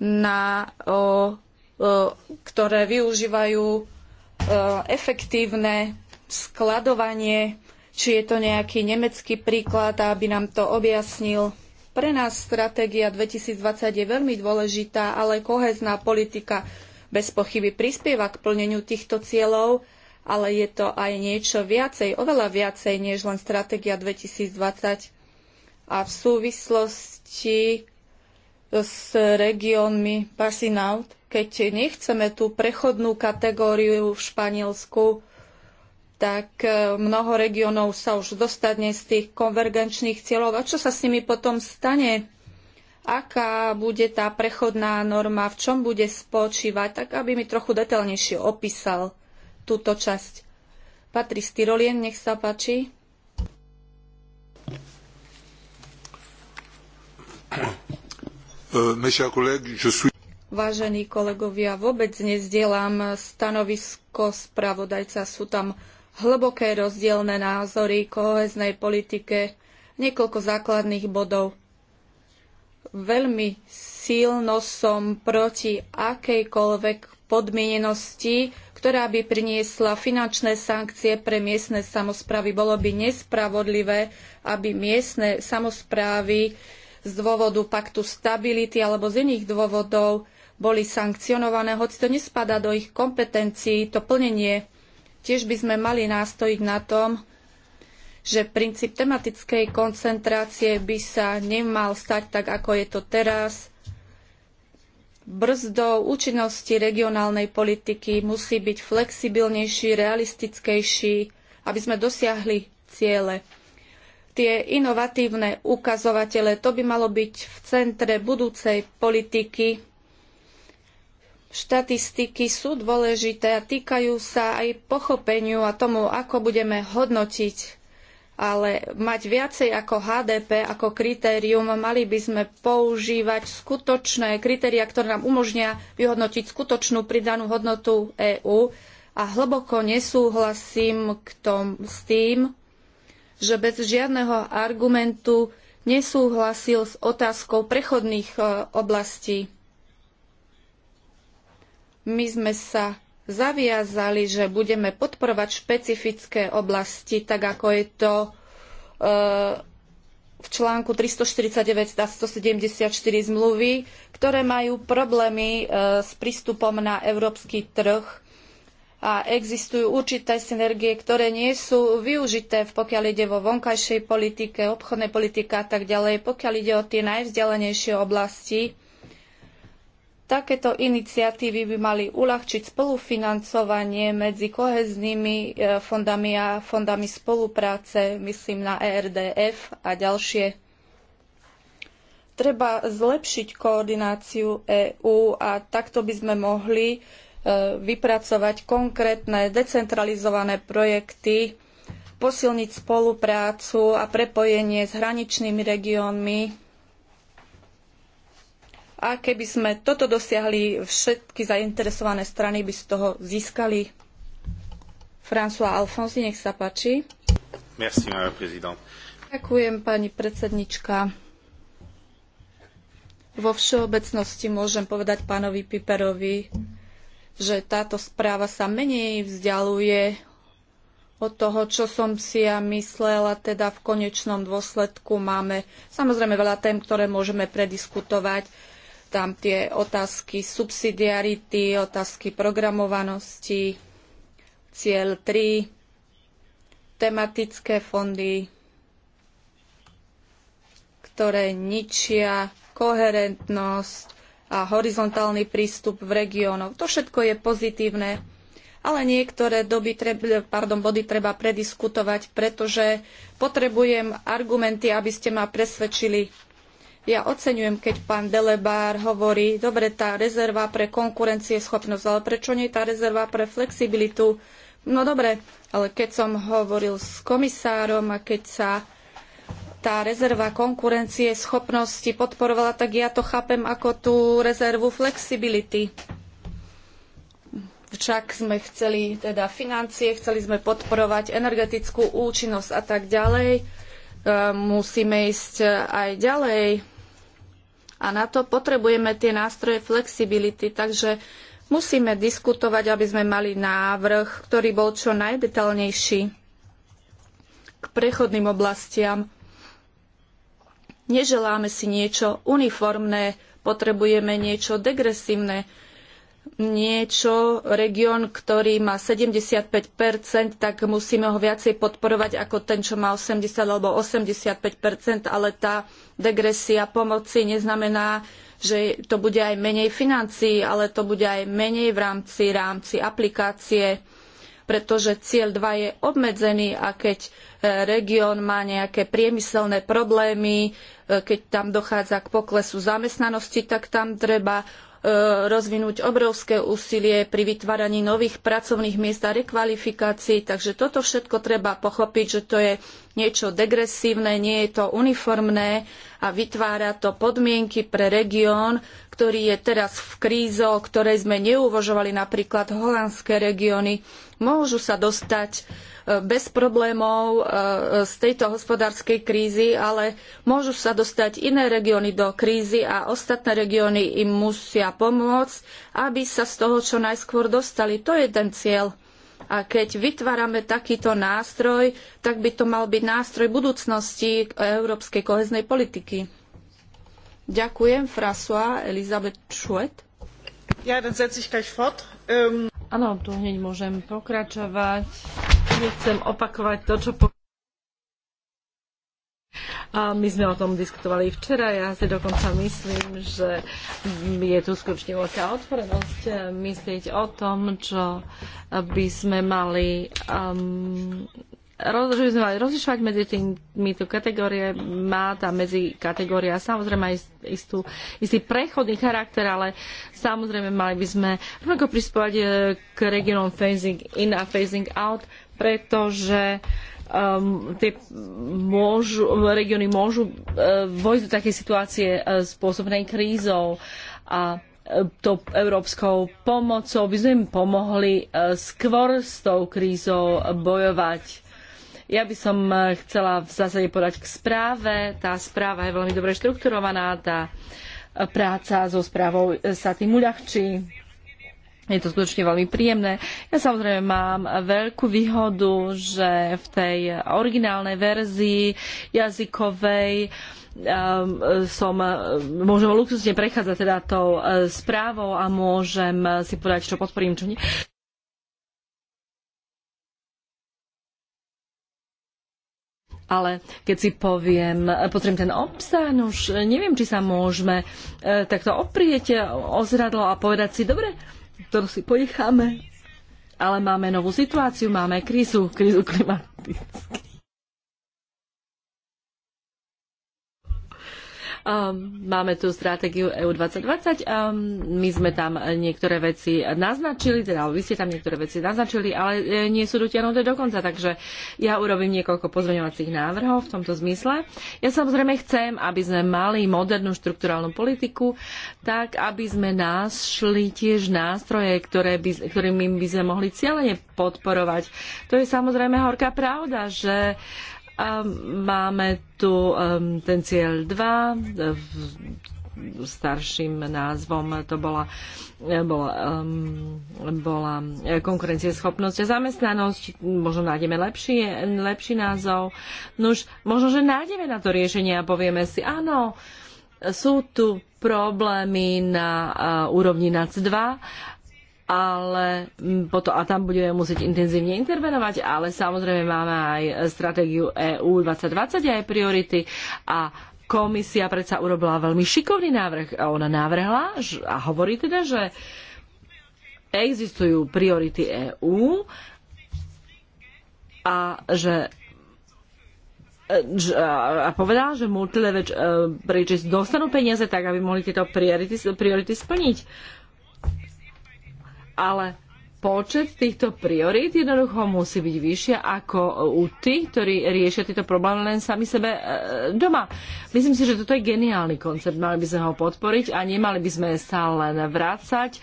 na, o, o, ktoré využívajú o, e, efektívne skladovanie, či je to nejaký nemecký príklad, aby nám to objasnil. Pre nás stratégia 2020 je veľmi dôležitá, ale kohezná politika bez pochyby prispieva k plneniu týchto cieľov, ale je to aj niečo viacej, oveľa viacej, než len stratégia 2020. A v súvislosti s regiónmi passing out, keď nechceme tú prechodnú kategóriu v Španielsku, tak e, mnoho regiónov sa už dostane z tých konvergenčných cieľov. A čo sa s nimi potom stane? Aká bude tá prechodná norma, v čom bude spočívať, tak aby mi trochu detailnejšie opísal túto časť. Patrí Styrolien, nech sa páči. Euh, Vážení kolegovia, vôbec nezdielam stanovisko spravodajca. Sú tam hlboké rozdielne názory koheznej politike, niekoľko základných bodov. Veľmi silno som proti akejkoľvek podmienenosti, ktorá by priniesla finančné sankcie pre miestne samosprávy. Bolo by nespravodlivé, aby miestne samosprávy z dôvodu paktu stability alebo z iných dôvodov boli sankcionované, hoci to nespadá do ich kompetencií, to plnenie. Tiež by sme mali nástojiť na tom, že princíp tematickej koncentrácie by sa nemal stať tak, ako je to teraz. Brzdou účinnosti regionálnej politiky musí byť flexibilnejší, realistickejší, aby sme dosiahli ciele tie inovatívne ukazovatele, to by malo byť v centre budúcej politiky. Štatistiky sú dôležité a týkajú sa aj pochopeniu a tomu, ako budeme hodnotiť ale mať viacej ako HDP ako kritérium, mali by sme používať skutočné kritériá, ktoré nám umožnia vyhodnotiť skutočnú pridanú hodnotu EÚ. A hlboko nesúhlasím k tom, s tým, že bez žiadneho argumentu nesúhlasil s otázkou prechodných e, oblastí. My sme sa zaviazali, že budeme podporovať špecifické oblasti, tak ako je to e, v článku 349 a 174 zmluvy, ktoré majú problémy e, s prístupom na európsky trh a existujú určité synergie, ktoré nie sú využité, pokiaľ ide vo vonkajšej politike, obchodnej politike a tak ďalej, pokiaľ ide o tie najvzdialenejšie oblasti. Takéto iniciatívy by mali uľahčiť spolufinancovanie medzi koheznými e, fondami a fondami spolupráce, myslím na ERDF a ďalšie treba zlepšiť koordináciu EÚ a takto by sme mohli E, vypracovať konkrétne decentralizované projekty, posilniť spoluprácu a prepojenie s hraničnými regiónmi. A keby sme toto dosiahli, všetky zainteresované strany by z toho získali. François Alfonsi, nech sa páči. Merci, Ďakujem, pani predsednička. Vo všeobecnosti môžem povedať pánovi Piperovi, že táto správa sa menej vzdialuje od toho, čo som si ja myslela, teda v konečnom dôsledku máme samozrejme veľa tém, ktoré môžeme prediskutovať. Tam tie otázky subsidiarity, otázky programovanosti, cieľ 3, tematické fondy, ktoré ničia koherentnosť a horizontálny prístup v regiónoch. To všetko je pozitívne, ale niektoré doby treba, pardon, body treba prediskutovať, pretože potrebujem argumenty, aby ste ma presvedčili. Ja oceňujem, keď pán Delebár hovorí, dobre, tá rezerva pre konkurencieschopnosť, ale prečo nie tá rezerva pre flexibilitu? No dobre, ale keď som hovoril s komisárom a keď sa tá rezerva konkurencie schopnosti podporovala, tak ja to chápem ako tú rezervu flexibility. Však sme chceli teda financie, chceli sme podporovať energetickú účinnosť a tak ďalej. E, musíme ísť aj ďalej. A na to potrebujeme tie nástroje flexibility, takže musíme diskutovať, aby sme mali návrh, ktorý bol čo najdetalnejší k prechodným oblastiam Neželáme si niečo uniformné, potrebujeme niečo degresívne, niečo, región, ktorý má 75%, tak musíme ho viacej podporovať ako ten, čo má 80 alebo 85%, ale tá degresia pomoci neznamená, že to bude aj menej financií, ale to bude aj menej v rámci, rámci aplikácie pretože cieľ 2 je obmedzený a keď e, región má nejaké priemyselné problémy, e, keď tam dochádza k poklesu zamestnanosti, tak tam treba E, rozvinúť obrovské úsilie pri vytváraní nových pracovných miest a rekvalifikácií. Takže toto všetko treba pochopiť, že to je niečo degresívne, nie je to uniformné a vytvára to podmienky pre región, ktorý je teraz v kríze, o ktorej sme neuvažovali napríklad holandské regióny, môžu sa dostať bez problémov e, z tejto hospodárskej krízy, ale môžu sa dostať iné regióny do krízy a ostatné regióny im musia pomôcť, aby sa z toho čo najskôr dostali. To je ten cieľ. A keď vytvárame takýto nástroj, tak by to mal byť nástroj budúcnosti európskej koheznej politiky. Ďakujem, François Elizabeth. Ja, dann setze ich gleich fort. Um... Áno, tu hneď môžem pokračovať. Nechcem opakovať to, čo po... A my sme o tom diskutovali včera. Ja si dokonca myslím, že je tu skutočne veľká otvorenosť eh, myslieť o tom, čo by sme mali um, rozlišovať medzi tu kategórie, má tá medzi kategória samozrejme aj istú, istý prechodný charakter, ale samozrejme mali by sme rovnako prispovať e, k regionom phasing in a phasing out, pretože um, tie môžu, regióny môžu uh, vojsť do také situácie uh, e, spôsobnej krízou a uh, tou európskou pomocou by sme im pomohli uh, skôr s tou krízou bojovať ja by som e, chcela v zásade podať k správe. Tá správa je veľmi dobre štrukturovaná, tá e, práca so správou e, sa tým uľahčí. Je to skutočne veľmi príjemné. Ja samozrejme mám veľkú výhodu, že v tej originálnej verzii jazykovej som, môžem luxusne prechádzať teda tou správou a môžem si povedať, čo podporím, čo nie. ale keď si poviem, potrebujem ten obsah, no už eh, neviem, či sa môžeme eh, takto oprieť eh, o zradlo a povedať si, dobre, to si ponecháme. Ale máme novú situáciu, máme krízu, krízu klimatickú Ehm, máme tu stratégiu EU 2020. Ehm, my sme tam niektoré veci naznačili, teda vy ste tam niektoré veci naznačili, ale e, nie sú dotiahnuté dokonca. takže ja urobím niekoľko pozmeňovacích návrhov v tomto zmysle. Ja samozrejme chcem, aby sme mali modernú štrukturálnu politiku, tak aby sme našli tiež nástroje, ktoré by, ktorými by sme mohli cieľene podporovať. To je samozrejme horká pravda, že uh, Máme tu ten cieľ 2, starším názvom to bola, e, bola, bola e, konkurencieschopnosť a zamestnanosť. Možno nájdeme lepší, lepší názov. No už možno, že nájdeme na to riešenie a povieme si, áno, sú tu problémy na e, úrovni NAC 2 ale mm, potom, a tam budeme musieť intenzívne intervenovať, ale samozrejme máme aj stratégiu EU 2020 a aj priority a komisia predsa urobila veľmi šikovný návrh a ona návrhla a hovorí teda, že existujú priority EÚ a že e, a povedal, že multilevel uh, dostanú peniaze tak, aby mohli tieto priority, priority splniť. Uh, ale počet týchto priorít jednoducho musí byť vyššia ako u tých, ktorí riešia tieto problémy len sami sebe e, doma. Myslím si, že toto je geniálny koncept, mali by sme ho podporiť a nemali by sme sa len vrácať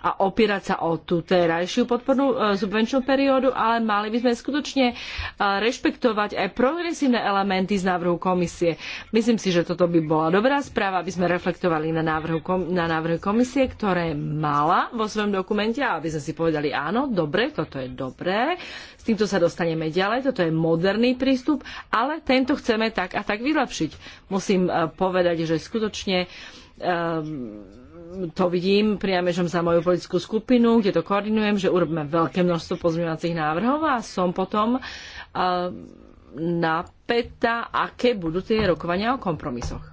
a opírať sa o tú terajšiu podpornú e, subvenčnú periódu, ale mali by sme skutočne e, rešpektovať aj progresívne elementy z návrhu komisie. Myslím si, že toto by bola dobrá správa, aby sme reflektovali na návrhu, na návrhu komisie, ktoré mala vo svojom dokumente a aby sme si povedali, povedali, áno, dobre, toto je dobré, s týmto sa dostaneme ďalej, toto je moderný prístup, ale tento chceme tak a tak vylepšiť. Musím e, povedať, že skutočne e, to vidím priamežom za moju politickú skupinu, kde to koordinujem, že urobíme veľké množstvo pozmeňovacích návrhov a som potom e, napätá, aké budú tie rokovania o kompromisoch.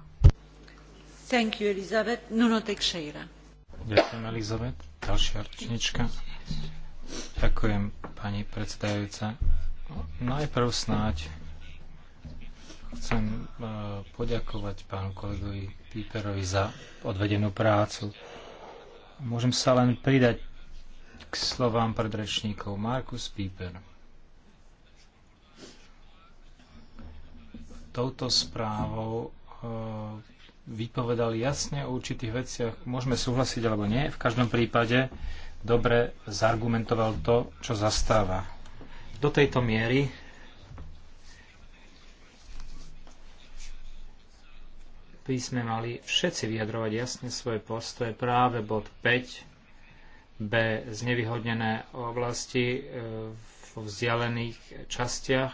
Thank you, Elizabeth. Nuno Teixeira. Ďakujem, Elizabeth. Ďalšia rečnička. Ďakujem, pani predsedajúca. Najprv snáď chcem e, poďakovať pánu kolegovi Píperovi za odvedenú prácu. Môžem sa len pridať k slovám predrečníkov Markus Píper. Touto správou e, vypovedali jasne o určitých veciach. Môžeme súhlasiť alebo nie. V každom prípade dobre zargumentoval to, čo zastáva. Do tejto miery by sme mali všetci vyjadrovať jasne svoje postoje. Práve bod 5b znevýhodnené oblasti e, vo vzdialených častiach.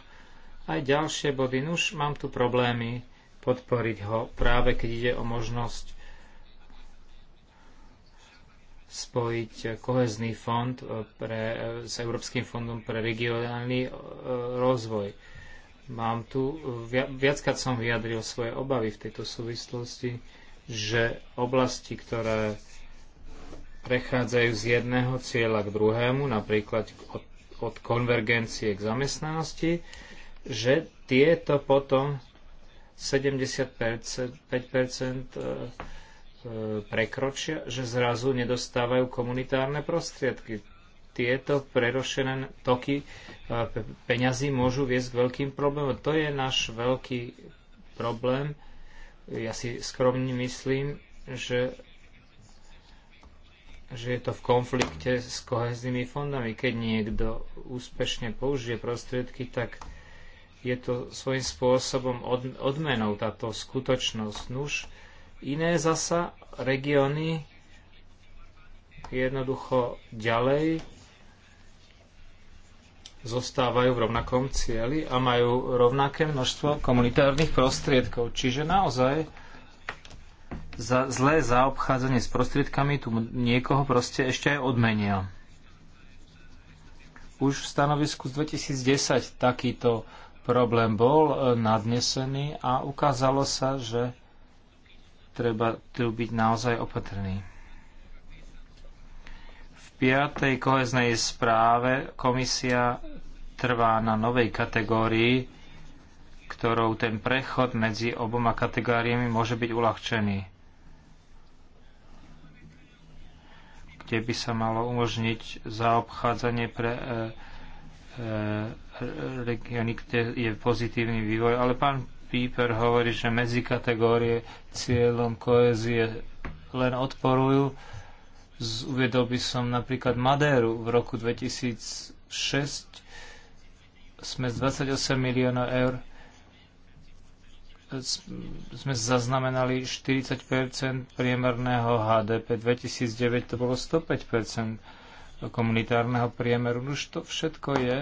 Aj ďalšie body. už mám tu problémy podporiť ho práve keď ide o možnosť spojiť kohezný fond e, pre, e, s Európskym fondom pre regionálny e, rozvoj. Mám tu, viackrát som vyjadril svoje obavy v tejto súvislosti, že oblasti, ktoré prechádzajú z jedného cieľa k druhému, napríklad od, od konvergencie k zamestnanosti, že tieto potom 75% E, prekročia, že zrazu nedostávajú komunitárne prostriedky. Tieto prerošené toky e, peňazí môžu viesť k veľkým problémom. To je náš veľký problém. Ja si skromne myslím, že, že je to v konflikte s koheznými fondami. Keď niekto úspešne použije prostriedky, tak je to svojím spôsobom odmenou táto skutočnosť. Nuž, Iné zasa regióny jednoducho ďalej zostávajú v rovnakom cieli a majú rovnaké množstvo komunitárnych prostriedkov. Čiže naozaj za zlé zaobchádzanie s prostriedkami tu niekoho proste ešte aj odmenia. Už v stanovisku z 2010 takýto problém bol eh, nadnesený a ukázalo sa, že treba tu byť naozaj opatrný. V piatej koheznej správe komisia trvá na novej kategórii, ktorou ten prechod medzi oboma kategóriami môže byť uľahčený. Kde by sa malo umožniť zaobchádzanie pre e, e, regióny, kde je pozitívny vývoj. Ale pán Píper hovorí, že medzi kategórie cieľom koézie len odporujú. Uviedol by som napríklad Madéru. V roku 2006 sme z 28 miliónov eur sme zaznamenali 40 priemerného HDP, 2009 to bolo 105 komunitárneho priemeru. No už to všetko je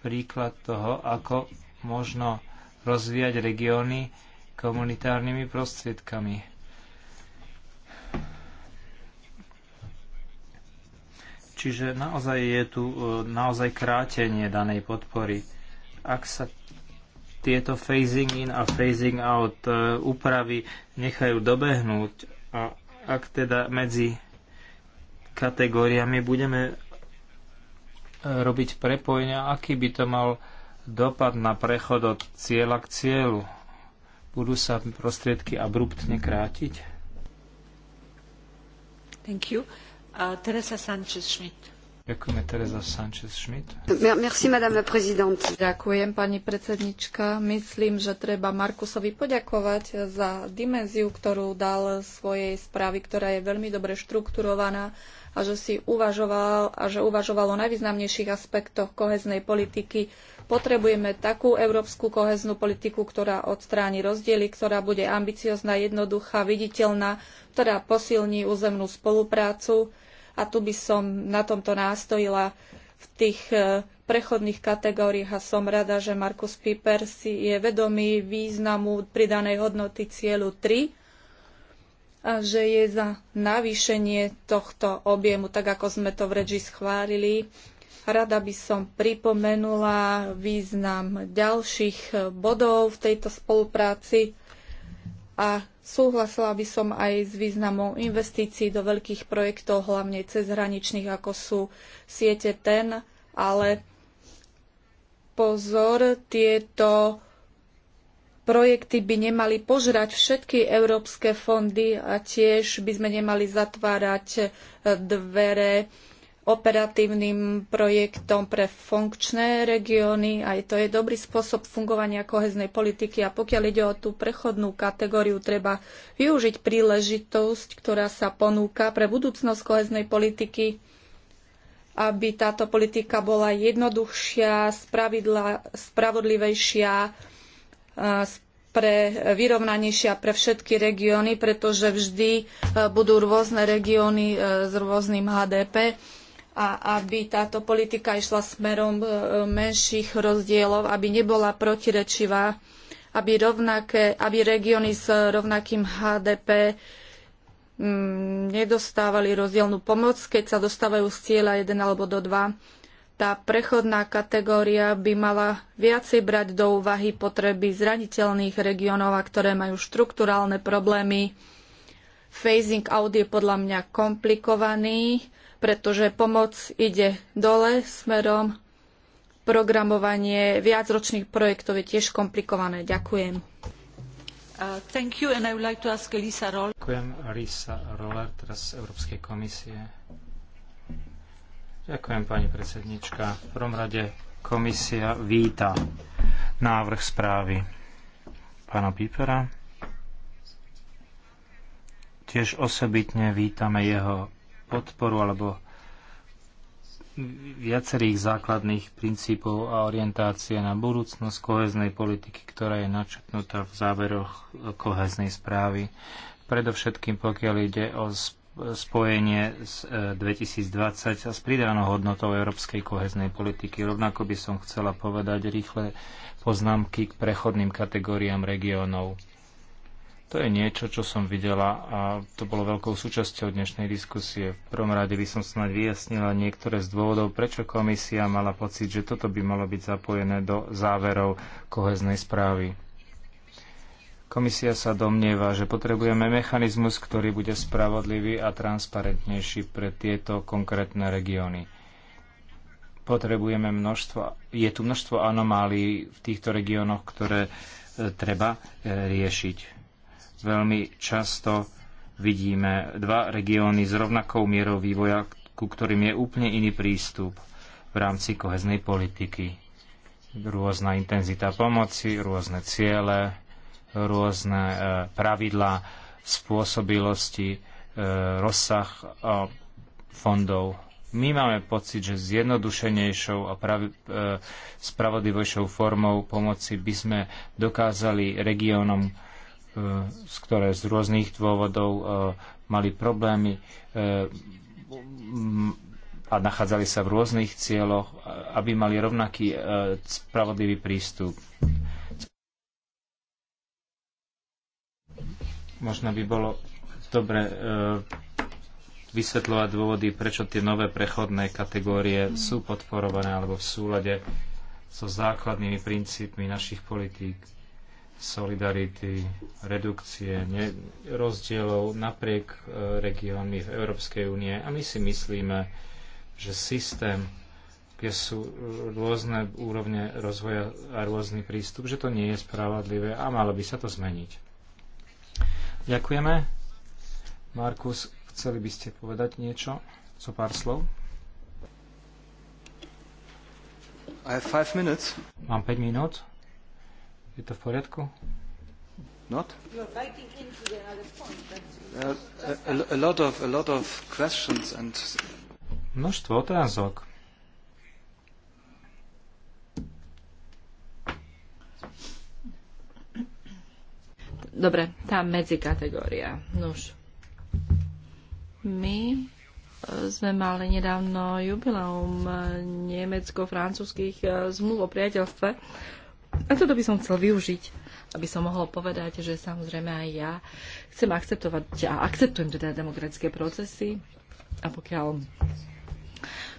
príklad toho, ako možno rozvíjať regióny komunitárnymi prostriedkami. Čiže naozaj je tu e, naozaj krátenie danej podpory. Ak sa tieto phasing in a phasing out e, úpravy nechajú dobehnúť a ak teda medzi kategóriami budeme e, robiť prepojenia, aký by to mal dopad na prechod od cieľa k cieľu? Budú sa prostriedky abruptne krátiť? Thank you. Uh, Teresa Sanchez-Schmidt. Ďakujeme, Teresa Sanchez-Schmidt. Merci, madame la présidente. Ďakujem, pani predsednička. Myslím, že treba Markusovi poďakovať za dimenziu, ktorú dal svojej správy, ktorá je veľmi dobre štrukturovaná a že si uvažoval a že uvažoval o najvýznamnejších aspektoch koheznej politiky Potrebujeme takú európsku koheznú politiku, ktorá odstráni rozdiely, ktorá bude ambiciozná, jednoduchá, viditeľná, ktorá posilní územnú spoluprácu. A tu by som na tomto nástojila v tých e, prechodných kategóriách a som rada, že Markus Piper si je vedomý významu pridanej hodnoty cieľu 3 a že je za navýšenie tohto objemu, tak ako sme to v Regi schválili Rada by som pripomenula význam ďalších bodov v tejto spolupráci a súhlasila by som aj s významom investícií do veľkých projektov, hlavne cezhraničných, ako sú siete TEN, ale pozor, tieto projekty by nemali požrať všetky európske fondy a tiež by sme nemali zatvárať dvere operatívnym projektom pre funkčné regióny. Aj to je dobrý spôsob fungovania koheznej politiky. A pokiaľ ide o tú prechodnú kategóriu, treba využiť príležitosť, ktorá sa ponúka pre budúcnosť koheznej politiky, aby táto politika bola jednoduchšia, spravodlivejšia, pre vyrovnanejšia pre všetky regióny, pretože vždy e, budú rôzne regióny e, s rôznym HDP a aby táto politika išla smerom e, menších rozdielov, aby nebola protirečivá, aby, rovnaké, aby regióny s rovnakým HDP mm, nedostávali rozdielnú pomoc, keď sa dostávajú z cieľa 1 alebo do 2. Tá prechodná kategória by mala viacej brať do úvahy potreby zraniteľných regiónov, a ktoré majú štrukturálne problémy. Phasing out je podľa mňa komplikovaný pretože pomoc ide dole smerom. Programovanie viacročných projektov je tiež komplikované. Ďakujem. Uh, like Ďakujem, Lisa Roller, teraz z Európskej komisie. Ďakujem, pani predsednička. V prvom rade komisia víta návrh správy pána Pípera. Tiež osobitne vítame jeho podporu alebo viacerých základných princípov a orientácie na budúcnosť koheznej politiky, ktorá je načetnutá v záveroch koheznej správy. Predovšetkým pokiaľ ide o spojenie s 2020 e, a s pridanou hodnotou európskej koheznej politiky. Rovnako by som chcela povedať rýchle poznámky k prechodným kategóriám regiónov. To je niečo, čo som videla a to bolo veľkou súčasťou dnešnej diskusie. V prvom rade by som snáď vyjasnila niektoré z dôvodov, prečo komisia mala pocit, že toto by malo byť zapojené do záverov koheznej správy. Komisia sa domnieva, že potrebujeme mechanizmus, ktorý bude spravodlivý a transparentnejší pre tieto konkrétne regióny. Potrebujeme množstvo, je tu množstvo anomálií v týchto regiónoch, ktoré e, treba e, riešiť Veľmi často vidíme dva regióny s rovnakou mierou vývoja, ku ktorým je úplne iný prístup v rámci koheznej politiky. Rôzna intenzita pomoci, rôzne ciele, rôzne e, pravidlá spôsobilosti, e, rozsah a fondov. My máme pocit, že zjednodušenejšou a pravi, e, spravodlivejšou formou pomoci by sme dokázali regiónom ktoré z rôznych dôvodov e, mali problémy e, a nachádzali sa v rôznych cieľoch, aby mali rovnaký e, spravodlivý prístup. Možno by bolo dobre vysvetľovať dôvody, prečo tie nové prechodné kategórie sú podporované alebo v súlade so základnými princípmi našich politík solidarity, redukcie rozdielov napriek e, regiónmi v Európskej únie. A my si myslíme, že systém, kde sú rôzne úrovne rozvoja a rôzny prístup, že to nie je spravodlivé a malo by sa to zmeniť. Ďakujeme. Markus, chceli by ste povedať niečo? Co pár slov? I have five minutes. Mám 5 minút. Je to v poriadku? Not? Uh, a, a, a lot of questions and... Množstvo otázok. Dobre, tá medzikategória. Nuž. My e, sme mali nedávno jubileum e, nemecko-francúzských e, zmluv o priateľstve a toto by som chcel využiť, aby som mohol povedať, že samozrejme aj ja chcem akceptovať a akceptujem teda demokratické procesy a pokiaľ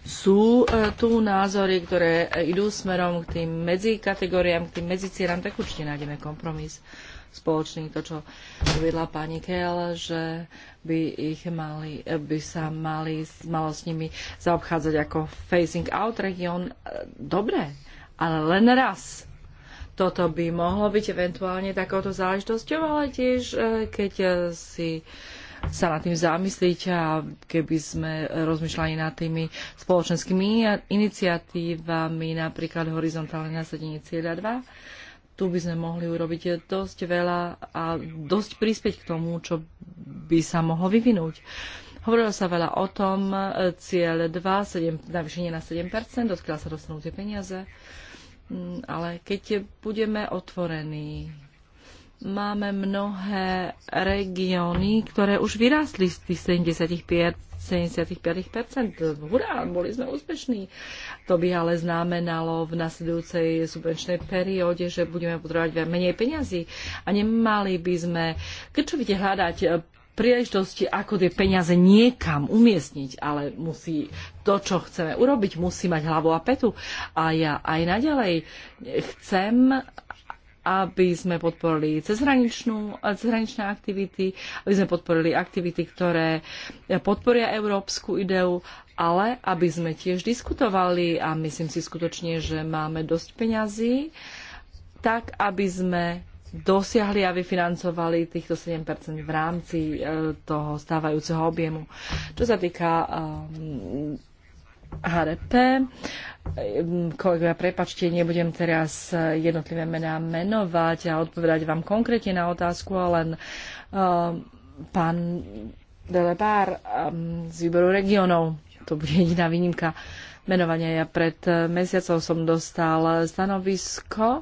sú e, tu názory, ktoré idú smerom k tým medzi kategóriám, k tým medzi cieľam, tak určite nájdeme kompromis spoločný. To, čo uvedla pani Kel, že by, ich mali, e, by sa mali, malo s nimi zaobchádzať ako facing out region. E, dobre, ale len raz toto by mohlo byť eventuálne takouto záležitosťou, ale tiež e, keď e, si sa nad tým zamyslíte a keby sme rozmýšľali nad tými spoločenskými iniciatívami, napríklad horizontálne nasadenie cieľa 2, tu by sme mohli urobiť dosť veľa a dosť prispieť k tomu, čo by sa mohlo vyvinúť. Hovorilo sa veľa o tom, e, cieľ 2, 7, navýšenie na 7%, odkiaľ sa dostanú tie peniaze. Uh, Mm, ale keď budeme otvorení, máme mnohé regióny, ktoré už vyrástli z tých 75, 75%. Hurá, boli sme úspešní. To by ale znamenalo v nasledujúcej subvenčnej perióde, že budeme potrebovať menej peňazí. A nemali by sme, keď čo vidíte, hľadať príležitosti, ako tie peniaze niekam umiestniť, ale musí to, čo chceme urobiť, musí mať hlavu a petu. A ja aj naďalej chcem aby sme podporili cezhraničné aktivity, aby sme podporili aktivity, ktoré podporia európsku ideu, ale aby sme tiež diskutovali a myslím si skutočne, že máme dosť peňazí, tak aby sme dosiahli a vyfinancovali týchto 7 v rámci e, toho stávajúceho objemu. Čo sa týka e, HDP. E, kolegovia, prepačte, nebudem teraz jednotlivé mená menovať a odpovedať vám konkrétne na otázku, ale len pán Delebár um, z výboru regionov, to bude jediná výnimka, uh, menovania. Ja pred eh, mesiacom som dostal stanovisko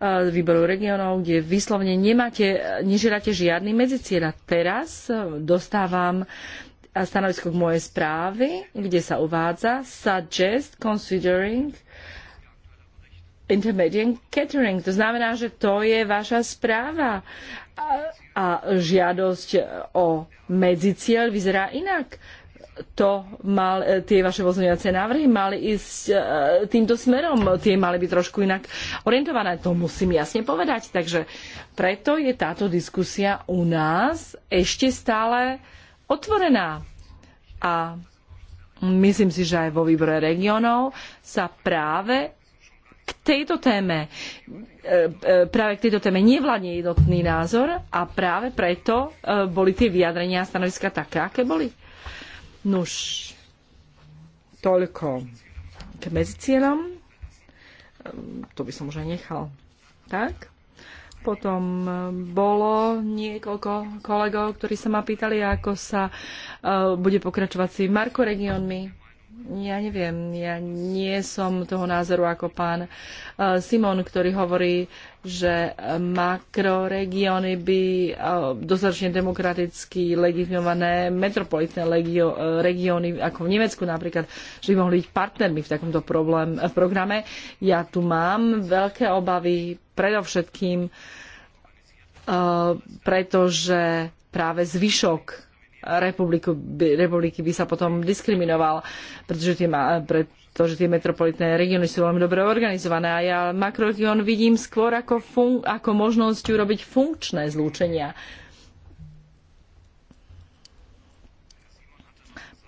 eh, výboru regionov, kde vyslovne nemáte, eh, nežiadate žiadny a Teraz dostávam stanovisko k mojej správy, kde sa uvádza suggest considering intermediate catering. To znamená, že to je vaša správa a, a žiadosť o medzicieľ vyzerá inak to mal, e, tie vaše pozmeňovacie návrhy mali ísť e, týmto smerom, tie mali byť trošku inak orientované, to musím jasne povedať. Takže preto je táto diskusia u nás ešte stále otvorená. A myslím si, že aj vo výbore regionov sa práve k tejto téme, e, práve k tejto téme nevládne jednotný názor a práve preto boli tie vyjadrenia a stanoviska také, aké boli. Nuž, toľko k medzicieľom. To by som už aj nechal. Tak? Potom e, bolo niekoľko kolegov, ktorí sa ma pýtali, ako sa uh, bude pokračovať s Marko regiónmi. Ja neviem, ja nie som toho názoru ako pán uh, Simon, ktorý hovorí, že makroregióny by eh, dostatočne demokraticky legitimované metropolitné legio, eh, regióny, ako v Nemecku napríklad, že by mohli byť partnermi v takomto problém, eh, v programe. Ja tu mám veľké obavy predovšetkým, pretože práve zvyšok republiky by sa potom diskriminoval, pretože tie, pretože to, že tie metropolitné regióny sú veľmi dobre organizované a ja makroregión vidím skôr ako, fun- ako možnosť urobiť funkčné zlúčenia.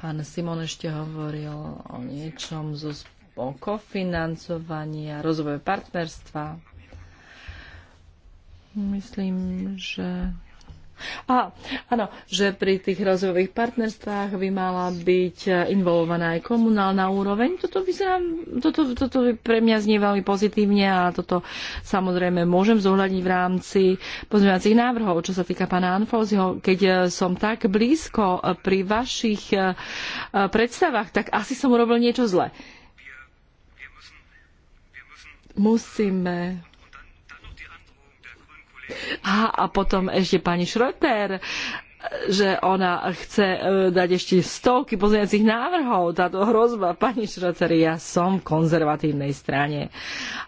Pán Simon ešte hovoril o niečom zo spokofinancovania a rozvoje partnerstva. Myslím, že a, áno, že pri tých rozvojových partnerstvách by mala byť e, involvovaná aj komunálna úroveň. Toto, vyzerá, toto, toto pre mňa znie veľmi pozitívne a toto samozrejme môžem zohľadniť v rámci pozmeňovacích návrhov, čo sa týka pána Anfóziho. Keď e, som tak blízko e, pri vašich predstavách, tak asi som urobil niečo zle. Musíme a, a potom ešte pani Šroter, že ona chce e, dať ešte stovky pozrieňacích návrhov. Táto hrozba, pani Šroter, ja som v konzervatívnej strane.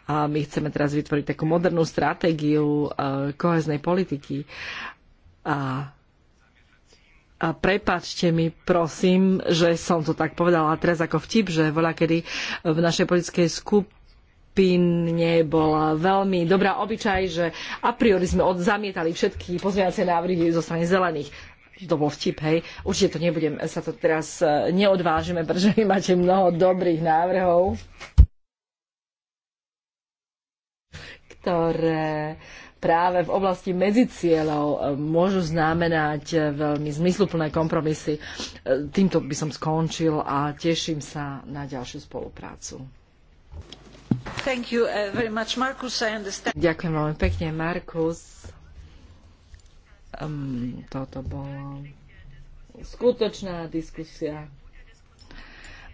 A my chceme teraz vytvoriť takú modernú stratégiu e, koheznej politiky. A a prepačte mi, prosím, že som to tak povedala teraz ako vtip, že voľa kedy v našej politickej skup, skupine bola veľmi dobrá obyčaj, že a priori sme zamietali všetky pozmeňovacie návrhy zo strany zelených to bol vtip, hej. Určite to nebudem, sa to teraz e, neodvážime, pretože vy máte mnoho dobrých návrhov, ktoré práve v oblasti medzicieľov e, môžu znamenať e, veľmi zmysluplné kompromisy. Týmto by som skončil a teším sa na ďalšiu spoluprácu. Uh, Ďakujem veľmi pekne, Markus. Um, toto bola skutočná diskusia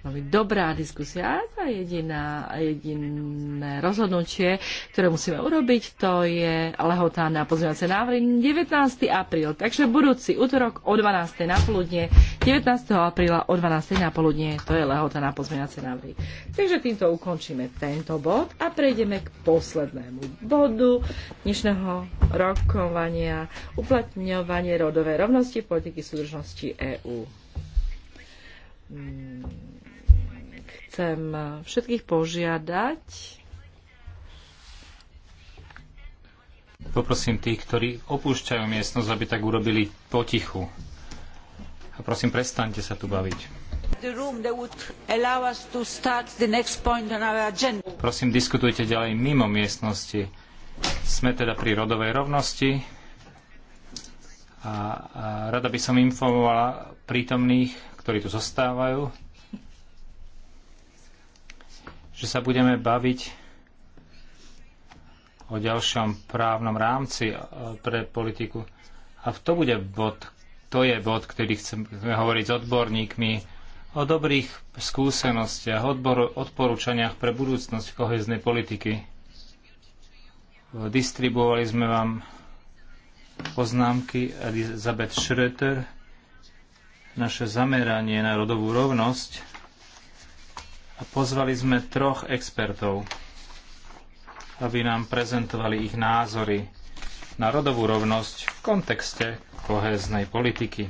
veľmi dobrá diskusia a jediná, jediné rozhodnutie, ktoré musíme urobiť, to je lehotá na pozmeňovacie návrhy 19. apríl. Takže budúci útorok o 12. na poludne, 19. apríla o 12. na poludne, to je lehotá na pozmeňovacie návrhy. Takže týmto ukončíme tento bod a prejdeme k poslednému bodu dnešného rokovania uplatňovanie rodovej rovnosti v politiky súdržnosti EÚ. Mm chcem všetkých požiadať. Poprosím tých, ktorí opúšťajú miestnosť, aby tak urobili potichu. A prosím, prestaňte sa tu baviť. Prosím, diskutujte ďalej mimo miestnosti. Sme teda pri rodovej rovnosti a, a rada by som informovala prítomných, ktorí tu zostávajú, že sa budeme baviť o ďalšom právnom rámci e, pre politiku. A to bude bod, to je bod, ktorý chceme hovoriť s odborníkmi, o dobrých skúsenostiach, odbor, odporúčaniach pre budúcnosť koheznej politiky. Distribuovali sme vám poznámky Elizabeth Schröter, naše zameranie na rodovú rovnosť a pozvali sme troch expertov, aby nám prezentovali ich názory na rodovú rovnosť v kontexte kohéznej politiky.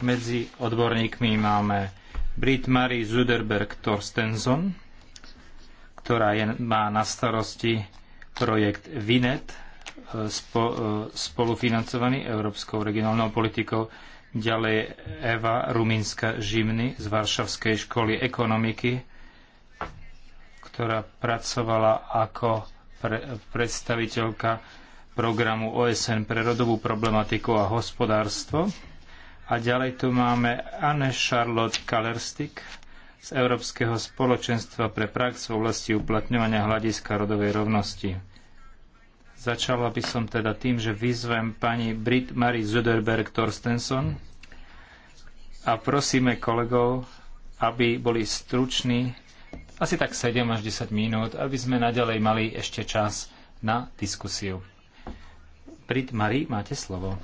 Medzi odborníkmi máme Brit Marie Zuderberg Torstenson, ktorá je, má na starosti projekt VINET, e, spo, e, spolufinancovaný Európskou regionálnou politikou ďalej Eva Ruminska Žimny z Varšavskej školy ekonomiky, ktorá pracovala ako pre, predstaviteľka programu OSN pre rodovú problematiku a hospodárstvo. A ďalej tu máme Anne Charlotte Kalerstik z Európskeho spoločenstva pre prax v oblasti uplatňovania hľadiska rodovej rovnosti. Začala by som teda tým, že vyzvem pani Brit Marie Zuderberg Torstenson a prosíme kolegov, aby boli struční, asi tak 7 až 10 minút, aby sme naďalej mali ešte čas na diskusiu. Brit Marie, máte slovo.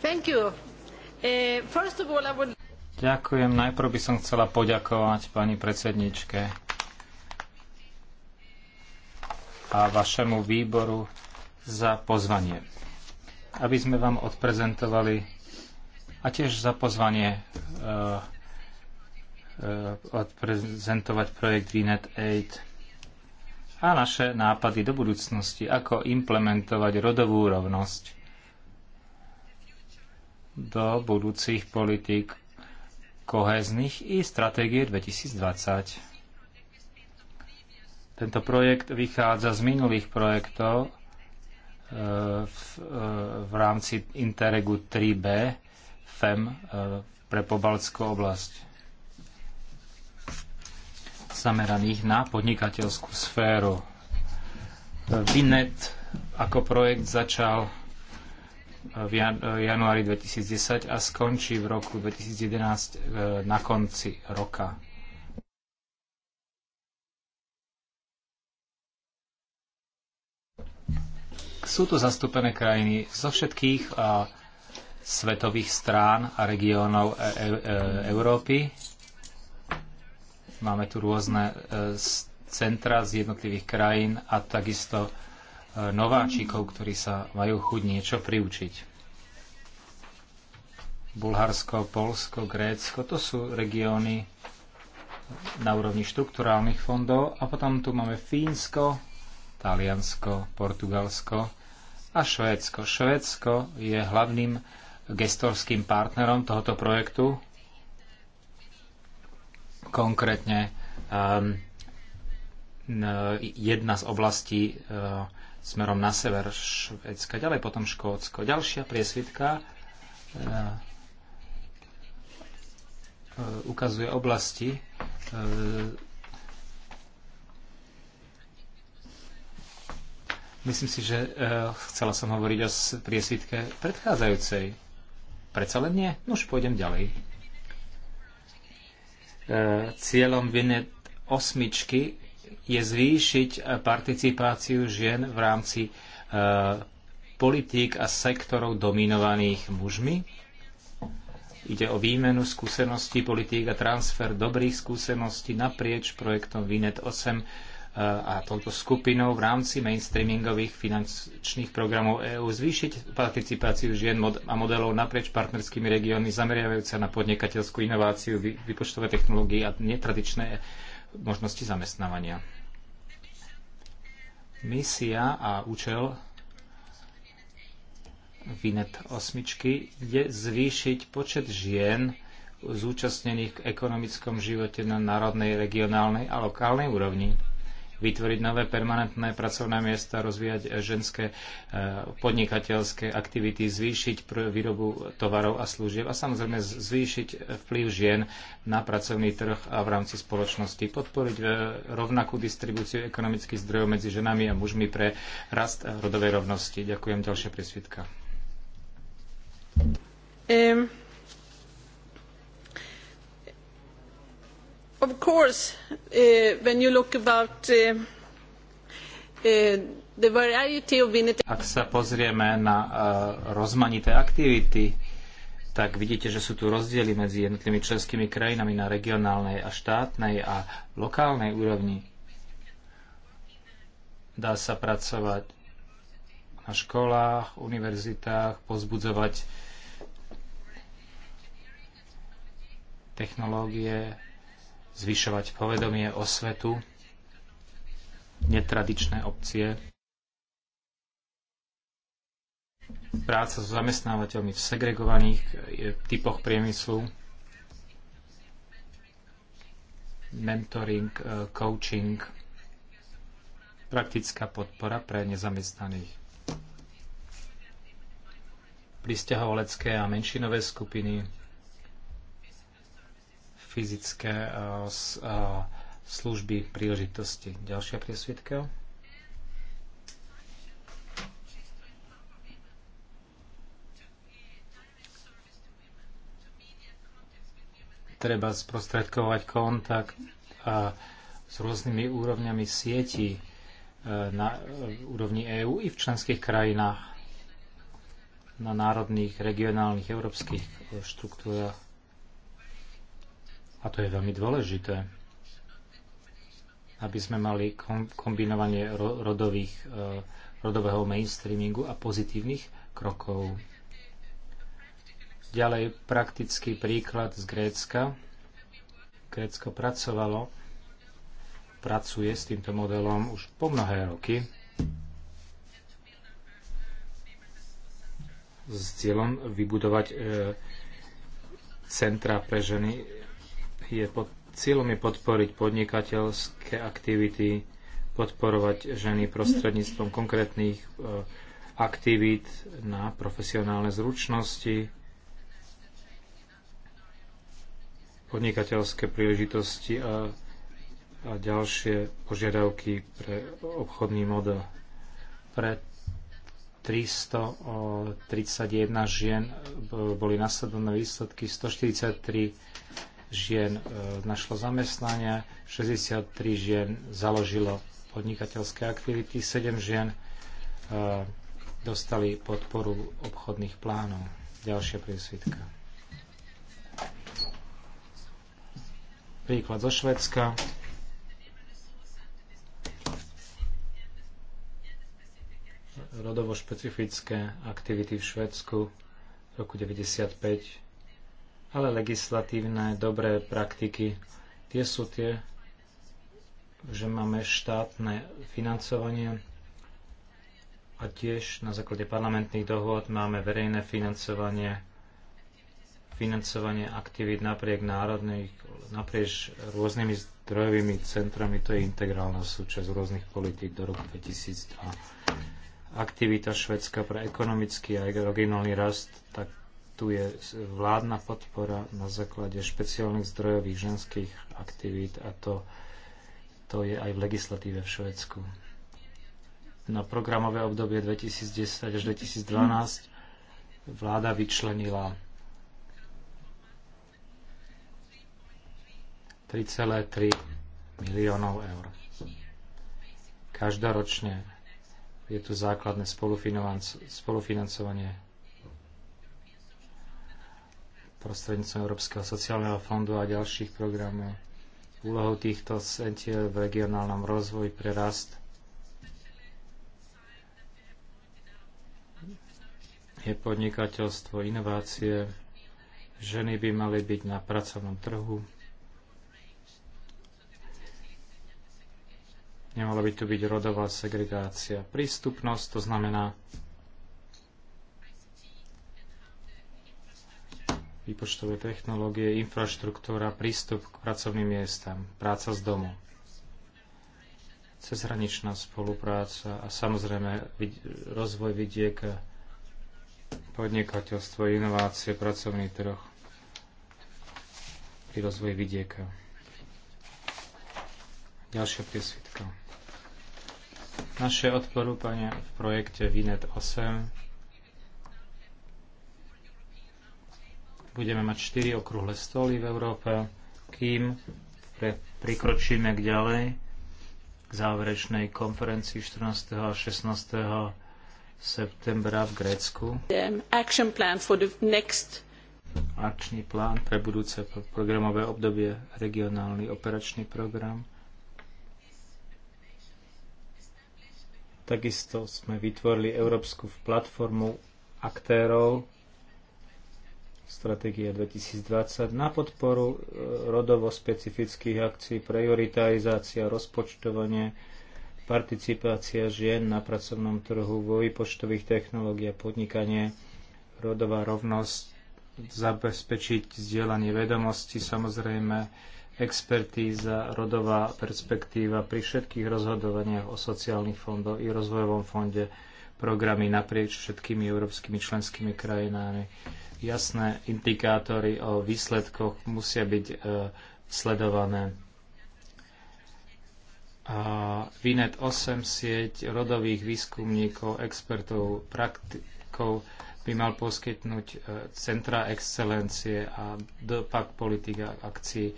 Thank you. Uh, first of all, I would... Ďakujem. Najprv by som chcela poďakovať pani predsedničke a vašemu výboru za pozvanie, aby sme vám odprezentovali a tiež za pozvanie uh, uh, odprezentovať projekt VNet 8 a naše nápady do budúcnosti, ako implementovať rodovú rovnosť do budúcich politík kohéznych i stratégie 2020. Tento projekt vychádza z minulých projektov e, v, e, v rámci Interregu 3B FEM e, pre pobaltskú oblasť zameraných na podnikateľskú sféru. Vinet ako projekt začal v januári 2010 a skončí v roku 2011 e, na konci roka. Sú tu zastúpené krajiny zo všetkých svetových strán a regiónov e, e, Európy. Máme tu rôzne centra z jednotlivých krajín a takisto nováčikov, ktorí sa majú chuť niečo priučiť. Bulharsko, Polsko, Grécko, to sú regióny na úrovni štrukturálnych fondov a potom tu máme Fínsko, Taliansko, Portugalsko a Švédsko. Švédsko je hlavným gestorským partnerom tohoto projektu, konkrétne um, jedna z oblastí uh, smerom na sever Švedska, ďalej potom Škótsko. Ďalšia priesvitka e, e, ukazuje oblasti e, Myslím si, že chcela som hovoriť o priesvitke predchádzajúcej. Predsa len nie? No už pôjdem ďalej. cieľom vynet osmičky je zvýšiť eh, participáciu žien v rámci eh, politík a sektorov dominovaných mužmi. Ide o výmenu skúseností politík a transfer dobrých skúseností naprieč projektom VINET 8 eh, a touto skupinou v rámci mainstreamingových finančných programov EÚ zvýšiť participáciu žien a modelov naprieč partnerskými regiónmi zameriavajúca na podnikateľskú inováciu, vypočtové technológie a netradičné možnosti zamestnávania. Misia a účel Vinet osmičky je zvýšiť počet žien zúčastnených v ekonomickom živote na národnej, regionálnej a lokálnej úrovni vytvoriť nové permanentné pracovné miesta, rozvíjať ženské e, podnikateľské aktivity, zvýšiť výrobu tovarov a služieb a samozrejme zvýšiť vplyv žien na pracovný trh a v rámci spoločnosti, podporiť e, rovnakú distribúciu ekonomických zdrojov medzi ženami a mužmi pre rast rodovej rovnosti. Ďakujem, ďalšia prísvitka. Um. of course, uh, when you look about uh, uh, the variety of Ak sa pozrieme na uh, rozmanité aktivity, tak vidíte, že sú tu rozdiely medzi jednotlivými členskými krajinami na regionálnej a štátnej a lokálnej úrovni. Dá sa pracovať na školách, univerzitách, pozbudzovať technológie, zvyšovať povedomie o svetu, netradičné opcie, práca so zamestnávateľmi v segregovaných eh, typoch priemyslu, mentoring, eh, coaching, praktická podpora pre nezamestnaných, pristahovalecké a menšinové skupiny, fyzické eh, eh, služby príležitosti. Ďalšia priesvitka. Treba sprostredkovať kontakt a eh, s rôznymi úrovňami sieti na úrovni EÚ i v členských krajinách na národných, regionálnych, európskych štruktúrach a to je veľmi dôležité, aby sme mali kombinovanie rodových, e, rodového mainstreamingu a pozitívnych krokov. Ďalej praktický príklad z Grécka. Grécko pracovalo, pracuje s týmto modelom už po mnohé roky s cieľom vybudovať e, centra pre ženy je pod, cieľom je podporiť podnikateľské aktivity, podporovať ženy prostredníctvom konkrétnych e, aktivít na profesionálne zručnosti, podnikateľské príležitosti a, a ďalšie požiadavky pre obchodný model. Pre 331 eh, žien eh, boli nasledovné výsledky, 143 žien e, našlo zamestnania, 63 žien založilo podnikateľské aktivity, 7 žien e, dostali podporu obchodných plánov. Ďalšia prísvitka. Príklad zo Švedska. Rodovo špecifické aktivity v Švedsku v roku 1995 ale legislatívne dobré praktiky, tie sú tie, že máme štátne financovanie a tiež na základe parlamentných dohôd máme verejné financovanie, financovanie aktivít napriek národných, naprieč rôznymi zdrojovými centrami, to je integrálna súčasť rôznych politík do roku 2002. Aktivita Švedska pre ekonomický a regionálny rast, tak tu je vládna podpora na základe špeciálnych zdrojových ženských aktivít a to, to je aj v legislatíve v Švedsku. Na programové obdobie 2010 až 2012 vláda vyčlenila 3,3 miliónov eur. Každoročne je tu základné spolufinancovanie prostredníctvom Európskeho sociálneho fondu a ďalších programov. Úlohou týchto centiel v regionálnom rozvoji pre rast je podnikateľstvo, inovácie, ženy by mali byť na pracovnom trhu, nemala by tu byť rodová segregácia. Prístupnosť to znamená výpočtové technológie, infraštruktúra, prístup k pracovným miestam, práca z domu, cezhraničná spolupráca a samozrejme rozvoj vidiek, podnikateľstvo, inovácie, pracovný trh pri rozvoji vidieka. Ďalšia priesvitka. Naše odporúpania v projekte VINET 8 budeme mať 4 okrúhle stoly v Európe, kým pre, prikročíme k ďalej k záverečnej konferencii 14. a 16. septembra v Grécku. Um, action plan for the next akčný plán pre budúce programové obdobie, regionálny operačný program. Takisto sme vytvorili európsku platformu aktérov stratégia 2020 na podporu e, rodovo specifických akcií, prioritizácia, rozpočtovanie, participácia žien na pracovnom trhu, voj počtových technológií a podnikanie, rodová rovnosť, zabezpečiť vzdielanie vedomostí, samozrejme expertíza, rodová perspektíva pri všetkých rozhodovaniach o sociálnych fondoch i rozvojovom fonde programy naprieč všetkými európskymi členskými krajinami. Jasné indikátory o výsledkoch musia byť e, sledované. A VINET 8 sieť rodových výskumníkov, expertov, praktikov by mal poskytnúť e, centra excelencie a pak politika akcií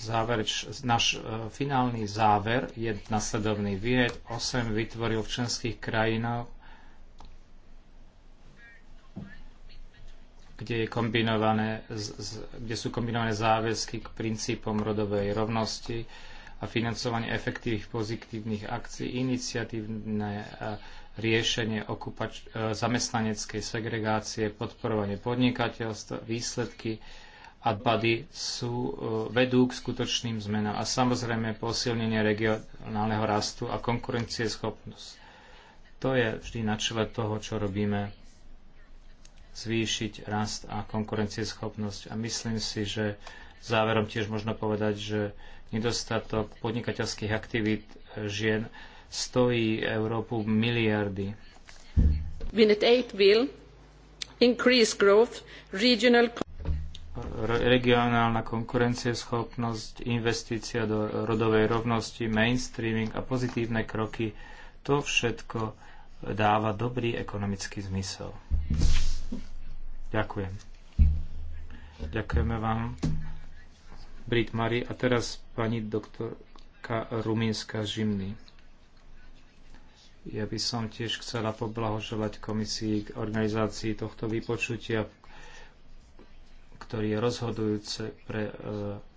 záverč, náš e, finálny záver je nasledovný. Vied 8 vytvoril v členských krajinách kde, je kombinované, kde sú kombinované záväzky k princípom rodovej rovnosti a financovanie efektívnych pozitívnych akcií, iniciatívne e, riešenie okupač- e, zamestnaneckej segregácie, podporovanie podnikateľstva, výsledky a sú, e, vedú k skutočným zmenám a samozrejme posilnenie regionálneho rastu a konkurencieschopnosť. To je vždy na čele toho, čo robíme zvýšiť rast a konkurencieschopnosť. A myslím si, že záverom tiež možno povedať, že nedostatok podnikateľských aktivít e, žien stojí Európu miliardy. 8 will increase growth, regional regionálna konkurencieschopnosť, investícia do rodovej rovnosti, mainstreaming a pozitívne kroky, to všetko dáva dobrý ekonomický zmysel. Ďakujem. Ďakujeme vám, Brit Mari. A teraz pani doktorka Rumínska Žimny. Ja by som tiež chcela poblahoželať komisii k organizácii tohto vypočutia ktorý je rozhodujúce pre e,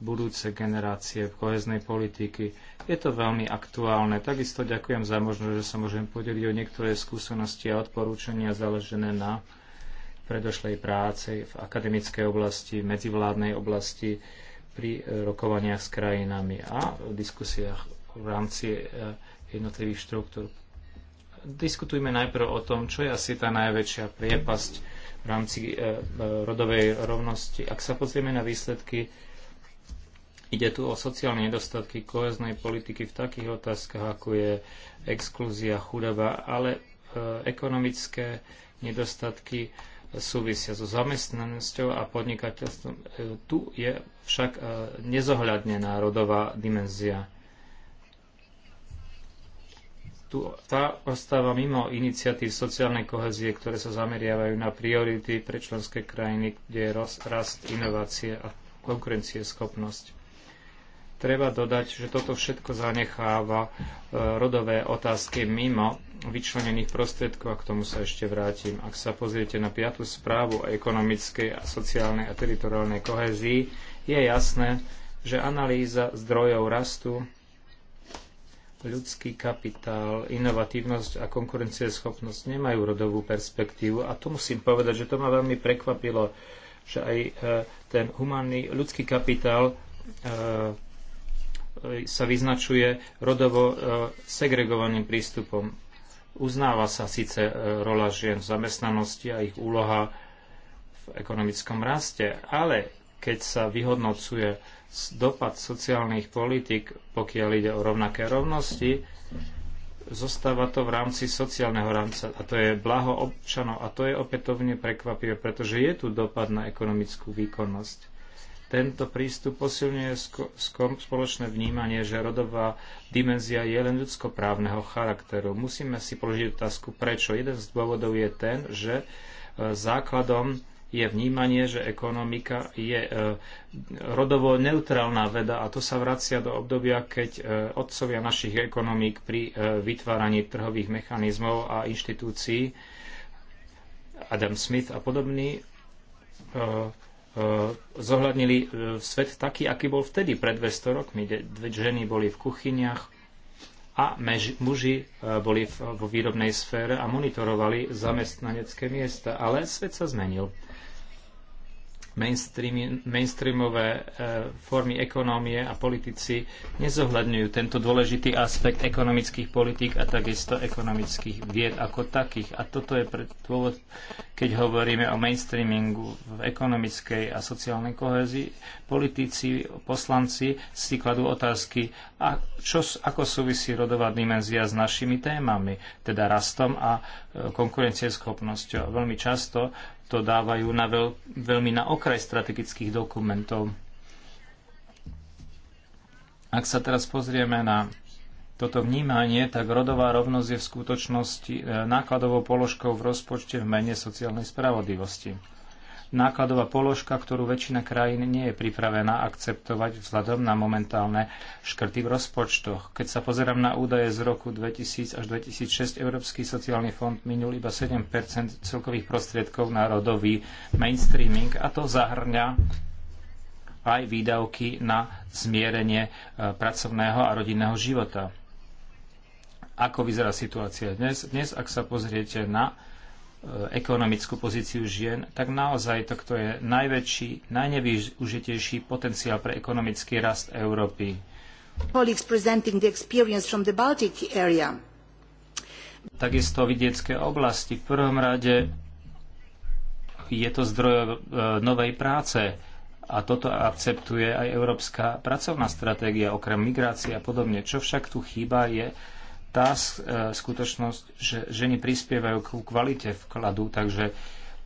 budúce generácie v koheznej politiky. Je to veľmi aktuálne. Takisto ďakujem za možnosť, že sa môžem podeliť o niektoré skúsenosti a odporúčania založené na predošlej práci v akademickej oblasti, medzivládnej oblasti, pri e, rokovaniach s krajinami a v diskusiách v rámci e, jednotlivých štruktúr. Diskutujme najprv o tom, čo je asi tá najväčšia priepasť v rámci e, e, rodovej rovnosti. Ak sa pozrieme na výsledky, ide tu o sociálne nedostatky koheznej politiky v takých otázkach, ako je exklúzia, chudoba, ale e, ekonomické nedostatky súvisia so zamestnanosťou a podnikateľstvom. Tu je však nezohľadnená rodová dimenzia tu, tá ostáva mimo iniciatív sociálnej kohezie, ktoré sa zameriavajú na priority pre členské krajiny, kde je rast, inovácie a konkurencieschopnosť. Treba dodať, že toto všetko zanecháva e, rodové otázky mimo vyčlenených prostriedkov a k tomu sa ešte vrátim. Ak sa pozriete na piatu správu o ekonomickej a sociálnej a teritoriálnej kohezii, je jasné, že analýza zdrojov rastu ľudský kapitál, inovatívnosť a konkurencieschopnosť nemajú rodovú perspektívu. A tu musím povedať, že to ma veľmi prekvapilo, že aj e, ten humánny ľudský kapitál e, e, sa vyznačuje rodovo segregovaným prístupom. Uznáva sa síce rola žien v zamestnanosti a ich úloha v ekonomickom raste, ale keď sa vyhodnocuje dopad sociálnych politik, pokiaľ ide o rovnaké rovnosti, zostáva to v rámci sociálneho rámca a to je blaho občanov a to je opätovne prekvapivé, pretože je tu dopad na ekonomickú výkonnosť. Tento prístup posilňuje spoločné vnímanie, že rodová dimenzia je len ľudskoprávneho charakteru. Musíme si položiť otázku, prečo. Jeden z dôvodov je ten, že e, základom je vnímanie, že ekonomika je e, rodovo neutrálna veda a to sa vracia do obdobia, keď e, odcovia našich ekonomík pri e, vytváraní trhových mechanizmov a inštitúcií Adam Smith a e, zohľadnili svet taký, aký bol vtedy pred 200 rokmi. Dve ženy boli v kuchyniach a mež, muži boli vo výrobnej sfére a monitorovali zamestnanecké miesta. Ale svet sa zmenil mainstreamové e, formy ekonómie a politici nezohľadňujú tento dôležitý aspekt ekonomických politík a takisto ekonomických vied ako takých. A toto je dôvod, keď hovoríme o mainstreamingu v ekonomickej a sociálnej kohezii. Politici, poslanci si kladú otázky, a čo, ako súvisí rodová dimenzia s našimi témami, teda rastom a e, konkurencieschopnosťou. Veľmi často to dávajú na veľ, veľmi na okraj strategických dokumentov. Ak sa teraz pozrieme na toto vnímanie, tak rodová rovnosť je v skutočnosti e, nákladovou položkou v rozpočte v mene sociálnej spravodlivosti nákladová položka, ktorú väčšina krajín nie je pripravená akceptovať vzhľadom na momentálne škrty v rozpočtoch. Keď sa pozerám na údaje z roku 2000 až 2006, Európsky sociálny fond minul iba 7 celkových prostriedkov na rodový mainstreaming a to zahrňa aj výdavky na zmierenie e, pracovného a rodinného života. Ako vyzerá situácia dnes? Dnes, ak sa pozriete na E, ekonomickú pozíciu žien, tak naozaj to, kto je najväčší, najnevyužitejší potenciál pre ekonomický rast Európy. Takisto vidiecké oblasti. V prvom rade je to zdroj e, novej práce a toto akceptuje aj Európska pracovná stratégia, okrem migrácie a podobne. Čo však tu chýba je tá e, skutočnosť, že ženy prispievajú k kvalite vkladu, takže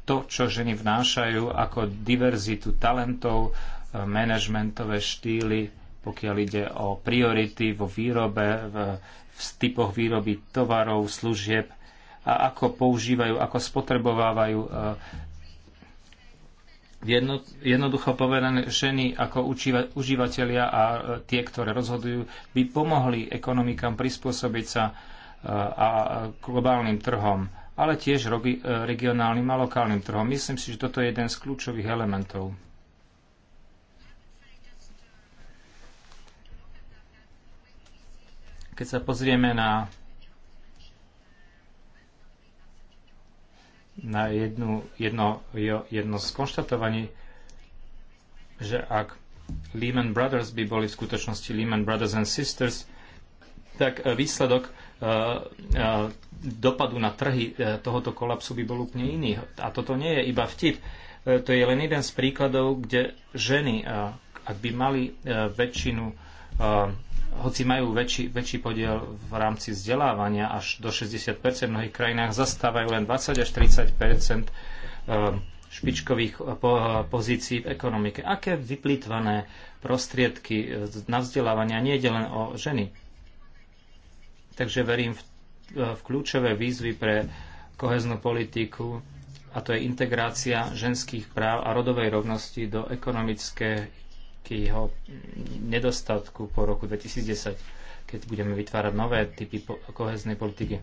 to, čo ženy vnášajú ako diverzitu talentov, e, manažmentové štýly, pokiaľ ide o priority vo výrobe, v, v typoch výroby tovarov, služieb a ako používajú, ako spotrebovávajú e, Jedno, jednoducho povedané, ženy ako učiva, užívateľia a e, tie, ktoré rozhodujú, by pomohli ekonomikám prispôsobiť sa e, a globálnym trhom, ale tiež e, regionálnym a lokálnym trhom. Myslím si, že toto je jeden z kľúčových elementov. Keď sa pozrieme na na jednu, jedno, jedno z konštatovaní, že ak Lehman Brothers by boli v skutočnosti Lehman Brothers and Sisters, tak e, výsledok e, e, dopadu na trhy tohoto kolapsu by bol úplne iný. A toto nie je iba vtip. To je len jeden z príkladov, kde ženy, ak by mali väčšinu hoci majú väčší, väčší podiel v rámci vzdelávania až do 60 v mnohých krajinách zastávajú len 20 až 30 eh, špičkových eh, eh, pozícií v ekonomike. Aké vyplýtvané prostriedky na vzdelávania nie je len o ženy. Takže verím v, v kľúčové výzvy pre koheznú politiku, a to je integrácia ženských práv a rodovej rovnosti do ekonomickej k jeho nedostatku po roku 2010, keď budeme vytvárať nové typy koheznej politiky.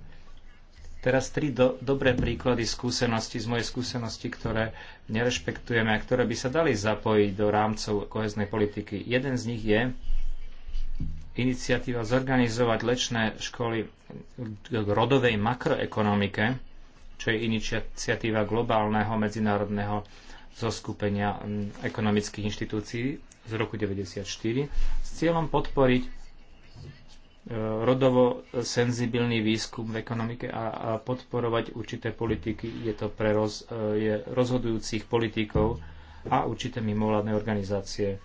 Teraz tri do, dobré príklady skúsenosti z mojej skúsenosti, ktoré nerešpektujeme a ktoré by sa dali zapojiť do rámcov koheznej politiky. Jeden z nich je iniciatíva zorganizovať lečné školy k rodovej makroekonomike, čo je iniciatíva globálneho medzinárodného zo skupenia ekonomických inštitúcií z roku 1994 s cieľom podporiť e, rodovo senzibilný výskum v ekonomike a, a podporovať určité politiky. Je to pre roz, e, je rozhodujúcich politikov a určité mimovládne organizácie.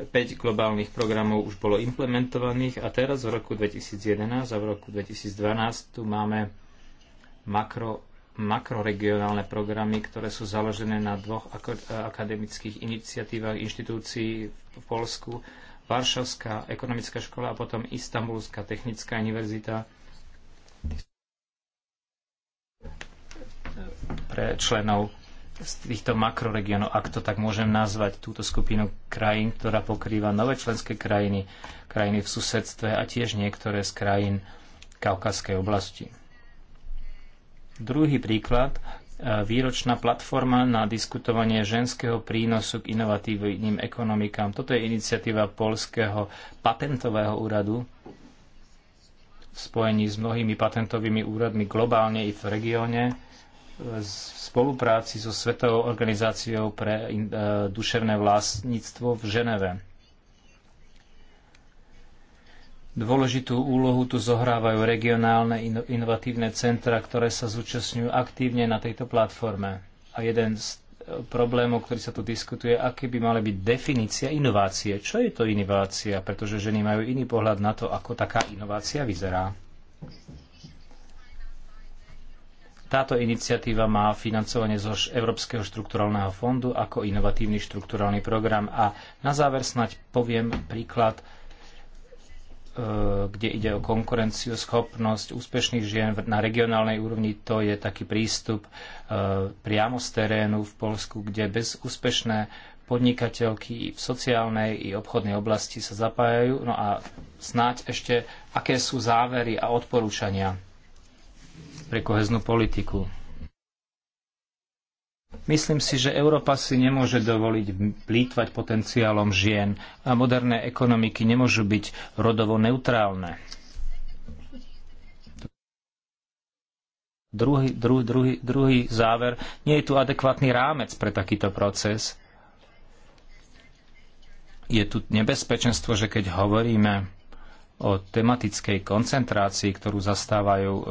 5 globálnych programov už bolo implementovaných a teraz v roku 2011 a v roku 2012 tu máme makro makroregionálne programy, ktoré sú založené na dvoch akademických iniciatívach inštitúcií v Polsku, Varšavská ekonomická škola a potom Istanbulská technická univerzita pre členov z týchto makroregionov, ak to tak môžem nazvať, túto skupinu krajín, ktorá pokrýva nové členské krajiny, krajiny v susedstve a tiež niektoré z krajín Kaukazskej oblasti. Druhý príklad, e, výročná platforma na diskutovanie ženského prínosu k inovatívnym ekonomikám. Toto je iniciatíva Polského patentového úradu v spojení s mnohými patentovými úradmi globálne i v regióne v e, spolupráci so Svetovou organizáciou pre e, duševné vlastníctvo v Ženeve. Dôležitú úlohu tu zohrávajú regionálne inovatívne centra, ktoré sa zúčastňujú aktívne na tejto platforme. A jeden z e, problémov, ktorý sa tu diskutuje, aké by mala byť definícia inovácie. Čo je to inovácia? Pretože ženy majú iný pohľad na to, ako taká inovácia vyzerá. Táto iniciatíva má financovanie zo Európskeho štrukturálneho fondu ako inovatívny štrukturálny program. A na záver snať poviem príklad E, kde ide o konkurenciu, schopnosť úspešných žien na regionálnej úrovni, to je taký prístup e, priamo z terénu v Polsku, kde bezúspešné podnikateľky v sociálnej i obchodnej oblasti sa zapájajú. No a snáď ešte, aké sú závery a odporúčania pre koheznú politiku. Myslím si, že Európa si nemôže dovoliť plýtvať potenciálom žien a moderné ekonomiky nemôžu byť rodovo neutrálne. Druhý, druhý, druhý, druhý záver. Nie je tu adekvátny rámec pre takýto proces. Je tu nebezpečenstvo, že keď hovoríme o tematickej koncentrácii, ktorú zastávajú e,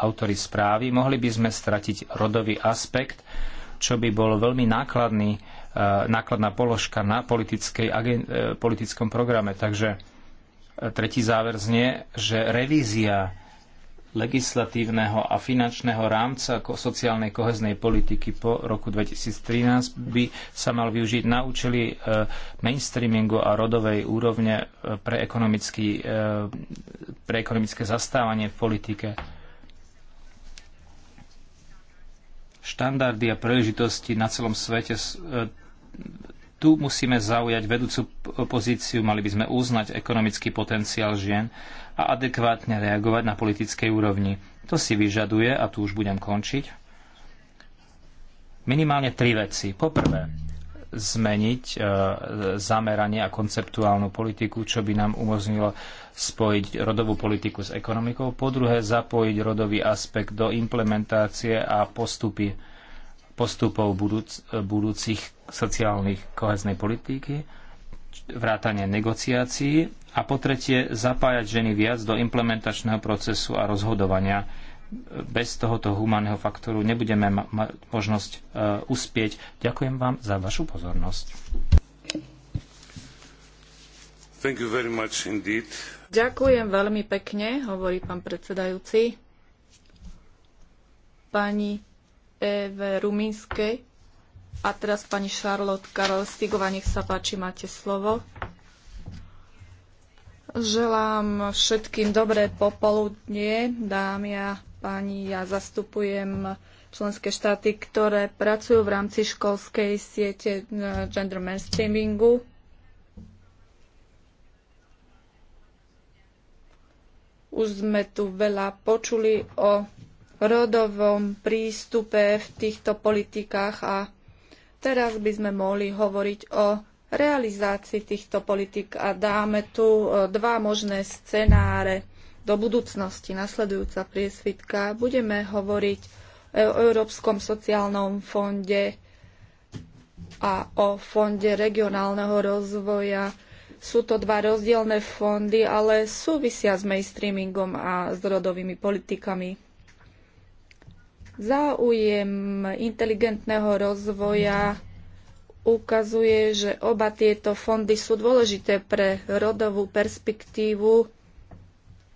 autory správy, mohli by sme stratiť rodový aspekt, čo by bol veľmi nákladný, e, nákladná položka na e, politickom programe. Takže e, tretí záver znie, že revízia legislatívneho a finančného rámca sociálnej koheznej politiky po roku 2013 by sa mal využiť na účely mainstreamingu a rodovej úrovne pre, pre ekonomické zastávanie v politike štandardy a príležitosti na celom svete. E, tu musíme zaujať vedúcu pozíciu, mali by sme uznať ekonomický potenciál žien a adekvátne reagovať na politickej úrovni. To si vyžaduje, a tu už budem končiť, minimálne tri veci. Poprvé, zmeniť e, zameranie a konceptuálnu politiku, čo by nám umožnilo spojiť rodovú politiku s ekonomikou. Po druhé, zapojiť rodový aspekt do implementácie a postupy, postupov budúc, budúcich sociálnych koheznej politiky, vrátanie negociácií. A po tretie, zapájať ženy viac do implementačného procesu a rozhodovania bez tohoto humánneho faktoru nebudeme mať možnosť e, uspieť. Ďakujem vám za vašu pozornosť. Thank you very much indeed. Ďakujem veľmi pekne, hovorí pán predsedajúci. Pani Eve Ruminskej a teraz pani Charlotte Karol Stigová, nech sa páči, máte slovo. Želám všetkým dobré popoludnie, dámy a páni. Ja zastupujem členské štáty, ktoré pracujú v rámci školskej siete e, gender mainstreamingu. Už sme tu veľa počuli o rodovom prístupe v týchto politikách a teraz by sme mohli hovoriť o realizácii týchto politik a dáme tu e, dva možné scenáre do budúcnosti. Nasledujúca priesvitka. Budeme hovoriť o Európskom sociálnom fonde a o fonde regionálneho rozvoja. Sú to dva rozdielne fondy, ale súvisia s mainstreamingom a s rodovými politikami. Záujem inteligentného rozvoja ukazuje, že oba tieto fondy sú dôležité pre rodovú perspektívu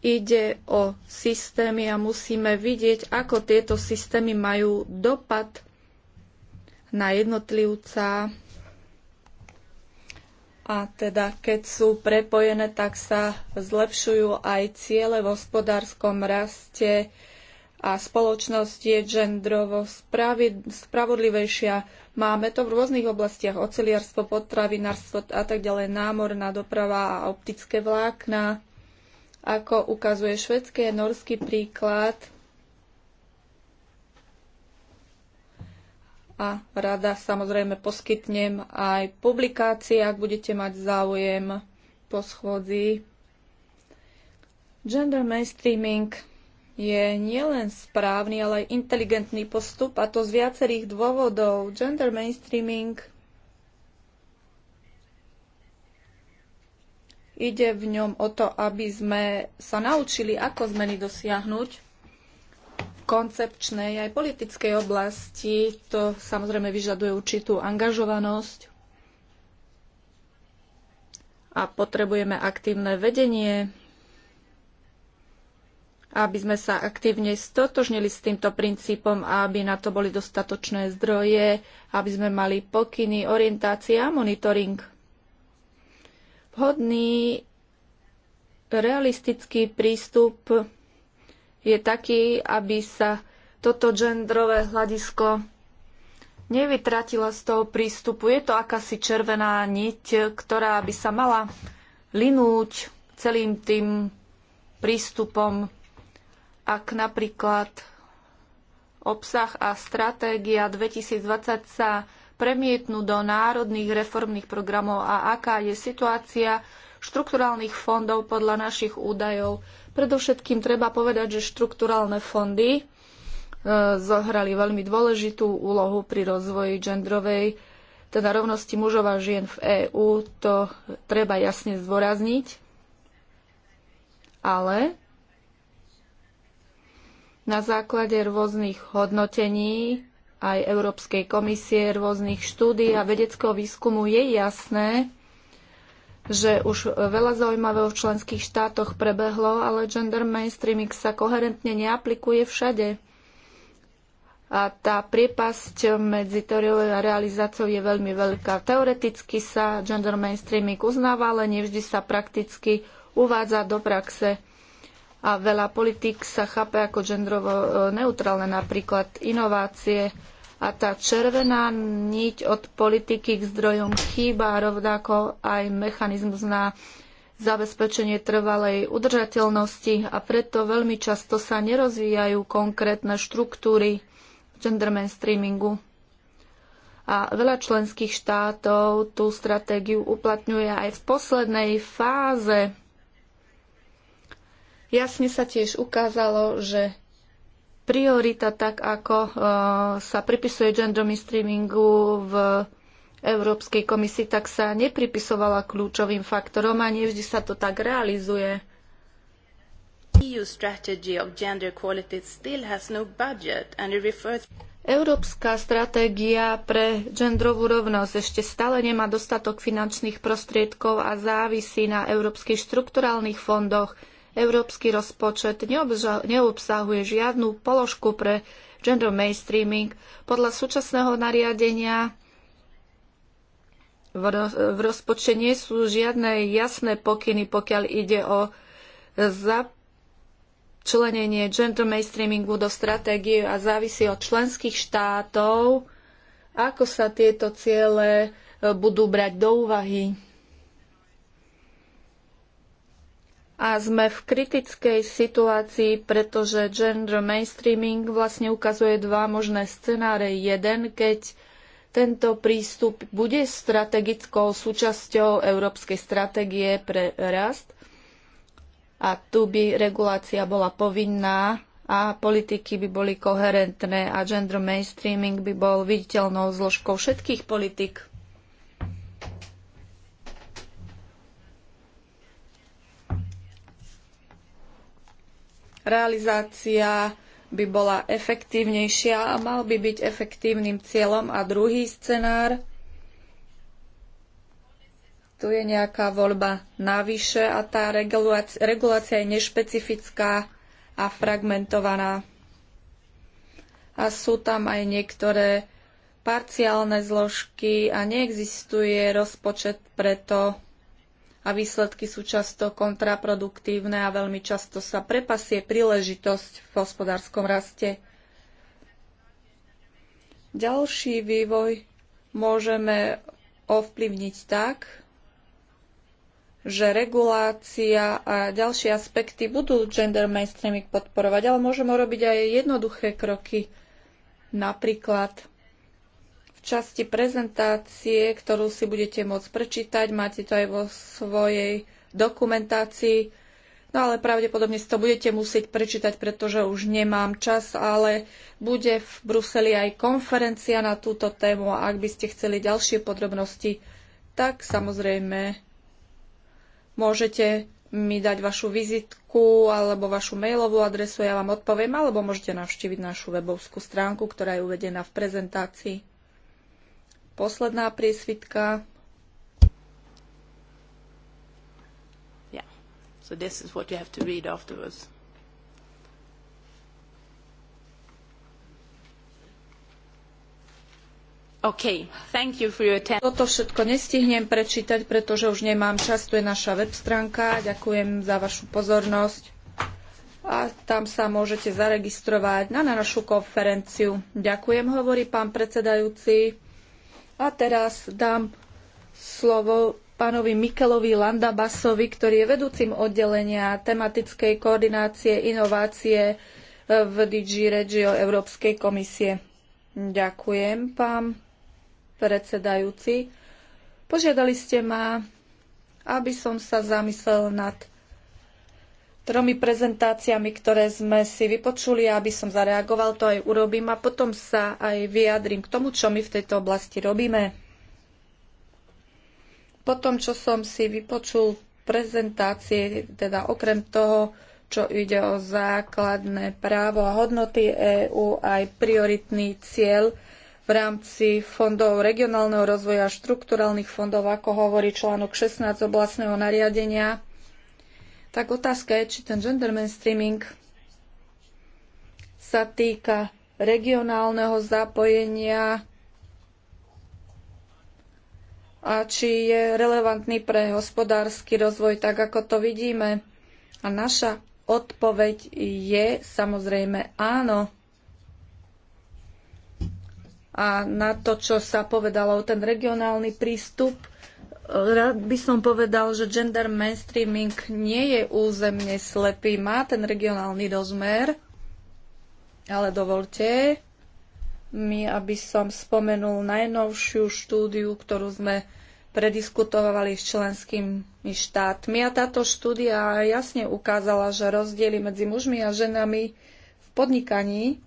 Ide o systémy a musíme vidieť, ako tieto systémy majú dopad na jednotlivca. A teda, keď sú prepojené, tak sa zlepšujú aj ciele v hospodárskom raste a spoločnosť je gendrovo spravodlivejšia. Máme to v rôznych oblastiach, oceliarstvo, potravinárstvo a tak ďalej, námorná doprava a optické vlákna ako ukazuje švedský a norský príklad, a rada samozrejme poskytnem aj publikácie, ak budete mať záujem po schôdzi. Gender mainstreaming je nielen správny, ale aj inteligentný postup a to z viacerých dôvodov. Gender mainstreaming Ide v ňom o to, aby sme sa naučili, ako zmeny dosiahnuť v koncepčnej aj politickej oblasti. To samozrejme vyžaduje určitú angažovanosť a potrebujeme aktívne vedenie, aby sme sa aktívne stotožnili s týmto princípom a aby na to boli dostatočné zdroje, aby sme mali pokyny, orientácie a monitoring. Vhodný realistický prístup je taký, aby sa toto genderové hľadisko nevytratila z toho prístupu. Je to akási červená niť, ktorá by sa mala linúť celým tým prístupom, ak napríklad obsah a stratégia 2020 sa premietnú do národných reformných programov a aká je situácia štrukturálnych fondov podľa našich údajov. Predovšetkým treba povedať, že štrukturálne fondy e, zohrali veľmi dôležitú úlohu pri rozvoji genderovej, teda rovnosti mužov a žien v EÚ. To treba jasne zdôrazniť. Ale na základe rôznych hodnotení aj Európskej komisie, rôznych štúdí a vedeckého výskumu je jasné, že už veľa zaujímavého v členských štátoch prebehlo, ale gender mainstreaming sa koherentne neaplikuje všade. A tá priepasť medzi teóriou a realizáciou je veľmi veľká. Teoreticky sa gender mainstreaming uznáva, ale nevždy sa prakticky uvádza do praxe a veľa politík sa chápe ako genderovo e, neutrálne, napríklad inovácie a tá červená niť od politiky k zdrojom chýba, rovnako aj mechanizmus na zabezpečenie trvalej udržateľnosti a preto veľmi často sa nerozvíjajú konkrétne štruktúry gender mainstreamingu. A veľa členských štátov tú stratégiu uplatňuje aj v poslednej fáze Jasne sa tiež ukázalo, že priorita, tak ako e, sa pripisuje gender mainstreamingu v Európskej komisii, tak sa nepripisovala kľúčovým faktorom a nevždy sa to tak realizuje. E no Európska stratégia pre genderovú rovnosť ešte stále nemá dostatok finančných prostriedkov a závisí na európskych štrukturálnych fondoch – Európsky rozpočet neobsahuje žiadnu položku pre gender mainstreaming. Podľa súčasného nariadenia v rozpočte nie sú žiadne jasné pokyny, pokiaľ ide o začlenenie gender mainstreamingu do stratégie a závisí od členských štátov, ako sa tieto ciele budú brať do úvahy. a sme v kritickej situácii, pretože gender mainstreaming vlastne ukazuje dva možné scenáre. Jeden, keď tento prístup bude strategickou súčasťou európskej stratégie pre rast a tu by regulácia bola povinná a politiky by boli koherentné a gender mainstreaming by bol viditeľnou zložkou všetkých politik. realizácia by bola efektívnejšia a mal by byť efektívnym cieľom. A druhý scenár, tu je nejaká voľba navyše a tá regulácia, regulácia je nešpecifická a fragmentovaná. A sú tam aj niektoré parciálne zložky a neexistuje rozpočet preto, a výsledky sú často kontraproduktívne a veľmi často sa prepasie príležitosť v hospodárskom raste. Ďalší vývoj môžeme ovplyvniť tak, že regulácia a ďalšie aspekty budú gender mainstreaming podporovať, ale môžeme robiť aj jednoduché kroky. Napríklad časti prezentácie, ktorú si budete môcť prečítať. Máte to aj vo svojej dokumentácii. No ale pravdepodobne si to budete musieť prečítať, pretože už nemám čas, ale bude v Bruseli aj konferencia na túto tému a ak by ste chceli ďalšie podrobnosti, tak samozrejme môžete mi dať vašu vizitku alebo vašu mailovú adresu, ja vám odpoviem, alebo môžete navštíviť našu webovskú stránku, ktorá je uvedená v prezentácii. Posledná priesvitka. Yeah. So this is what you have to read afterwards. Okay. You Toto všetko nestihnem prečítať, pretože už nemám čas. Tu je naša web stránka. Ďakujem za vašu pozornosť. A tam sa môžete zaregistrovať na, na našu konferenciu. Ďakujem, hovorí pán predsedajúci. A teraz dám slovo pánovi Mikelovi Landabasovi, ktorý je vedúcim oddelenia tematickej koordinácie inovácie v DG Regio Európskej komisie. Ďakujem, pán predsedajúci. Požiadali ste ma, aby som sa zamyslel nad tromi prezentáciami, ktoré sme si vypočuli, a aby som zareagoval, to aj urobím a potom sa aj vyjadrím k tomu, čo my v tejto oblasti robíme. Po tom, čo som si vypočul prezentácie, teda okrem toho, čo ide o základné právo a hodnoty EÚ, aj prioritný cieľ v rámci fondov regionálneho rozvoja a štrukturálnych fondov, ako hovorí článok 16 oblastného nariadenia, tak otázka je, či ten gender mainstreaming sa týka regionálneho zapojenia a či je relevantný pre hospodársky rozvoj, tak ako to vidíme. A naša odpoveď je samozrejme áno. A na to, čo sa povedalo, ten regionálny prístup, Rád by som povedal, že gender mainstreaming nie je územne slepý, má ten regionálny rozmer, ale dovolte mi, aby som spomenul najnovšiu štúdiu, ktorú sme prediskutovali s členskými štátmi. A táto štúdia jasne ukázala, že rozdiely medzi mužmi a ženami v podnikaní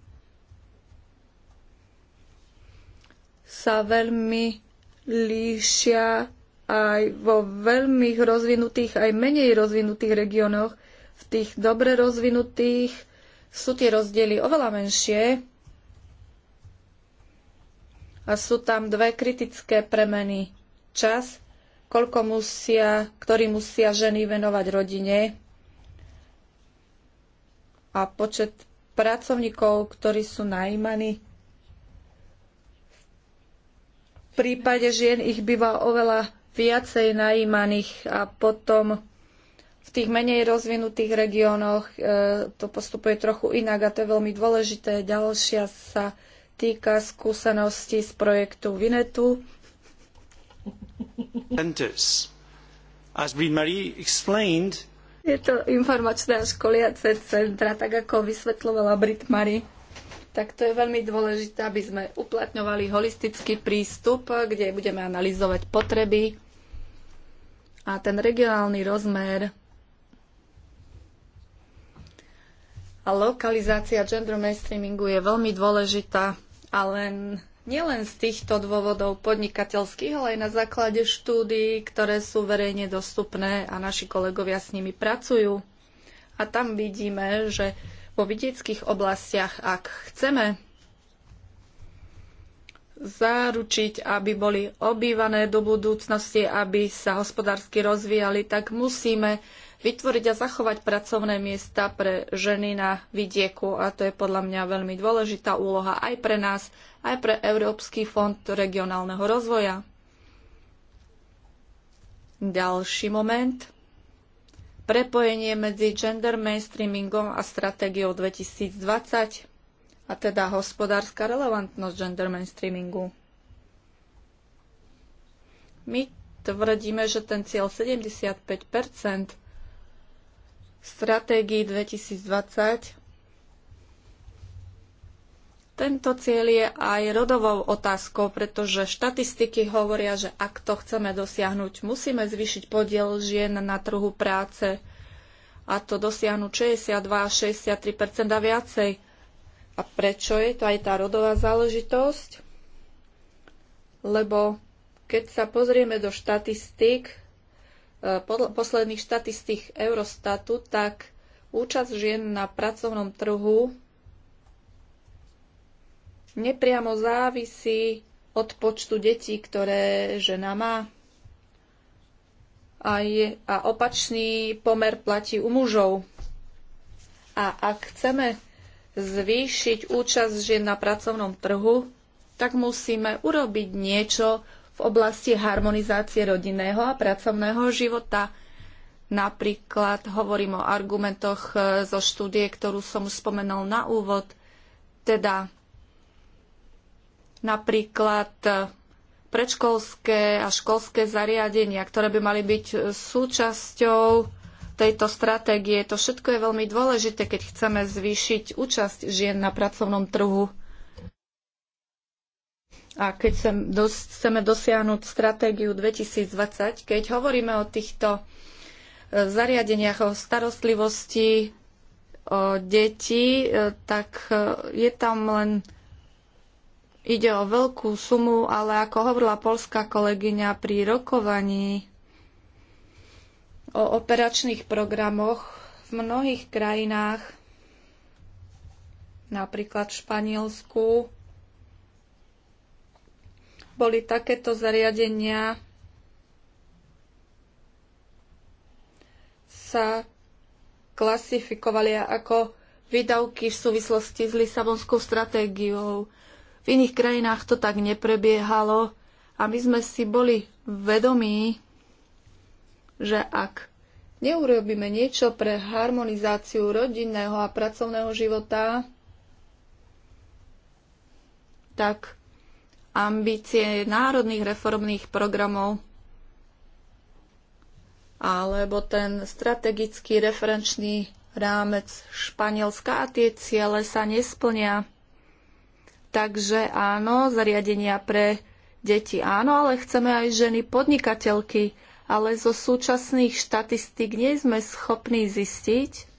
sa veľmi líšia aj vo veľmi rozvinutých, aj menej rozvinutých regiónoch. V tých dobre rozvinutých sú tie rozdiely oveľa menšie a sú tam dve kritické premeny. Čas, koľko musia, ktorý musia ženy venovať rodine a počet pracovníkov, ktorí sú najímaní. V prípade žien ich býva oveľa viacej najímaných a potom v tých menej rozvinutých regiónoch e, to postupuje trochu inak a to je veľmi dôležité. Ďalšia sa týka skúsenosti z projektu Vinetu. Je to informačné a školiace centra, tak ako vysvetlovala Brit Marie. Tak to je veľmi dôležité, aby sme uplatňovali holistický prístup, kde budeme analyzovať potreby a ten regionálny rozmer a lokalizácia gender mainstreamingu je veľmi dôležitá a len nielen z týchto dôvodov podnikateľských, ale aj na základe štúdií, ktoré sú verejne dostupné a naši kolegovia s nimi pracujú. A tam vidíme, že vo vidieckých oblastiach, ak chceme zaručiť, aby boli obývané do budúcnosti, aby sa hospodársky rozvíjali, tak musíme vytvoriť a zachovať pracovné miesta pre ženy na vidieku. A to je podľa mňa veľmi dôležitá úloha aj pre nás, aj pre Európsky fond regionálneho rozvoja. Ďalší moment. Prepojenie medzi gender mainstreamingom a stratégiou 2020 a teda hospodárska relevantnosť gender mainstreamingu. My tvrdíme, že ten cieľ 75 v stratégii 2020 tento cieľ je aj rodovou otázkou, pretože štatistiky hovoria, že ak to chceme dosiahnuť, musíme zvýšiť podiel žien na trhu práce a to dosiahnuť 62 63 a viacej. A prečo je to aj tá rodová záležitosť? Lebo keď sa pozrieme do štatistík, e, posledných štatistík Eurostatu, tak účasť žien na pracovnom trhu nepriamo závisí od počtu detí, ktoré žena má. A, je, a opačný pomer platí u mužov. A ak chceme zvýšiť účasť žien na pracovnom trhu, tak musíme urobiť niečo v oblasti harmonizácie rodinného a pracovného života. Napríklad hovorím o argumentoch e, zo štúdie, ktorú som už spomenul na úvod, teda napríklad e, predškolské a školské zariadenia, ktoré by mali byť súčasťou tejto stratégie. To všetko je veľmi dôležité, keď chceme zvýšiť účasť žien na pracovnom trhu. A keď sem dos- chceme dosiahnuť stratégiu 2020, keď hovoríme o týchto e, zariadeniach o starostlivosti o deti, e, tak e, je tam len ide o veľkú sumu, ale ako hovorila polská kolegyňa pri rokovaní o operačných programoch v mnohých krajinách, napríklad v Španielsku, boli takéto zariadenia sa klasifikovali ako výdavky v súvislosti s Lisabonskou stratégiou. V iných krajinách to tak neprebiehalo a my sme si boli vedomí že ak neurobíme niečo pre harmonizáciu rodinného a pracovného života, tak ambície národných reformných programov alebo ten strategický referenčný rámec Španielska a tie ciele sa nesplnia. Takže áno, zariadenia pre deti áno, ale chceme aj ženy podnikateľky, ale zo súčasných štatistík nie sme schopní zistiť,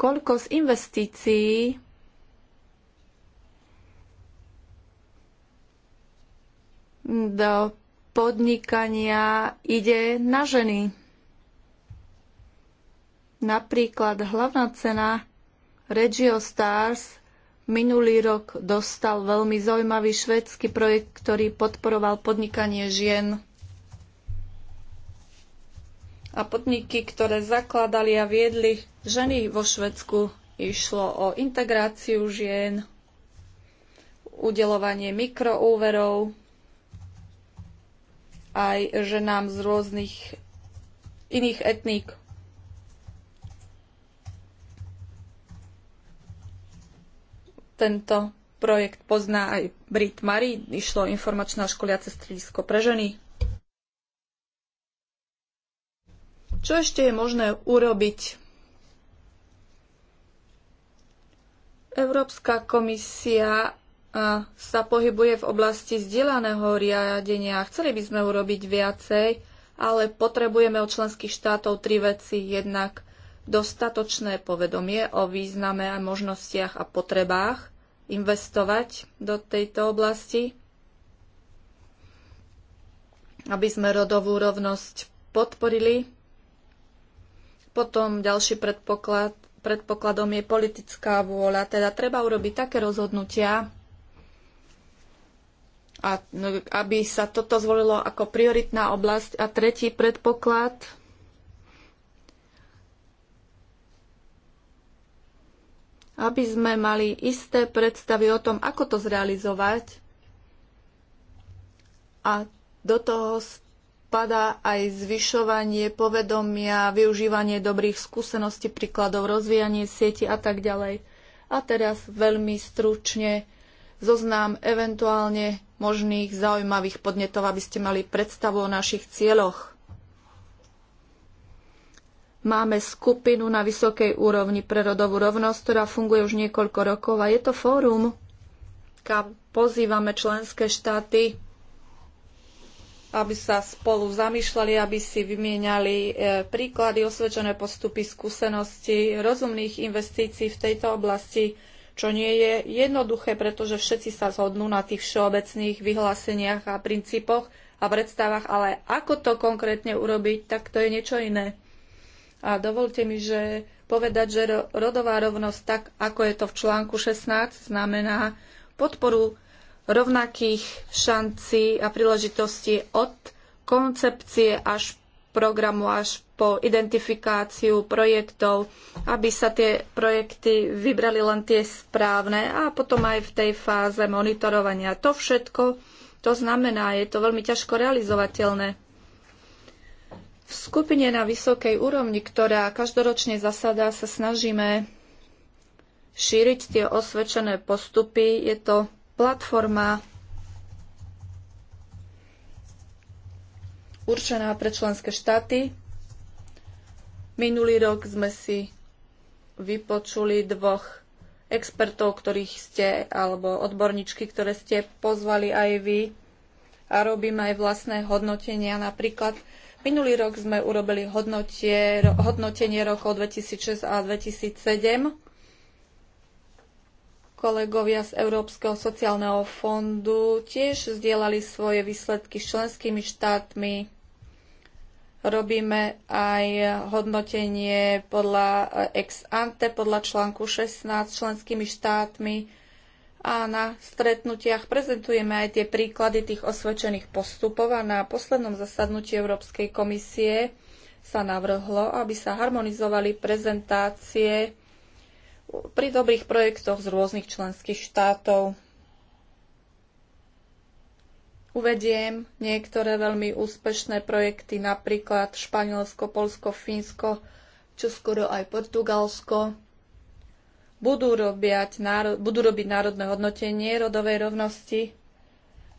koľko z investícií do podnikania ide na ženy. Napríklad hlavná cena Regio Stars Minulý rok dostal veľmi zaujímavý švédsky projekt, ktorý podporoval podnikanie žien a podniky, ktoré zakladali a viedli ženy vo Švedsku. Išlo o integráciu žien, udelovanie mikroúverov, aj ženám z rôznych iných etník. Tento projekt pozná aj Brit Marie, išlo informačná školiace stredisko pre ženy. Čo ešte je možné urobiť? Európska komisia sa pohybuje v oblasti zdieľaného riadenia. Chceli by sme urobiť viacej, ale potrebujeme od členských štátov tri veci. Jednak dostatočné povedomie o význame a možnostiach a potrebách investovať do tejto oblasti, aby sme rodovú rovnosť podporili. Potom ďalší predpoklad, predpokladom je politická vôľa, teda treba urobiť také rozhodnutia, a, aby sa toto zvolilo ako prioritná oblasť. A tretí predpoklad aby sme mali isté predstavy o tom, ako to zrealizovať. A do toho spadá aj zvyšovanie povedomia, využívanie dobrých skúseností, príkladov, rozvíjanie sieti a tak ďalej. A teraz veľmi stručne zoznám eventuálne možných zaujímavých podnetov, aby ste mali predstavu o našich cieľoch. Máme skupinu na vysokej úrovni pre rodovú rovnosť, ktorá funguje už niekoľko rokov a je to fórum, kam pozývame členské štáty, aby sa spolu zamýšľali, aby si vymieniali e, príklady, osvedčené postupy, skúsenosti, rozumných investícií v tejto oblasti, čo nie je jednoduché, pretože všetci sa zhodnú na tých všeobecných vyhláseniach a princípoch a predstavách, ale ako to konkrétne urobiť, tak to je niečo iné. A dovolte mi, že povedať, že rodová rovnosť, tak ako je to v článku 16, znamená podporu rovnakých šancí a príležitostí od koncepcie až programu, až po identifikáciu projektov, aby sa tie projekty vybrali len tie správne a potom aj v tej fáze monitorovania. To všetko, to znamená, je to veľmi ťažko realizovateľné. V skupine na vysokej úrovni, ktorá každoročne zasadá, sa snažíme šíriť tie osvedčené postupy. Je to platforma určená pre členské štáty. Minulý rok sme si vypočuli dvoch expertov, ktorých ste, alebo odborníčky, ktoré ste pozvali aj vy a robím aj vlastné hodnotenia napríklad Minulý rok sme urobili hodnotie, hodnotenie rokov 2006 a 2007. Kolegovia z Európskeho sociálneho fondu tiež zdieľali svoje výsledky s členskými štátmi. Robíme aj hodnotenie podľa eh, ex ante, podľa článku 16 členskými štátmi a na stretnutiach prezentujeme aj tie príklady tých osvedčených postupov a na poslednom zasadnutí Európskej komisie sa navrhlo, aby sa harmonizovali prezentácie pri dobrých projektoch z rôznych členských štátov. Uvediem niektoré veľmi úspešné projekty, napríklad Španielsko, Polsko, Fínsko, čo skoro aj Portugalsko budú, robiať, budú robiť národné hodnotenie rodovej rovnosti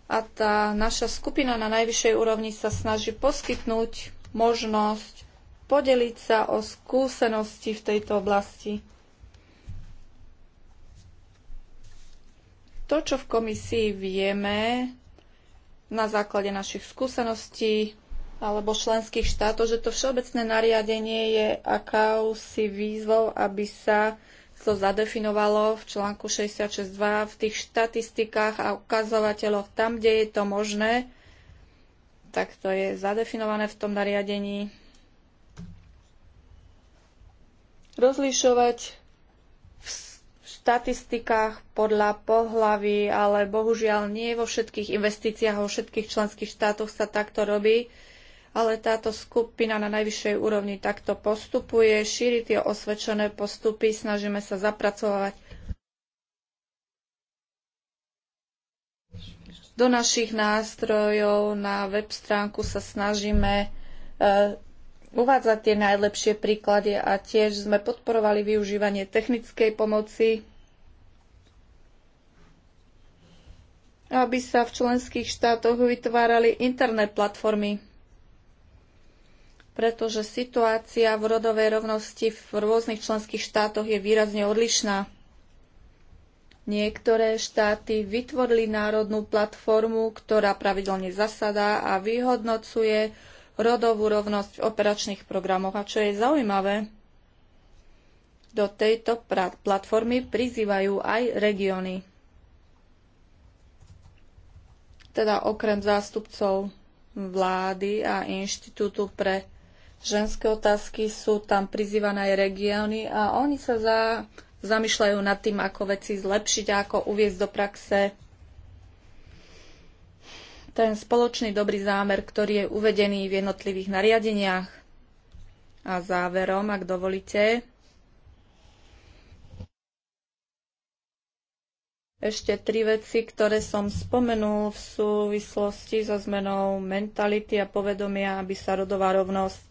a tá naša skupina na najvyššej úrovni sa snaží poskytnúť možnosť podeliť sa o skúsenosti v tejto oblasti. To, čo v komisii vieme na základe našich skúseností alebo členských štátov, že to všeobecné nariadenie je akousi výzvou, aby sa to zadefinovalo v článku 66.2 v tých štatistikách a ukazovateľoch tam, kde je to možné, tak to je zadefinované v tom nariadení. Rozlišovať v štatistikách podľa pohlavy, ale bohužiaľ nie vo všetkých investíciách, vo všetkých členských štátoch sa takto robí ale táto skupina na najvyššej úrovni takto postupuje, šíri tie osvedčené postupy, snažíme sa zapracovať do našich nástrojov, na web stránku sa snažíme e, uvádzať tie najlepšie príklady a tiež sme podporovali využívanie technickej pomoci, aby sa v členských štátoch vytvárali internet platformy pretože situácia v rodovej rovnosti v rôznych členských štátoch je výrazne odlišná. Niektoré štáty vytvorili národnú platformu, ktorá pravidelne zasadá a vyhodnocuje rodovú rovnosť v operačných programoch. A čo je zaujímavé, do tejto platformy prizývajú aj regióny. Teda okrem zástupcov vlády a Inštitútu pre ženské otázky, sú tam prizývané aj regióny a oni sa za, zamýšľajú nad tým, ako veci zlepšiť a ako uviezť do praxe ten spoločný dobrý zámer, ktorý je uvedený v jednotlivých nariadeniach. A záverom, ak dovolíte, ešte tri veci, ktoré som spomenul v súvislosti so zmenou mentality a povedomia, aby sa rodová rovnosť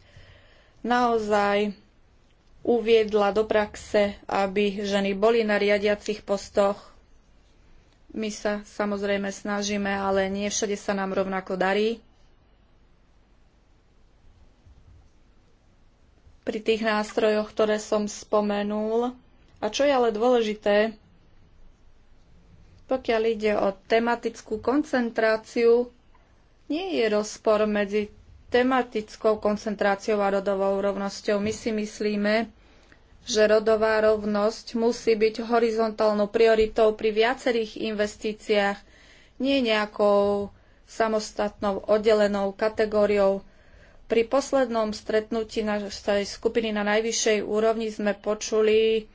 naozaj uviedla do praxe, aby ženy boli na riadiacich postoch. My sa samozrejme snažíme, ale nie všade sa nám rovnako darí. Pri tých nástrojoch, ktoré som spomenul. A čo je ale dôležité, pokiaľ ide o tematickú koncentráciu, nie je rozpor medzi tematickou koncentráciou a rodovou rovnosťou. My si myslíme, že rodová rovnosť musí byť horizontálnou prioritou pri viacerých investíciách, nie nejakou samostatnou oddelenou kategóriou. Pri poslednom stretnutí našej skupiny na najvyššej úrovni sme počuli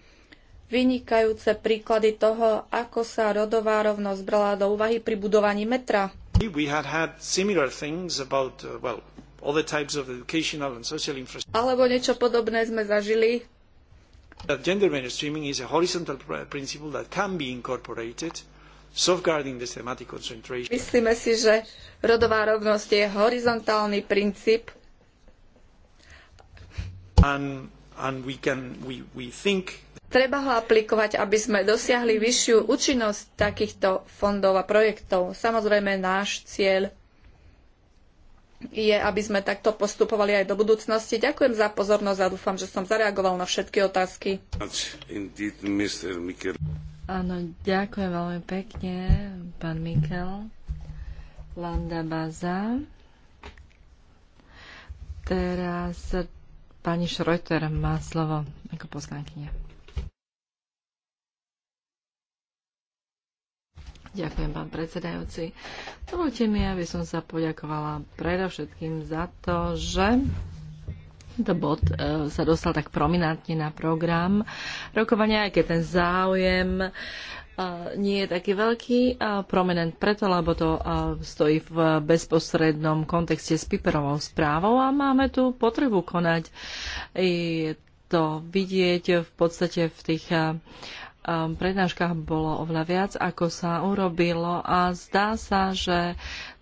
vynikajúce príklady toho, ako sa rodová rovnosť brala do úvahy pri budovaní metra. We had had similar things about, uh, well, other types of educational and social infrastructure. Alebo niečo podobné sme zažili. That gender mainstreaming is a horizontal principle that can be incorporated safeguarding thematic concentration. Myslíme si, že rodová rovnosť je horizontálny princíp. And, and we can, we, we think Treba ho aplikovať, aby sme dosiahli vyššiu účinnosť takýchto fondov a projektov. Samozrejme, náš cieľ je, aby sme takto postupovali aj do budúcnosti. Ďakujem za pozornosť a dúfam, že som zareagoval na všetky otázky. Áno, ďakujem veľmi pekne, pán Mikel. Landa Baza. Teraz pani Šrojter má slovo ako poslankyňa. Ďakujem, pán predsedajúci. Dovolte mi, aby som sa poďakovala predovšetkým za to, že tento bod e, sa dostal tak prominentne na program rokovania, aj keď ten záujem e, nie je taký veľký e, prominent preto, lebo to stojí v bezposrednom kontexte s Piperovou správou a máme tu potrebu konať. Je to vidieť v podstate v tých Um, prednáškach bolo oveľa viac, ako sa urobilo a zdá sa, že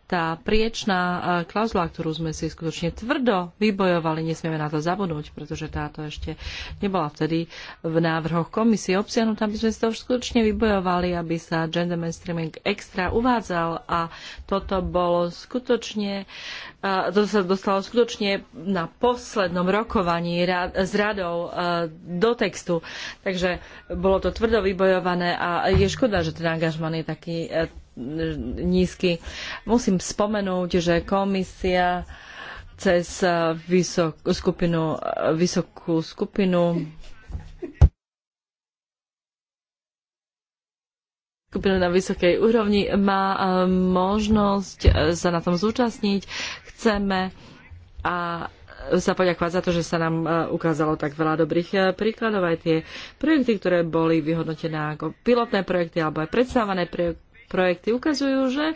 tá priečná e, klauzula, ktorú sme si skutočne tvrdo vybojovali, nesmieme na to zabudnúť, pretože táto ešte nebola vtedy v návrhoch komisie obsiahnutá, aby sme si to skutočne vybojovali, aby sa gender mainstreaming extra uvádzal a toto bolo skutočne, e, to sa dostalo skutočne na poslednom rokovaní s radou e, do textu. Takže bolo to tvrdo vybojované a je škoda, že ten angažman je taký nízky. Musím spomenúť, že komisia cez vysokú skupinu, vysokú skupinu skupinu na vysokej úrovni má eh, možnosť eh, sa na tom zúčastniť. Chceme a sa poďakovať za to, že sa nám eh, ukázalo tak veľa dobrých príkladov. Aj tie projekty, ktoré boli vyhodnotené ako pilotné projekty alebo aj predstavené projekty ukazujú, že e,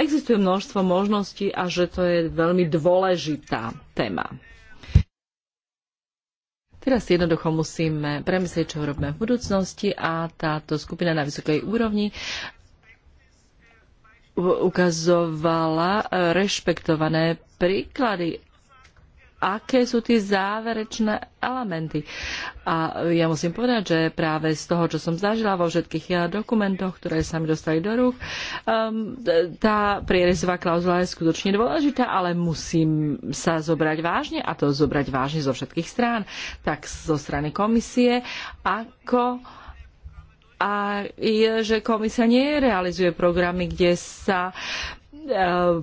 existuje množstvo možností a že to je veľmi dôležitá téma. Teraz jednoducho musíme premyslieť, čo robíme v budúcnosti a táto skupina na vysokej úrovni ukazovala e, rešpektované príklady aké sú tie záverečné elementy. A ja musím povedať, že práve z toho, čo som zažila vo všetkých dokumentoch, ktoré sa mi dostali do rúk, um, tá prierezová klauzula je skutočne dôležitá, ale musím sa zobrať vážne a to zobrať vážne zo všetkých strán, tak zo strany komisie, ako a je, že komisia nerealizuje programy, kde sa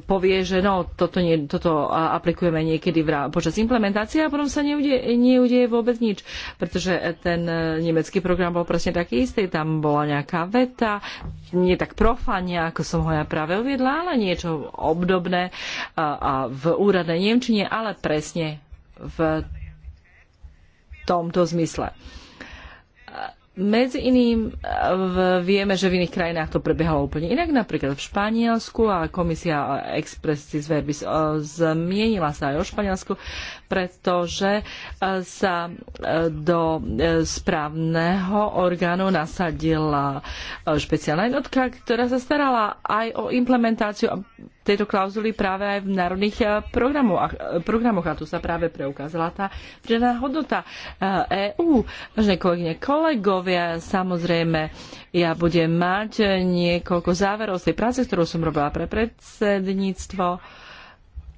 povie, že no, toto, nie, toto aplikujeme niekedy v, počas implementácie a potom sa neudie, neudie vôbec nič, pretože ten e, nemecký program bol presne taký istý, tam bola nejaká veta, nie tak profania, ako som ho ja práve uviedla, ale niečo obdobné a, a v úradnej Nemčine, ale presne v tomto zmysle. Uh, medzi iným e, vieme, že v iných krajinách to prebiehalo úplne inak, napríklad v Španielsku a komisia e, Expressis Verbis e, zmienila sa aj o Španielsku, pretože sa do správneho orgánu nasadila špeciálna jednotka, ktorá sa starala aj o implementáciu tejto klauzuly práve aj v národných eh, programoch, eh, programoch. A tu sa práve preukázala tá vžená hodnota EÚ. Eh, e Vážené kolegyne, kolegovia, samozrejme, ja budem mať niekoľko záverov z tej práce, ktorú som robila pre predsedníctvo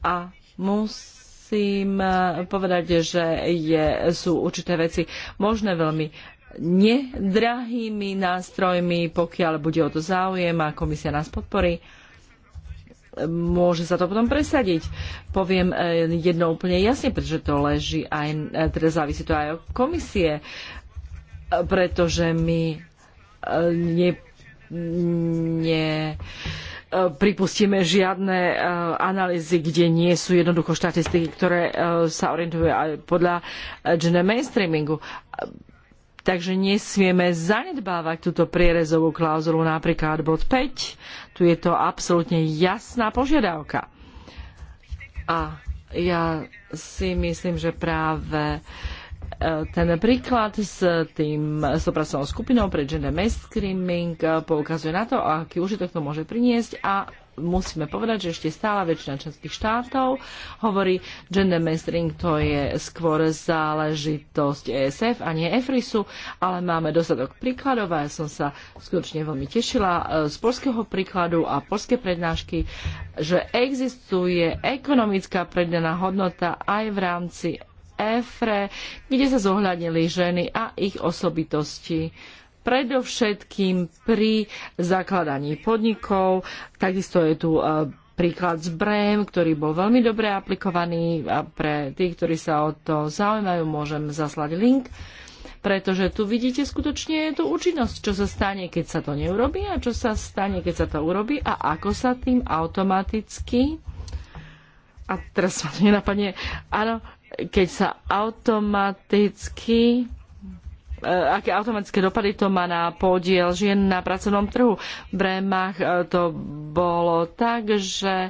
a musím musím povedať, že je, sú určité veci možné veľmi nedrahými nástrojmi, pokiaľ bude o to záujem a komisia nás podporí môže sa to potom presadiť. Poviem e, jedno úplne jasne, pretože to leží aj, e, teda závisí to aj od komisie, e, pretože my ne, ne pripustíme žiadne analýzy, kde nie sú jednoducho štatistiky, ktoré sa orientujú aj podľa gender mainstreamingu. Takže nesmieme zanedbávať túto prierezovú klauzulu, napríklad bod 5, tu je to absolútne jasná požiadavka. A ja si myslím, že práve e, ten príklad s tým sopracovnou skupinou pre gender mainstreaming e, poukazuje na to, aký užitok to môže priniesť a musíme povedať, že ešte stála väčšina členských štátov hovorí, gender mainstreaming to je skôr záležitosť ESF a nie EFRISu, ale máme dostatok príkladov a ja som sa skutočne veľmi tešila e, z polského príkladu a polské prednášky, že existuje ekonomická predaná hodnota aj v rámci EFRE, kde sa zohľadnili ženy a ich osobitosti predovšetkým pri zakladaní podnikov. Takisto je tu e, príklad z Brém, ktorý bol veľmi dobre aplikovaný a pre tých, ktorí sa o to zaujímajú, môžem zaslať link pretože tu vidíte skutočne tú účinnosť, čo sa stane, keď sa to neurobí a čo sa stane, keď sa to urobí a ako sa tým automaticky a teraz sa to nenapadne, áno, keď sa automaticky E, aké automatické dopady to má na podiel žien na pracovnom trhu. V Brémach e, to bolo tak, že e,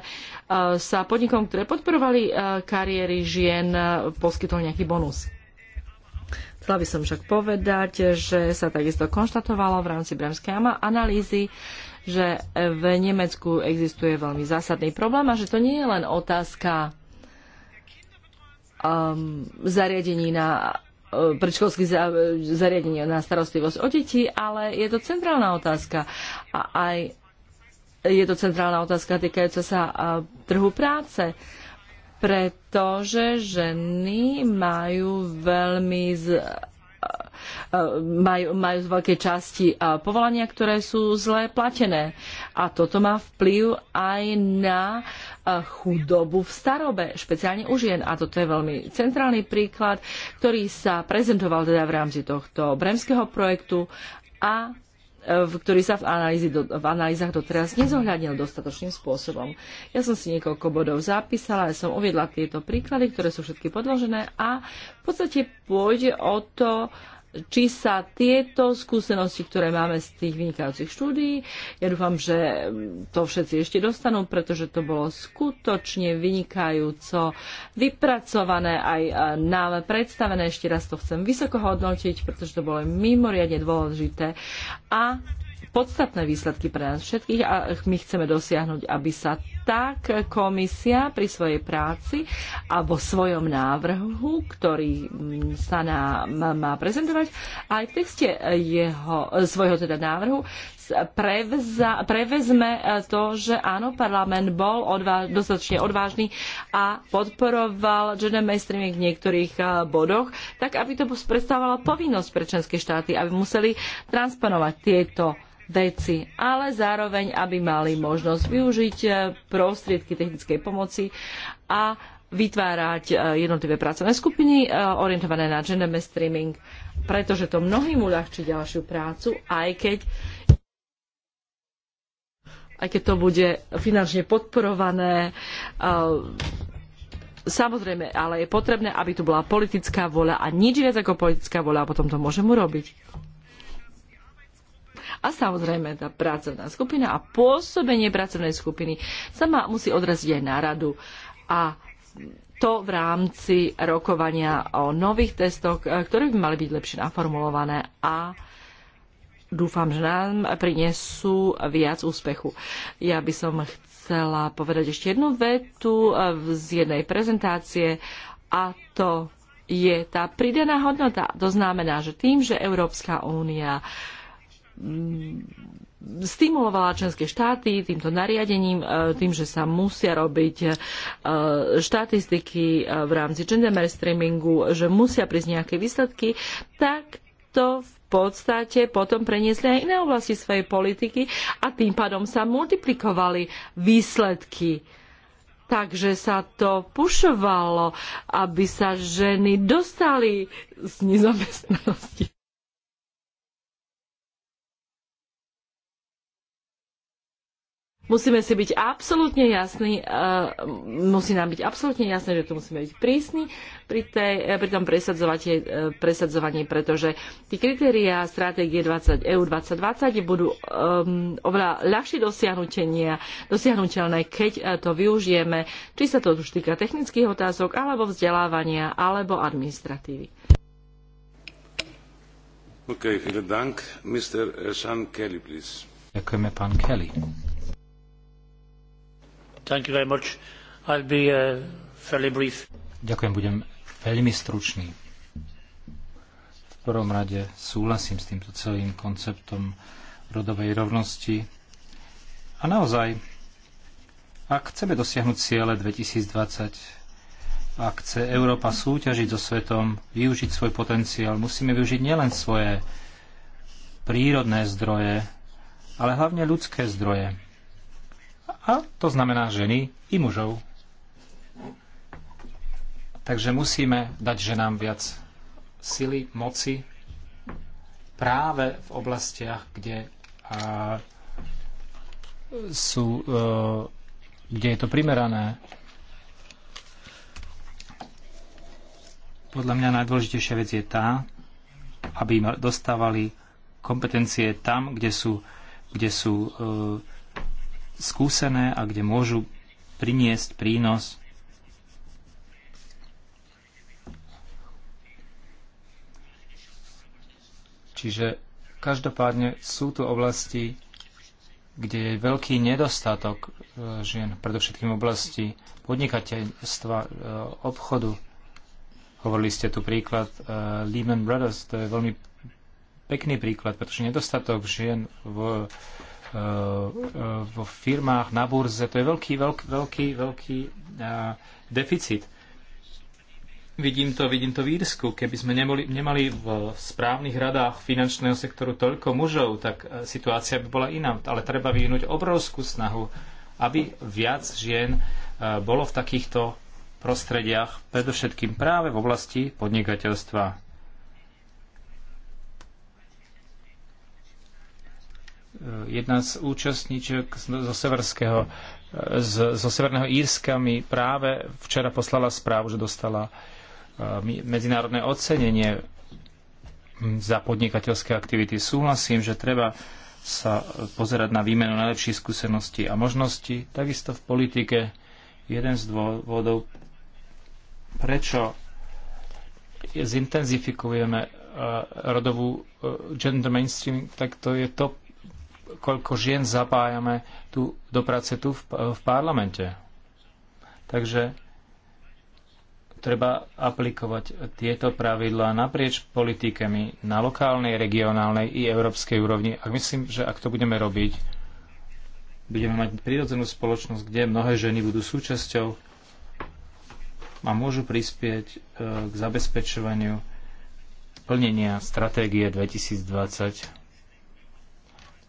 sa podnikom, ktoré podporovali kariéry žien, poskytol nejaký bonus. Chcela by som však povedať, že sa takisto konštatovalo v rámci bremskej analýzy, že v Nemecku existuje veľmi zásadný problém a že to nie je len otázka um, zariadení na E, predškolských e, zariadení na starostlivosť o deti, ale je to centrálna otázka. A aj je to centrálna otázka týkajúca sa e, trhu práce pretože ženy majú veľmi z, majú, majú z veľkej časti povolania, ktoré sú zle platené. A toto má vplyv aj na uh, chudobu v starobe, špeciálne u žien. A toto je veľmi centrálny príklad, ktorý sa prezentoval teda v rámci tohto bremského projektu a e, v ktorý sa v, analýzi, v analýzach doteraz nezohľadnil dostatočným spôsobom. Ja som si niekoľko bodov zapísala, ja som uviedla tieto príklady, ktoré sú všetky podložené a v podstate pôjde o to, či sa tieto skúsenosti, ktoré máme z tých vynikajúcich štúdií, ja dúfam, že to všetci ešte dostanú, pretože to bolo skutočne vynikajúco vypracované aj nám predstavené. Ešte raz to chcem vysoko hodnotiť, pretože to bolo mimoriadne dôležité. A podstatné výsledky pre nás všetkých a my chceme dosiahnuť, aby sa tak komisia pri svojej práci a vo svojom návrhu, ktorý mm, sa nám má prezentovať, aj v texte jeho, svojho teda návrhu prevza, prevezme e, to, že áno, parlament bol odvá, dostatočne odvážny a podporoval gender mainstreaming v niektorých e, bodoch, tak aby to predstavovalo povinnosť pre členské štáty, aby museli transponovať tieto veci, ale zároveň, aby mali možnosť využiť eh, prostriedky technickej pomoci a vytvárať eh, jednotlivé pracovné skupiny eh, orientované na gender mainstreaming, pretože to mnohým uľahčí ďalšiu prácu, aj keď aj keď to bude finančne podporované. Samozrejme, ale je potrebné, aby tu bola politická vôľa a nič viac ako politická voľa a potom to môžem urobiť a samozrejme tá pracovná skupina a pôsobenie pracovnej skupiny sa má, musí odraziť aj na radu. A to v rámci rokovania o nových testoch, e, ktoré by mali byť lepšie naformulované a dúfam, že nám prinesú viac úspechu. Ja by som chcela povedať ešte jednu vetu e, z jednej prezentácie a to je tá pridaná hodnota. To znamená, že tým, že Európska únia uh, Mm, stimulovala členské štáty týmto nariadením, e, tým, že sa musia robiť e, štatistiky e, v rámci gender mainstreamingu, že musia prísť nejaké výsledky, tak to v podstate potom preniesli aj iné oblasti svojej politiky a tým pádom sa multiplikovali výsledky takže sa to pušovalo, aby sa ženy dostali z nezamestnanosti. Musíme si byť absolútne jasní, uh, musí nám byť absolútne jasné, že tu musíme byť prísni pri, tej, e, pri tom e, presadzovaní, pretože tie kritériá stratégie 20, EU 2020 budú um, oveľa ľahšie dosiahnuteľné, keď to využijeme, či sa to už týka technických otázok, alebo vzdelávania, alebo administratívy. Okay, eh, Ďakujeme, pán Kelly. Uh, Ďakujem, budem veľmi stručný. V prvom rade súhlasím s týmto celým konceptom rodovej rovnosti. A naozaj, ak chceme dosiahnuť ciele 2020, ak chce Európa súťažiť so svetom, využiť svoj potenciál, musíme využiť nielen svoje prírodné zdroje, ale hlavne ľudské zdroje a to znamená ženy i mužov. Takže musíme dať ženám viac sily, moci práve v oblastiach, kde a, sú, e, kde je to primerané. Podľa mňa najdôležitejšia vec je tá, aby im dostávali kompetencie tam, kde sú, kde sú e, skúsené a kde môžu priniesť prínos Čiže každopádne sú tu oblasti, kde je veľký nedostatok e, žien, predovšetkým oblasti podnikateľstva, e, obchodu. Hovorili ste tu príklad e, Lehman Brothers, to je veľmi pekný príklad, pretože nedostatok žien v Eh, vo firmách, na burze. To je veľký, veľký, veľký, veľký eh, deficit. Vidím to, vidím to v Írsku. Keby sme nemali, nemali v správnych radách finančného sektoru toľko mužov, tak eh, situácia by bola iná. Ale treba vyvinúť obrovskú snahu, aby viac žien bolo v takýchto prostrediach, predovšetkým práve v oblasti podnikateľstva. E, jedna z účastníčok zo severského e, z, zo Severného Írska mi práve včera poslala správu, že dostala e, medzinárodné ocenenie hm, za podnikateľské aktivity. Súhlasím, že treba sa pozerať na výmenu najlepších skúseností a možností. Takisto v politike jeden z dôvodov, prečo zintenzifikujeme rodovú gender mainstream, tak to je to koľko žien zapájame tu, do práce tu v, v parlamente. Takže treba aplikovať tieto pravidlá naprieč politikami na lokálnej, regionálnej i európskej úrovni. A myslím, že ak to budeme robiť, budeme mať prirodzenú spoločnosť, kde mnohé ženy budú súčasťou a môžu prispieť e, k zabezpečovaniu plnenia stratégie 2020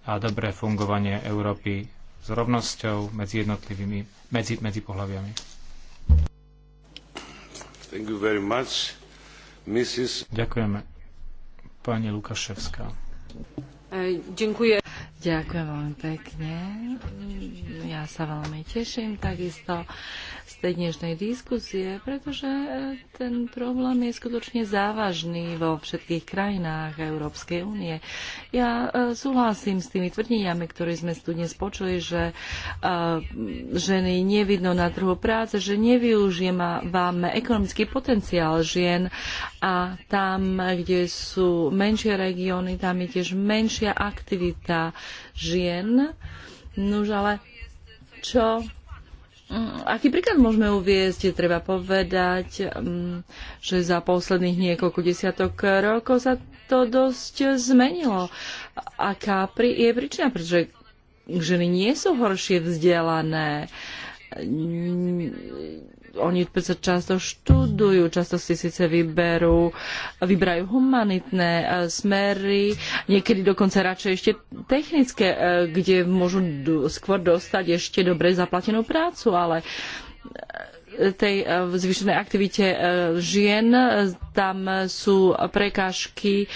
a dobré fungovanie Európy s rovnosťou medzi jednotlivými, medzi, medzi pohľaviami. Thank you very much. Mrs. Ďakujeme. Pani Lukaševská. E, ďakujem. Ďakujem veľmi pekne. Ja sa veľmi teším takisto z tej dnešnej diskusie, pretože e, ten problém je skutočne závažný vo všetkých krajinách Európskej únie. Ja e, súhlasím s tými tvrdeniami, ktoré sme tu dnes počuli, že e, ženy nevidno na trhu práce, že vám ekonomický potenciál žien a tam, kde sú menšie regióny, tam je tiež menšia aktivita žien. Nož ale čo mm, Aký príklad môžeme uviezť? Treba povedať, mm, že za posledných niekoľko desiatok rokov sa to dosť zmenilo. Aká je príčina? Pretože ženy nie sú horšie vzdelané oni sa často študujú, často si síce vyberú, vyberajú humanitné e, smery, niekedy dokonca radšej ešte technické, e, kde môžu skôr dostať ešte dobre zaplatenú prácu, ale e, tej e, zvýšenej aktivite e, žien. Tam sú prekážky e,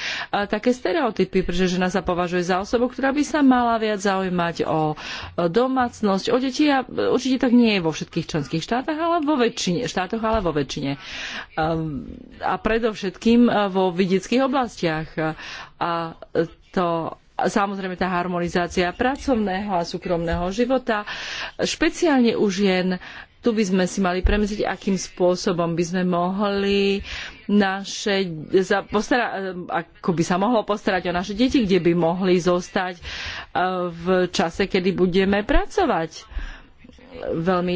také stereotypy, pretože žena sa považuje za osobu, ktorá by sa mala viac zaujímať o domácnosť, o deti a určite tak nie je vo všetkých členských štátach, ale vo väčšine, štátoch, ale vo väčšine. Ehm, a predovšetkým vo vidických oblastiach. A to samozrejme tá harmonizácia pracovného a súkromného života, špeciálne u žien, tu by sme si mali premyslieť, akým spôsobom by sme mohli naše, za, postara, ako by sa mohlo postarať o naše deti, kde by mohli zostať eh, v čase, kedy budeme pracovať veľmi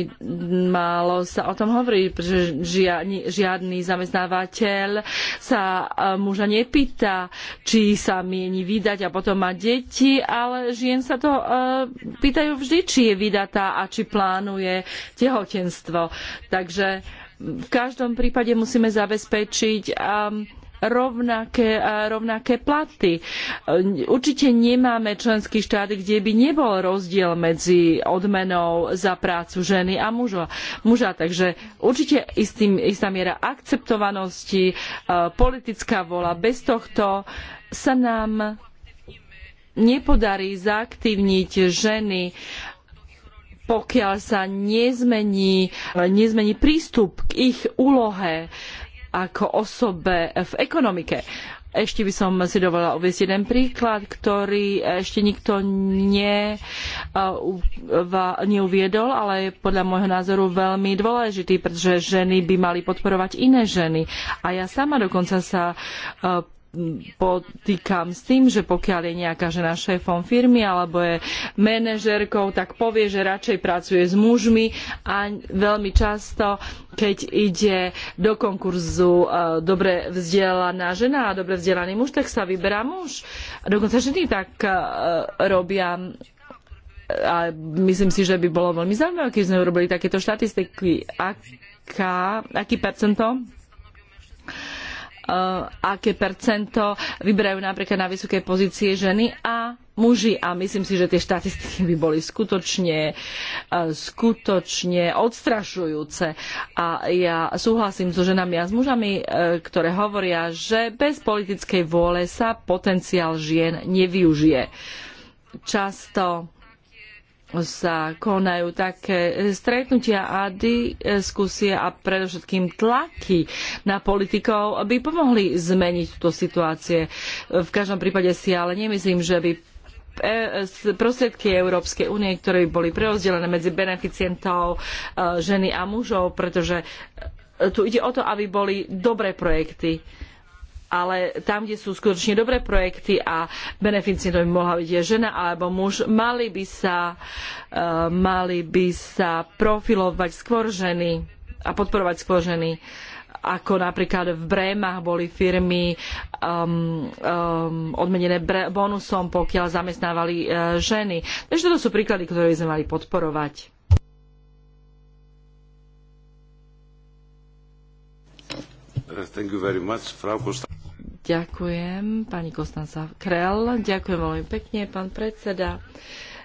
málo sa o tom hovorí, pretože žiadny, žiadny zamestnávateľ sa e, muža nepýta, či sa mieni vydať a potom má deti, ale žien sa to e, pýtajú vždy, či je vydatá a či plánuje tehotenstvo. Takže v každom prípade musíme zabezpečiť um, rovnaké, rovnaké platy. Určite nemáme členský štát, kde by nebol rozdiel medzi odmenou za prácu ženy a muža. muža takže určite istým, istá miera akceptovanosti, e, politická vola. Bez tohto sa nám nepodarí zaaktívniť ženy pokiaľ sa nezmení, e, nezmení prístup k ich úlohe ako osobe v ekonomike. Ešte by som si dovolila uvieť jeden príklad, ktorý ešte nikto ne, eh, neuviedol, ale je podľa môjho názoru veľmi dôležitý, pretože ženy by mali podporovať iné ženy. A ja sama dokonca sa eh, potýkam s tým, že pokiaľ je nejaká žena šéfom firmy alebo je manažérkou, tak povie, že radšej pracuje s mužmi a veľmi často, keď ide do konkurzu e, dobre vzdelaná žena a dobre vzdelaný muž, tak sa vyberá muž. Dokonca ženy tak e, robia a myslím si, že by bolo veľmi zaujímavé, keby sme urobili takéto štatistiky, aká, aký percento Eh, aké percento vyberajú napríklad na vysoké pozície ženy a muži a myslím si, že tie štatistiky by boli skutočne, eh, skutočne odstrašujúce. A ja súhlasím so ženami a s mužami, eh, ktoré hovoria, že bez politickej vôle sa potenciál žien nevyužije. Často sa konajú také stretnutia a diskusie a predovšetkým tlaky na politikov by pomohli zmeniť túto situácie. V každom prípade si ale nemyslím, že by e, prostriedky Európskej únie, ktoré by boli prerozdelené medzi beneficientov e, ženy a mužov, pretože tu ide o to, aby boli dobré projekty ale tam, kde sú skutočne dobré projekty a beneficientom by mohla byť je žena alebo muž, mali by sa, uh, mali by sa profilovať skôr ženy a podporovať skôr ženy ako napríklad v Brémach boli firmy um, um, odmenené bonusom, pokiaľ zamestnávali uh, ženy. Takže toto sú príklady, ktoré by sme mali podporovať. Much, Ďakujem, pani Kostanca Krell. Ďakujem veľmi pekne, pán predseda.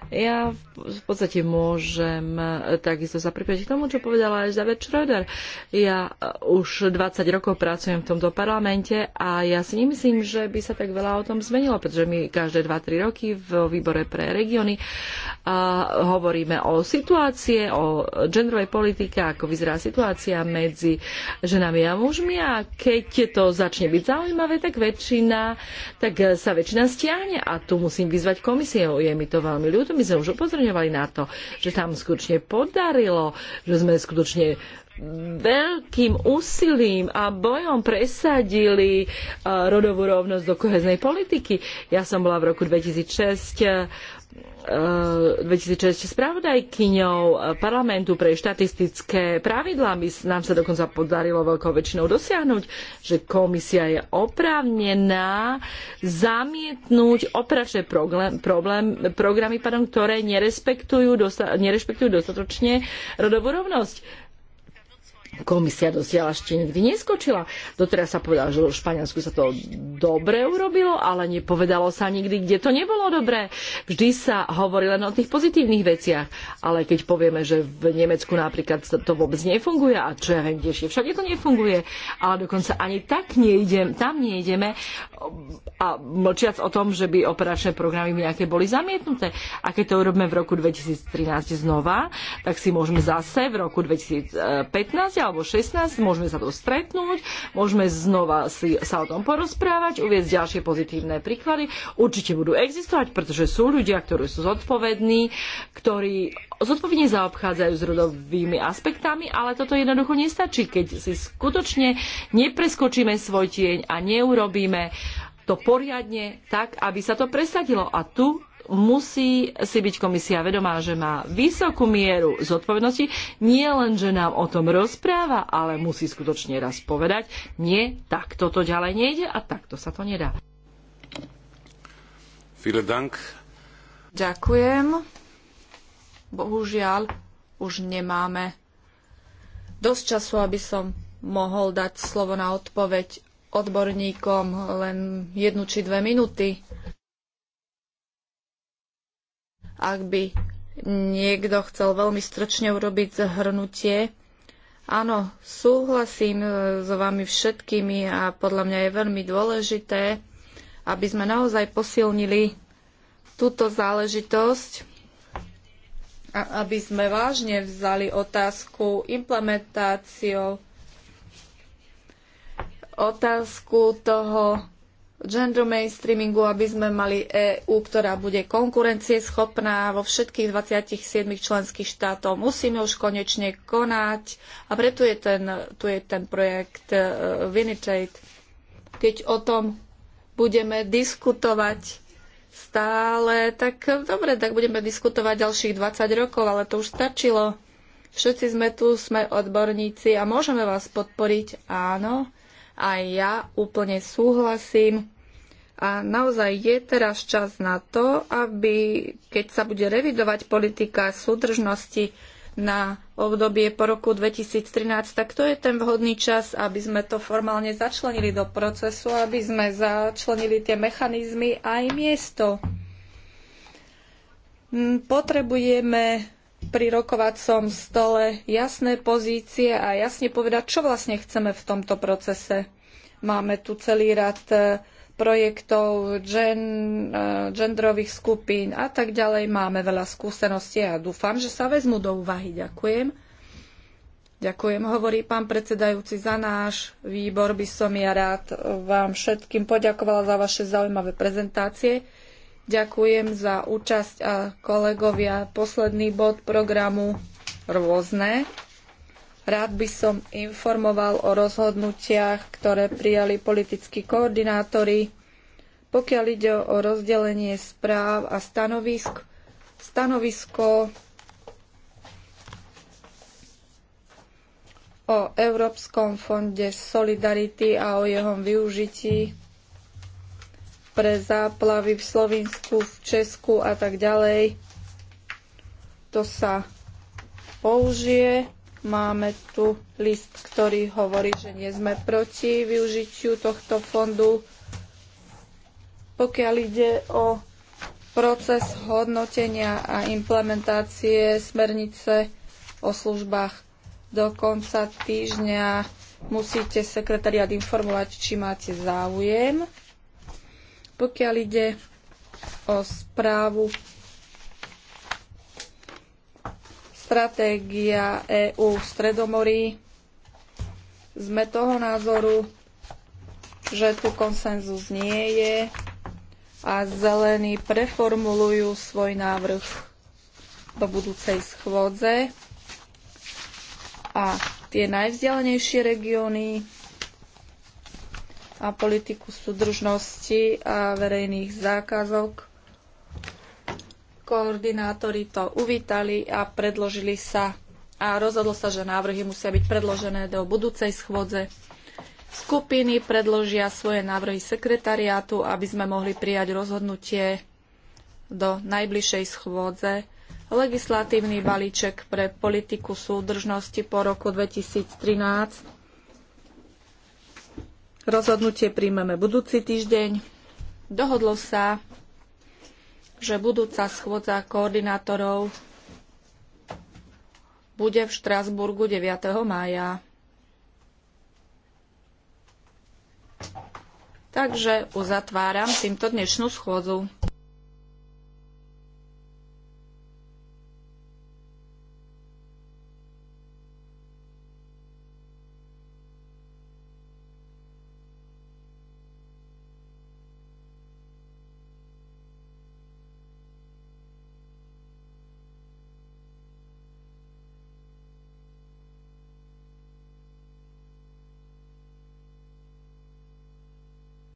Ja v podstate môžem e, takisto sa pripojiť k tomu, čo povedala Elizabeth Schroeder. Ja e, už 20 rokov pracujem v tomto parlamente a ja si nemyslím, že by sa tak veľa o tom zmenilo, pretože my každé 2-3 roky v výbore pre regióny e, hovoríme o situácie, o genderovej politike, ako vyzerá situácia medzi ženami a mužmi a keď to začne byť zaujímavé, tak väčšina, tak sa väčšina stiahne a tu musím vyzvať komisiu. Je mi to veľmi ľúto, my sme už upozorňovali na to, že tam skutočne podarilo, že sme skutočne veľkým úsilím a bojom presadili e, rodovú rovnosť do koheznej politiky. Ja som bola v roku 2006 2006 e, spravodajkyňou e, parlamentu pre štatistické pravidlá. My, nám sa dokonca podarilo veľkou väčšinou dosiahnuť, že komisia je oprávnená zamietnúť operačné problém, problém, programy, pardon, ktoré nerespektujú, dosta, nerespektujú dostatočne rodovú rovnosť komisia dosiaľ ešte nikdy neskočila. Doteraz sa povedalo, že v Španielsku sa to dobre urobilo, ale nepovedalo sa nikdy, kde to nebolo dobré. Vždy sa hovorí len o tých pozitívnych veciach. Ale keď povieme, že v Nemecku napríklad to vôbec nefunguje a čo ja viem, kde ešte všade to nefunguje, ale dokonca ani tak nejdem, tam nejdeme a mlčiac o tom, že by operačné programy nejaké boli zamietnuté. A keď to urobíme v roku 2013 znova, tak si môžeme zase v roku 2015 alebo 16, môžeme sa to stretnúť, môžeme znova si, sa o tom porozprávať, uvieť ďalšie pozitívne príklady. Určite budú existovať, pretože sú ľudia, ktorí sú zodpovední, ktorí zodpovedne zaobchádzajú s rodovými aspektami, ale toto jednoducho nestačí, keď si skutočne nepreskočíme svoj tieň a neurobíme to poriadne tak, aby sa to presadilo. A tu musí si byť komisia vedomá, že má vysokú mieru zodpovednosti. Nie len, že nám o tom rozpráva, ale musí skutočne raz povedať, nie, takto to ďalej nejde a takto sa to nedá. Ďakujem. Bohužiaľ, už nemáme dosť času, aby som mohol dať slovo na odpoveď odborníkom len jednu či dve minúty. Ak by niekto chcel veľmi stročne urobiť zhrnutie, áno, súhlasím e, s vami všetkými a podľa mňa je veľmi dôležité, aby sme naozaj posilnili túto záležitosť a aby sme vážne vzali otázku implementáciou otázku toho gender mainstreamingu, aby sme mali EÚ, ktorá bude konkurencieschopná vo všetkých 27 členských štátov. Musíme už konečne konať a preto je ten, tu je ten projekt uh, e, Vinitate. Keď o tom budeme diskutovať stále, tak dobre, tak budeme diskutovať ďalších 20 rokov, ale to už stačilo. Všetci sme tu, sme odborníci a môžeme vás podporiť, áno a ja úplne súhlasím. A naozaj je teraz čas na to, aby keď sa bude revidovať politika súdržnosti na obdobie po roku 2013, tak to je ten vhodný čas, aby sme to formálne začlenili do procesu, aby sme začlenili tie mechanizmy aj miesto. Hm, potrebujeme pri rokovacom stole jasné pozície a jasne povedať, čo vlastne chceme v tomto procese. Máme tu celý rad e, projektov, gen, e, genderových skupín a tak ďalej. Máme veľa skúseností a dúfam, že sa vezmu do úvahy. Ďakujem. Ďakujem, hovorí pán predsedajúci za náš výbor. By som ja rád vám všetkým poďakovala za vaše zaujímavé prezentácie. Ďakujem za účasť a kolegovia. Posledný bod programu rôzne. Rád by som informoval o rozhodnutiach, ktoré prijali politickí koordinátori. Pokiaľ ide o rozdelenie správ a stanovisk, stanovisko o Európskom fonde Solidarity a o jeho využití pre záplavy v Slovinsku, v Česku a tak ďalej. To sa použije. Máme tu list, ktorý hovorí, že nie sme proti využitiu tohto fondu. Pokiaľ ide o proces hodnotenia a implementácie smernice o službách do konca týždňa musíte sekretariat informovať, či máte záujem pokiaľ ide o správu Stratégia EÚ v Stredomorí, sme toho názoru, že tu konsenzus nie je a zelení preformulujú svoj návrh do budúcej schôdze a tie najvzdialenejšie regióny a politiku súdržnosti a verejných zákazok. Koordinátori to uvítali a predložili sa a rozhodlo sa, že návrhy musia byť predložené do budúcej schôdze. Skupiny predložia svoje návrhy sekretariátu, aby sme mohli prijať rozhodnutie do najbližšej schôdze legislatívny balíček pre politiku súdržnosti po roku 2013 Rozhodnutie príjmeme budúci týždeň. Dohodlo sa, že budúca schôdza koordinátorov bude v Štrasburgu 9. mája. Takže uzatváram týmto dnešnú schôdzu.